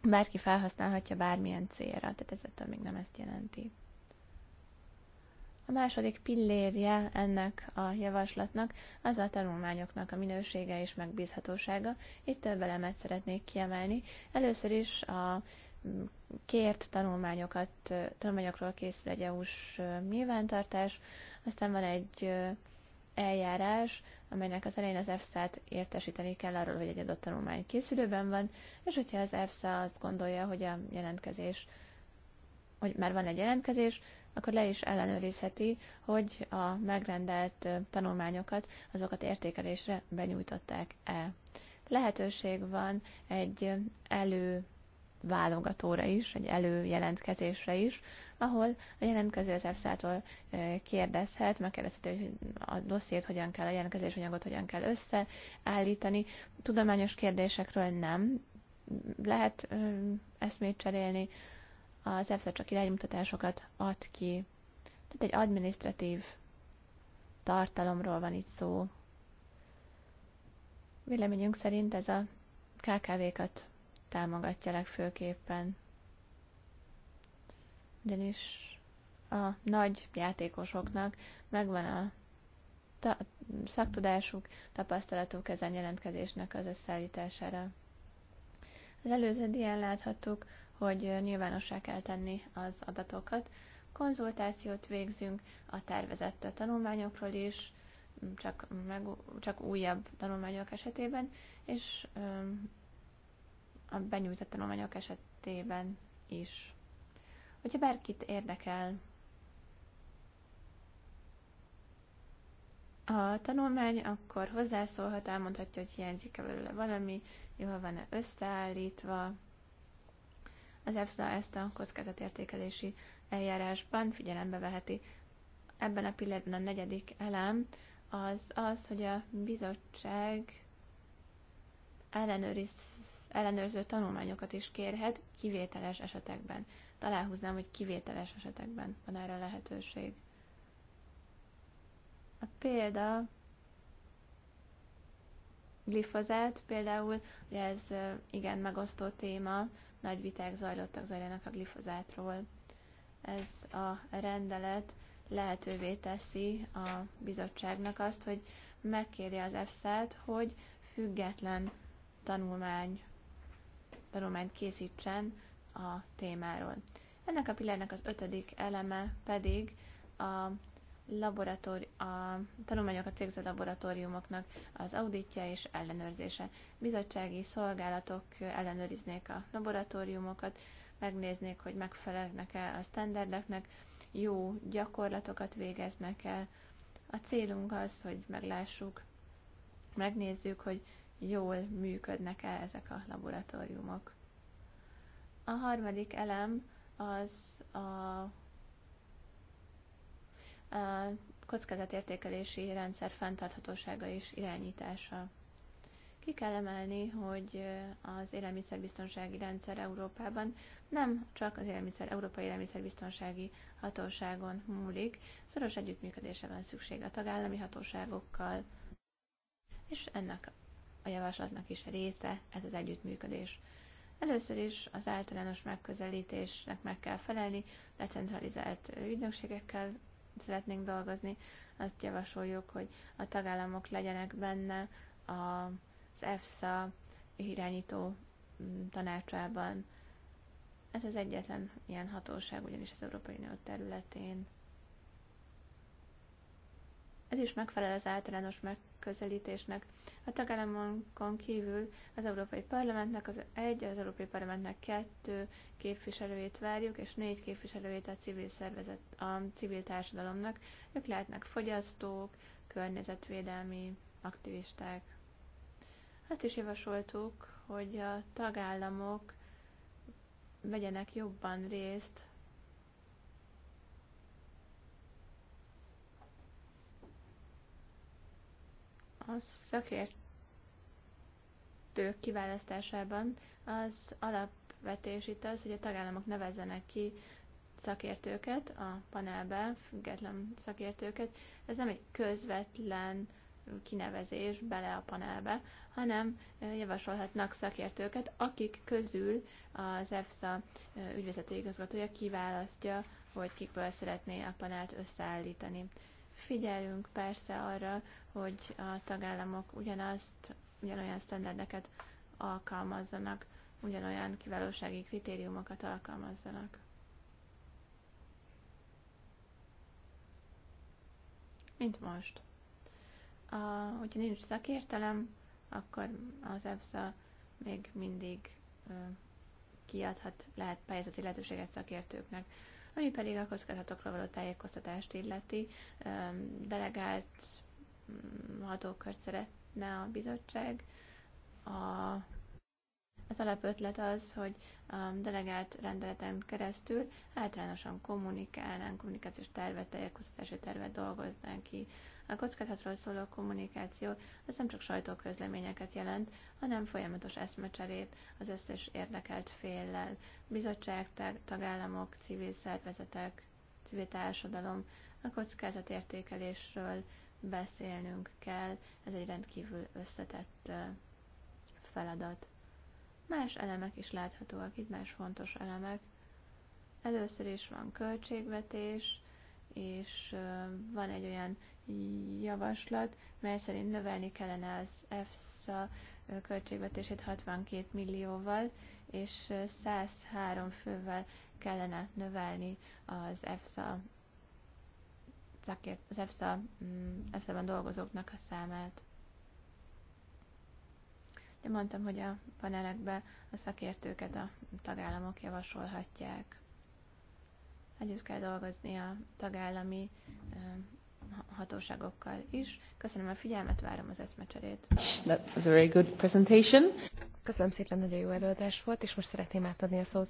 bárki felhasználhatja bármilyen célra, tehát ez ettől még nem ezt jelenti. A második pillérje ennek a javaslatnak az a tanulmányoknak a minősége és megbízhatósága. Itt több elemet szeretnék kiemelni. Először is a kért tanulmányokat, tanulmányokról készül egy EU-s nyilvántartás, aztán van egy eljárás, amelynek az elején az EFSA-t értesíteni kell arról, hogy egy adott tanulmány készülőben van, és hogyha az EFSA azt gondolja, hogy a jelentkezés, hogy már van egy jelentkezés, akkor le is ellenőrizheti, hogy a megrendelt tanulmányokat, azokat értékelésre benyújtották-e. Lehetőség van egy elő válogatóra is, egy előjelentkezésre is, ahol a jelentkező az EFSA-tól kérdezhet, megkérdezhet, hogy a dossziét hogyan kell, a jelentkezés anyagot hogyan kell összeállítani. Tudományos kérdésekről nem lehet eszmét cserélni, az EFSA csak iránymutatásokat ad ki. Tehát egy administratív tartalomról van itt szó. Véleményünk szerint ez a KKV-kat támogatja legfőképpen ugyanis a nagy játékosoknak megvan a ta- szaktudásuk, tapasztalatuk ezen jelentkezésnek az összeállítására. Az előző dián láthattuk, hogy nyilvánossá kell tenni az adatokat. Konzultációt végzünk a tervezett tanulmányokról is, csak, meg, csak újabb tanulmányok esetében, és a benyújtott tanulmányok esetében is. Hogyha bárkit érdekel a tanulmány, akkor hozzászólhat, elmondhatja, hogy hiányzik-e belőle valami, jól van-e összeállítva. Az EFSA ezt a kockázatértékelési eljárásban figyelembe veheti. Ebben a pillanatban a negyedik elem az az, hogy a bizottság ellenőriz, ellenőrző tanulmányokat is kérhet kivételes esetekben találhúznám, hogy kivételes esetekben van erre lehetőség. A példa glifozát például, ugye ez igen megosztó téma, nagy viták zajlottak, zajlanak a glifozátról. Ez a rendelet lehetővé teszi a bizottságnak azt, hogy megkérje az EFSA-t, hogy független tanulmány, tanulmányt készítsen a témáról. Ennek a pillérnek az ötödik eleme pedig a, laboratóri- a tanulmányokat végző laboratóriumoknak az auditja és ellenőrzése. Bizottsági szolgálatok ellenőriznék a laboratóriumokat, megnéznék, hogy megfelelnek-e a standardeknek, jó gyakorlatokat végeznek el. A célunk az, hogy meglássuk, megnézzük, hogy jól működnek-e ezek a laboratóriumok. A harmadik elem az a, a kockázatértékelési rendszer fenntarthatósága és irányítása. Ki kell emelni, hogy az élelmiszerbiztonsági rendszer Európában nem csak az élelmiszer, Európai Élelmiszerbiztonsági Hatóságon múlik, szoros együttműködésre van szükség a tagállami hatóságokkal, és ennek a javaslatnak is része ez az együttműködés. Először is az általános megközelítésnek meg kell felelni, decentralizált ügynökségekkel szeretnénk dolgozni, azt javasoljuk, hogy a tagállamok legyenek benne az EFSA irányító mm, tanácsában. Ez az egyetlen ilyen hatóság ugyanis az Európai Unió területén. Ez is megfelel az általános meg megközelítésnek. A tagállamokon kívül az Európai Parlamentnek az egy, az Európai Parlamentnek kettő képviselőjét várjuk, és négy képviselőjét a civil, szervezet, a civil társadalomnak. Ők lehetnek fogyasztók, környezetvédelmi aktivisták. Azt is javasoltuk, hogy a tagállamok vegyenek jobban részt A szakértők kiválasztásában az alapvetés itt az, hogy a tagállamok nevezzenek ki szakértőket a panelbe, független szakértőket. Ez nem egy közvetlen kinevezés bele a panelbe, hanem javasolhatnak szakértőket, akik közül az EFSA ügyvezető igazgatója kiválasztja, hogy kikből szeretné a panelt összeállítani. Figyelünk persze arra, hogy a tagállamok ugyanazt, ugyanolyan standardeket alkalmazzanak, ugyanolyan kiválósági kritériumokat alkalmazzanak. Mint most. A, hogyha nincs szakértelem, akkor az EFSA még mindig ö, kiadhat lehet pályázati lehetőséget szakértőknek. Ami pedig a kockázatokról való tájékoztatást illeti, ö, delegált hatókört szeretne a bizottság. A, az alapötlet az, hogy a delegált rendeleten keresztül általánosan kommunikálnánk, kommunikációs tervet, tájékoztatási tervet dolgoznánk ki. A kockázatról szóló kommunikáció az nem csak sajtóközleményeket jelent, hanem folyamatos eszmecserét az összes érdekelt féllel, bizottság, tagállamok, civil szervezetek, civil társadalom, a kockázatértékelésről, beszélnünk kell, ez egy rendkívül összetett feladat. Más elemek is láthatóak, itt más fontos elemek. Először is van költségvetés, és van egy olyan javaslat, mely szerint növelni kellene az EFSA költségvetését 62 millióval, és 103 fővel kellene növelni az EFSA szakért, az EFSA, mm, EFSA-ban dolgozóknak a számát. De mondtam, hogy a panelekbe a szakértőket a tagállamok javasolhatják. Együtt kell dolgozni a tagállami hatóságokkal is. Köszönöm a figyelmet, várom az eszmecserét. That was a very good presentation. Köszönöm szépen, nagyon jó előadás volt, és most szeretném átadni a szót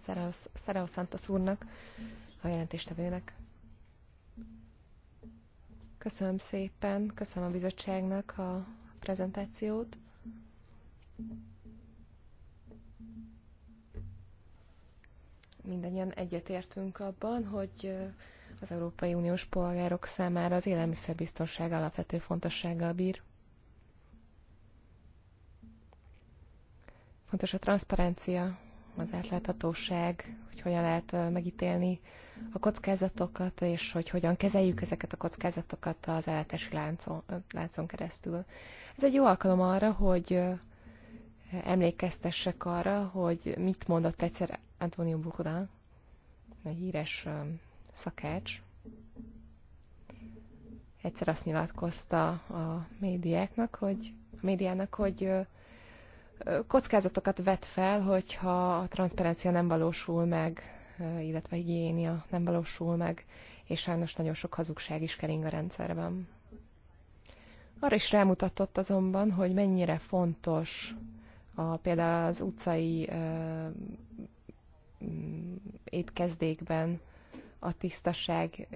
Szerao Santos úrnak, a jelentéstevőnek. Köszönöm szépen, köszönöm a bizottságnak a prezentációt. Mindannyian egyetértünk abban, hogy az Európai Uniós polgárok számára az élelmiszerbiztonság alapvető fontossággal bír. Fontos a transzparencia, az átláthatóság, hogy hogyan lehet megítélni a kockázatokat, és hogy hogyan kezeljük ezeket a kockázatokat az ellátási láncon, láncon keresztül. Ez egy jó alkalom arra, hogy emlékeztessek arra, hogy mit mondott egyszer Antonio Bukoda, a híres szakács. Egyszer azt nyilatkozta a médiáknak, hogy a médiának, hogy kockázatokat vet fel, hogyha a transzparencia nem valósul meg illetve higiénia nem valósul meg, és sajnos nagyon sok hazugság is kering a rendszerben. Arra is rámutatott azonban, hogy mennyire fontos a, például az utcai ö, mm, étkezdékben a tisztaság,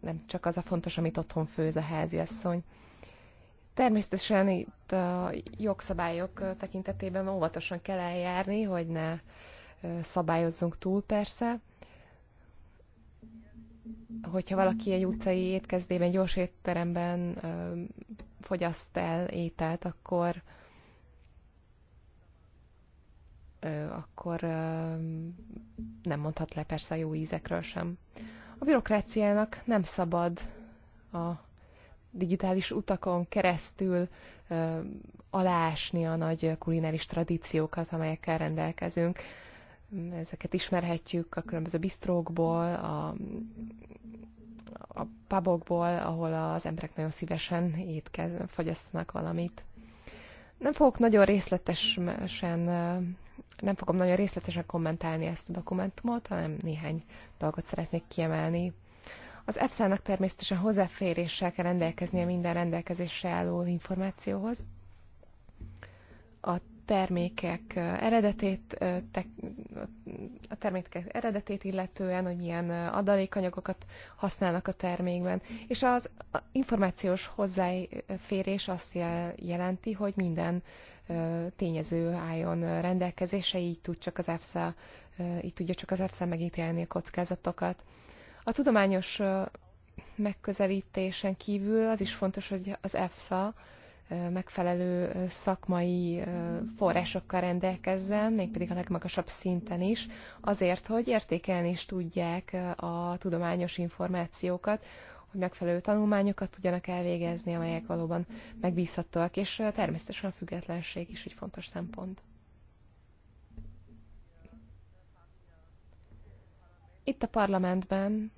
nem csak az a fontos, amit otthon főz a háziasszony. Természetesen itt a jogszabályok tekintetében óvatosan kell eljárni, hogy ne szabályozzunk túl persze. Hogyha valaki egy utcai étkezdében, gyors étteremben fogyaszt el ételt, akkor akkor nem mondhat le persze a jó ízekről sem. A bürokráciának nem szabad a digitális utakon keresztül aláásni a nagy kulináris tradíciókat, amelyekkel rendelkezünk ezeket ismerhetjük a különböző bistrókból, a, a pubokból, ahol az emberek nagyon szívesen étkez, fogyasztanak valamit. Nem fogok nagyon részletesen, nem fogom nagyon részletesen kommentálni ezt a dokumentumot, hanem néhány dolgot szeretnék kiemelni. Az EFSA-nak természetesen hozzáféréssel kell rendelkeznie minden rendelkezésre álló információhoz. A termékek eredetét, a termékek eredetét illetően, hogy milyen adalékanyagokat használnak a termékben. És az információs hozzáférés azt jelenti, hogy minden tényező álljon rendelkezése, így tud csak az EFSA, így tudja csak az EFSA megítélni a kockázatokat. A tudományos megközelítésen kívül az is fontos, hogy az EFSA megfelelő szakmai forrásokkal rendelkezzen, mégpedig a legmagasabb szinten is, azért, hogy értékelni is tudják a tudományos információkat, hogy megfelelő tanulmányokat tudjanak elvégezni, amelyek valóban megbízhatóak, és természetesen a függetlenség is egy fontos szempont. Itt a parlamentben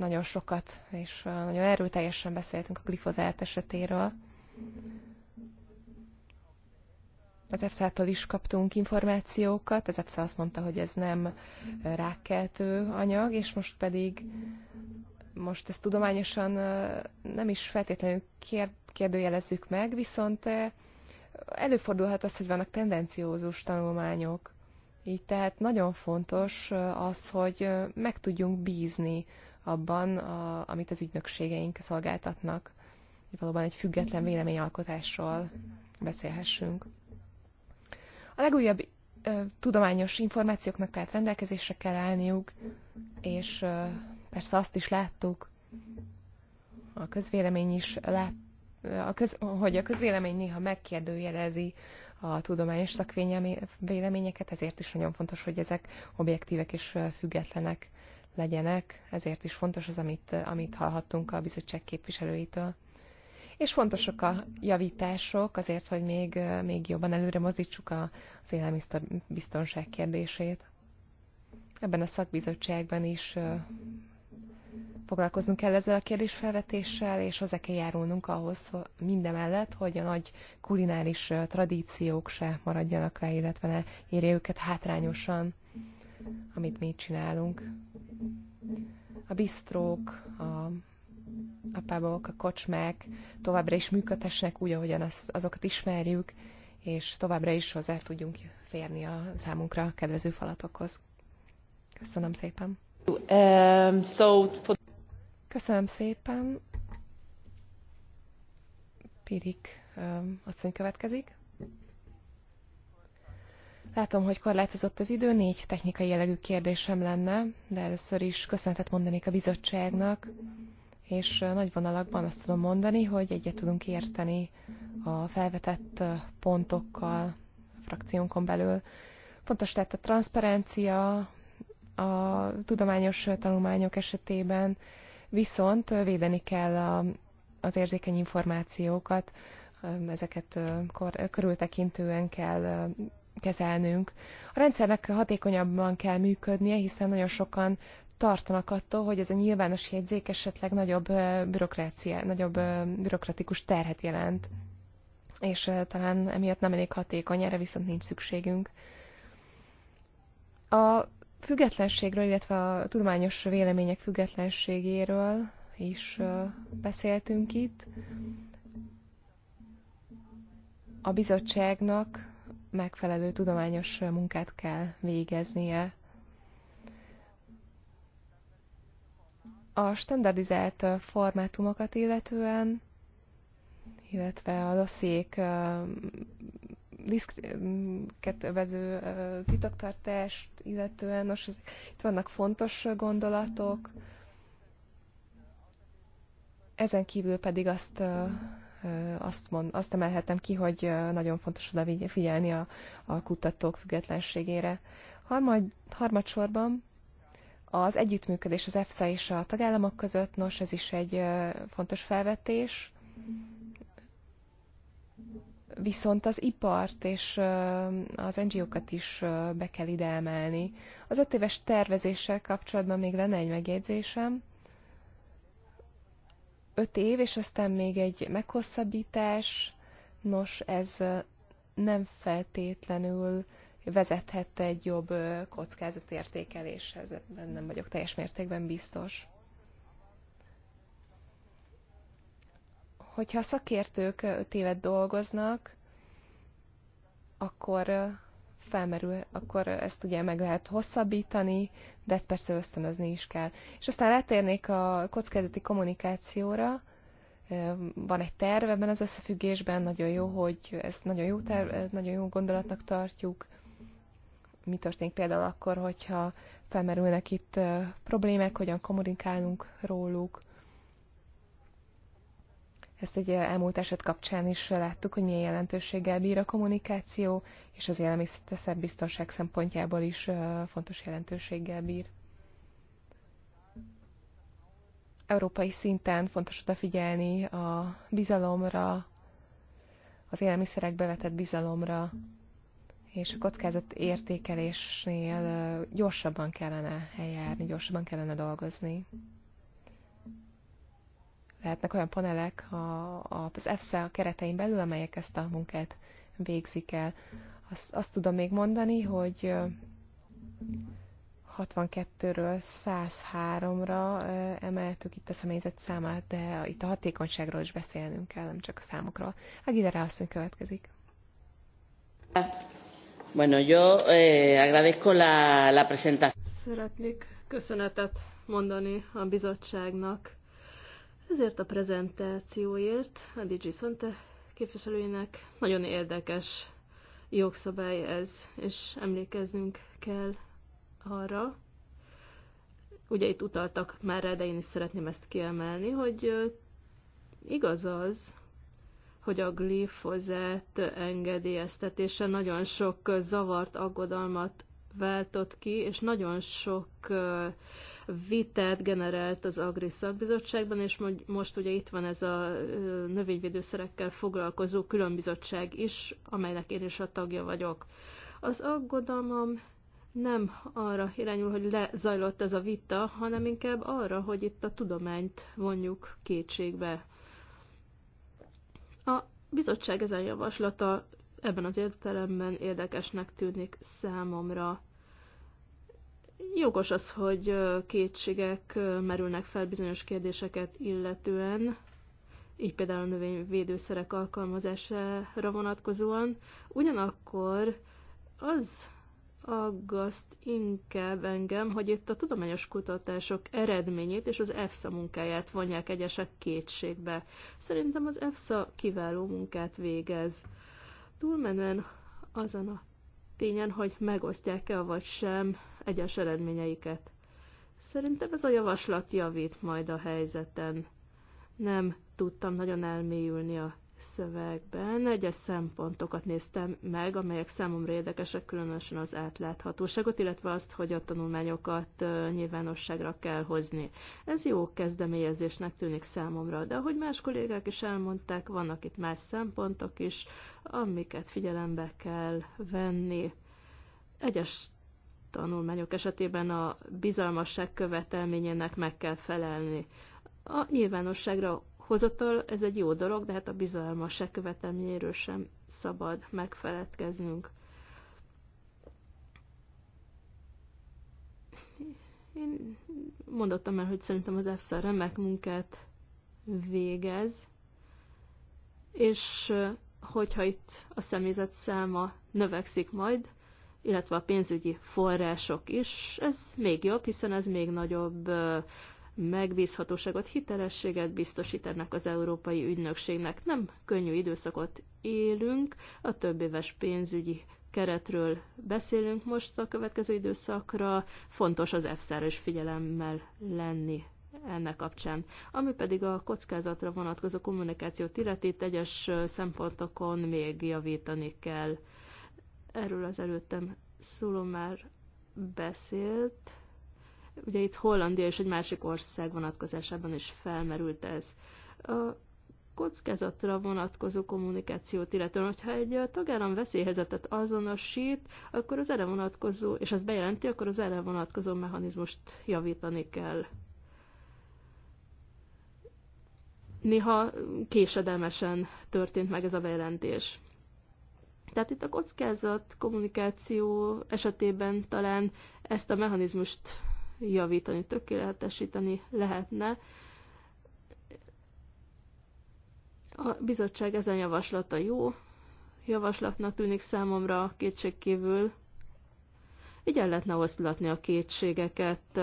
nagyon sokat és nagyon erőteljesen beszéltünk a glifozát esetéről. Az EFSA-tól is kaptunk információkat, az EFSA azt mondta, hogy ez nem rákkeltő anyag, és most pedig most ezt tudományosan nem is feltétlenül kér, kérdőjelezzük meg, viszont előfordulhat az, hogy vannak tendenciózus tanulmányok. Így tehát nagyon fontos az, hogy meg tudjunk bízni abban, a, amit az ügynökségeink szolgáltatnak, hogy valóban egy független véleményalkotásról beszélhessünk. A legújabb ö, tudományos információknak tehát rendelkezésre kell állniuk, és ö, persze azt is láttuk, a közvélemény is lát, a köz, hogy a közvélemény néha megkérdőjelezi a tudományos szakvéleményeket, ezért is nagyon fontos, hogy ezek objektívek és függetlenek legyenek, ezért is fontos az, amit, amit hallhattunk a bizottság képviselőitől. És fontosak a javítások azért, hogy még, még jobban előre mozdítsuk a, az élelmiszerbiztonság kérdését. Ebben a szakbizottságban is foglalkozunk kell ezzel a kérdésfelvetéssel, és hozzá kell járulnunk ahhoz mindemellett, hogy a nagy kulináris tradíciók se maradjanak le, illetve ne érje őket hátrányosan amit mi csinálunk. A bisztrók, a, a a kocsmák továbbra is működhessenek úgy, ahogyan az, azokat ismerjük, és továbbra is hozzá tudjunk férni a számunkra kedvező falatokhoz. Köszönöm szépen! Um, Köszönöm szépen! Pirik um, asszony következik. Látom, hogy korlátozott az idő, négy technikai jellegű kérdésem lenne, de először is köszönetet mondanék a bizottságnak, és nagy vonalakban azt tudom mondani, hogy egyet tudunk érteni a felvetett pontokkal a frakciónkon belül. Fontos tehát a transzparencia a tudományos tanulmányok esetében, viszont védeni kell a, az érzékeny információkat, ezeket kor, körültekintően kell kezelnünk. A rendszernek hatékonyabban kell működnie, hiszen nagyon sokan tartanak attól, hogy ez a nyilvános jegyzék esetleg nagyobb bürokrácia, nagyobb bürokratikus terhet jelent, és talán emiatt nem elég hatékony, erre viszont nincs szükségünk. A függetlenségről, illetve a tudományos vélemények függetlenségéről is beszéltünk itt. A bizottságnak megfelelő tudományos munkát kell végeznie. A standardizált formátumokat illetően, illetve a dossziék vező titoktartást illetően, most az, itt vannak fontos gondolatok, ezen kívül pedig azt azt, mond, azt emelhetem ki, hogy nagyon fontos oda figyelni a, a kutatók függetlenségére. Harmad, harmadsorban az együttműködés az EFSA és a tagállamok között, nos, ez is egy fontos felvetés. Viszont az ipart és az NGO-kat is be kell ide emelni. Az öt éves tervezéssel kapcsolatban még lenne egy megjegyzésem öt év, és aztán még egy meghosszabbítás. Nos, ez nem feltétlenül vezethet egy jobb kockázatértékeléshez, nem vagyok teljes mértékben biztos. Hogyha a szakértők öt évet dolgoznak, akkor felmerül, akkor ezt ugye meg lehet hosszabbítani, de ezt persze ösztönözni is kell. És aztán rátérnék a kockázati kommunikációra, van egy terv ebben az összefüggésben, nagyon jó, hogy ezt nagyon jó, terv, nagyon jó gondolatnak tartjuk. Mi történik például akkor, hogyha felmerülnek itt problémák, hogyan kommunikálunk róluk, ezt egy elmúlt eset kapcsán is láttuk, hogy milyen jelentőséggel bír a kommunikáció, és az élelmiszer biztonság szempontjából is fontos jelentőséggel bír. Európai szinten fontos odafigyelni a bizalomra, az élelmiszerek bevetett bizalomra, és a kockázat értékelésnél gyorsabban kellene eljárni, gyorsabban kellene dolgozni lehetnek olyan panelek a, az EFSA keretein belül, amelyek ezt a munkát végzik el. Azt, azt tudom még mondani, hogy 62-ről 103-ra emeltük itt a személyzet számát, de itt a hatékonyságról is beszélnünk kell, nem csak a számokról. Agidere asszony következik. Bueno, yo eh, agradezco la, la presentación. Szeretnék köszönetet mondani a bizottságnak ezért a prezentációért a DG Szante képviselőinek nagyon érdekes jogszabály ez, és emlékeznünk kell arra, ugye itt utaltak már rá, de én is szeretném ezt kiemelni, hogy igaz az, hogy a glifozát engedélyeztetése nagyon sok zavart aggodalmat váltott ki, és nagyon sok vitát generált az Agri Szakbizottságban, és most ugye itt van ez a növényvédőszerekkel foglalkozó különbizottság is, amelynek én is a tagja vagyok. Az aggodalmam nem arra irányul, hogy lezajlott ez a vita, hanem inkább arra, hogy itt a tudományt vonjuk kétségbe. A bizottság ezen javaslata ebben az értelemben érdekesnek tűnik számomra. Jogos az, hogy kétségek merülnek fel bizonyos kérdéseket illetően, így például a növényvédőszerek alkalmazására vonatkozóan. Ugyanakkor az aggaszt inkább engem, hogy itt a tudományos kutatások eredményét és az EFSA munkáját vonják egyesek kétségbe. Szerintem az EFSA kiváló munkát végez. Túlmenően azon a tényen, hogy megosztják-e vagy sem egyes eredményeiket. Szerintem ez a javaslat javít majd a helyzeten. Nem tudtam nagyon elmélyülni a szövegben. Egyes szempontokat néztem meg, amelyek számomra érdekesek, különösen az átláthatóságot, illetve azt, hogy a tanulmányokat nyilvánosságra kell hozni. Ez jó kezdeményezésnek tűnik számomra, de ahogy más kollégák is elmondták, vannak itt más szempontok is, amiket figyelembe kell venni. Egyes tanulmányok esetében a bizalmasság követelményének meg kell felelni. A nyilvánosságra hozatal ez egy jó dolog, de hát a bizalmasság követelményéről sem szabad megfeledkeznünk. Én mondottam el, hogy szerintem az EFSA remek munkát végez, és hogyha itt a személyzet száma növekszik majd, illetve a pénzügyi források is. Ez még jobb, hiszen ez még nagyobb megbízhatóságot, hitelességet biztosít ennek az európai ügynökségnek. Nem könnyű időszakot élünk, a több éves pénzügyi keretről beszélünk most a következő időszakra, fontos az efsz is figyelemmel lenni ennek kapcsán. Ami pedig a kockázatra vonatkozó kommunikációt illeti, egyes szempontokon még javítani kell. Erről az előttem szóló már beszélt. Ugye itt Hollandia és egy másik ország vonatkozásában is felmerült ez. A kockázatra vonatkozó kommunikációt, illetően, hogyha egy tagállam veszélyhelyzetet azonosít, akkor az erre vonatkozó, és ez bejelenti, akkor az erre vonatkozó mechanizmust javítani kell. Néha késedelmesen történt meg ez a bejelentés. Tehát itt a kockázat kommunikáció esetében talán ezt a mechanizmust javítani, tökéletesíteni lehetne. A bizottság ezen javaslata jó, javaslatnak tűnik számomra kétségkívül. Így el lehetne oszlatni a kétségeket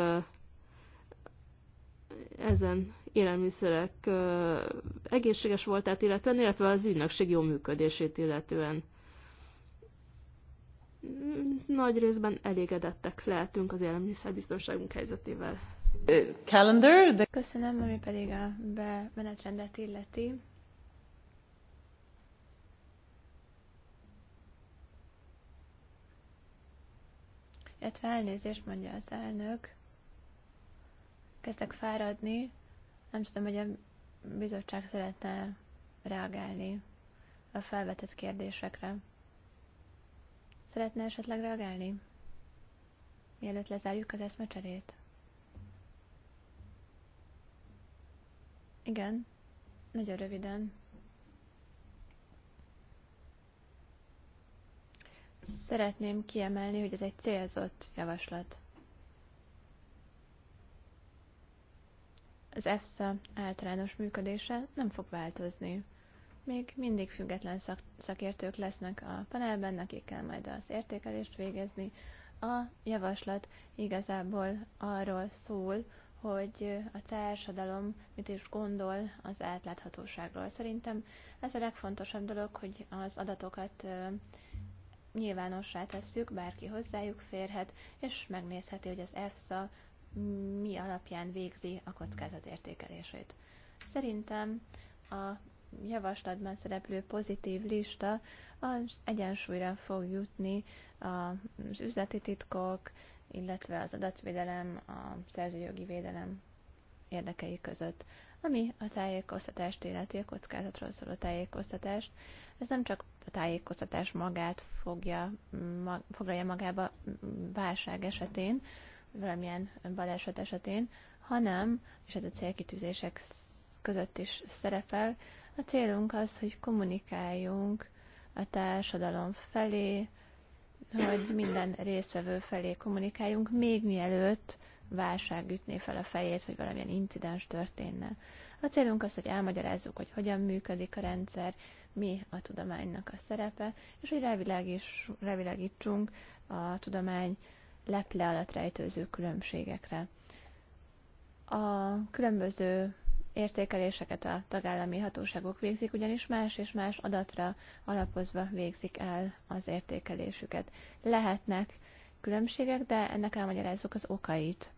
ezen élelmiszerek egészséges voltát illetően, illetve az ügynökség jó működését illetően nagy részben elégedettek lehetünk az élelmiszerbiztonságunk helyzetével. Calendar, de... Köszönöm, ami pedig a bemenetrendet illeti. illetve elnézést mondja az elnök. Kezdek fáradni, nem tudom, hogy a bizottság szeretne reagálni a felvetett kérdésekre. Szeretne esetleg reagálni? Mielőtt lezárjuk az eszmecserét. Igen, nagyon röviden. Szeretném kiemelni, hogy ez egy célzott javaslat. Az EFSA általános működése nem fog változni még mindig független szak, szakértők lesznek a panelben, akik kell majd az értékelést végezni. A javaslat igazából arról szól, hogy a társadalom mit is gondol az átláthatóságról. Szerintem ez a legfontosabb dolog, hogy az adatokat nyilvánossá tesszük, bárki hozzájuk férhet, és megnézheti, hogy az EFSA mi alapján végzi a kockázatértékelését. Szerintem a javaslatban szereplő pozitív lista az egyensúlyra fog jutni az üzleti titkok, illetve az adatvédelem, a szerzőjogi védelem érdekei között, ami a tájékoztatást illeti, a kockázatról szóló tájékoztatást. Ez nem csak a tájékoztatás magát fogja, mag, foglalja magába válság esetén, valamilyen baleset esetén, hanem, és ez a célkitűzések között is szerepel, a célunk az, hogy kommunikáljunk a társadalom felé, hogy minden résztvevő felé kommunikáljunk, még mielőtt válság ütné fel a fejét, vagy valamilyen incidens történne. A célunk az, hogy elmagyarázzuk, hogy hogyan működik a rendszer, mi a tudománynak a szerepe, és hogy rávilágíts, rávilágítsunk a tudomány leple alatt rejtőző különbségekre. A különböző értékeléseket a tagállami hatóságok végzik, ugyanis más és más adatra alapozva végzik el az értékelésüket. Lehetnek különbségek, de ennek elmagyarázzuk az okait.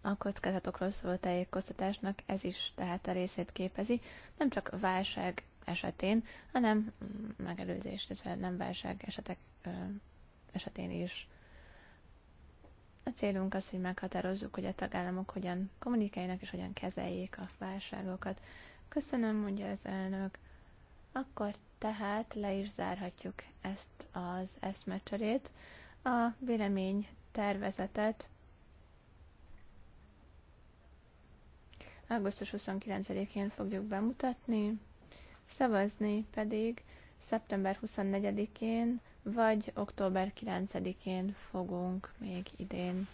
A kockázatokról szóló tájékoztatásnak ez is tehát a részét képezi, nem csak válság esetén, hanem mm, megelőzés, illetve nem válság esetek esetén is. A célunk az, hogy meghatározzuk, hogy a tagállamok hogyan kommunikáljanak és hogyan kezeljék a válságokat. Köszönöm, mondja az elnök. Akkor tehát le is zárhatjuk ezt az eszmecserét. A vélemény tervezetet augusztus 29-én fogjuk bemutatni, szavazni pedig szeptember 24-én vagy október 9-én fogunk még idén.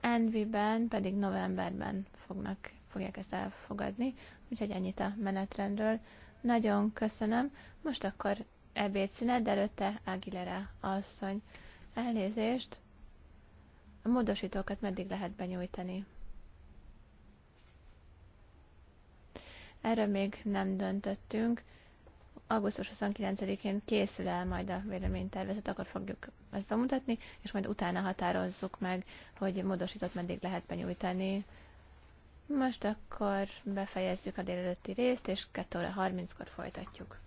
Envi-ben pedig novemberben fognak, fogják ezt elfogadni, úgyhogy ennyit a menetrendről. Nagyon köszönöm. Most akkor ebédszünet, de előtte Aguilera asszony. Elnézést. A módosítókat meddig lehet benyújtani? Erről még nem döntöttünk augusztus 29-én készül el majd a véleménytervezet, akkor fogjuk ezt bemutatni, és majd utána határozzuk meg, hogy módosított meddig lehet benyújtani. Most akkor befejezzük a délelőtti részt, és 2 óra 30-kor folytatjuk.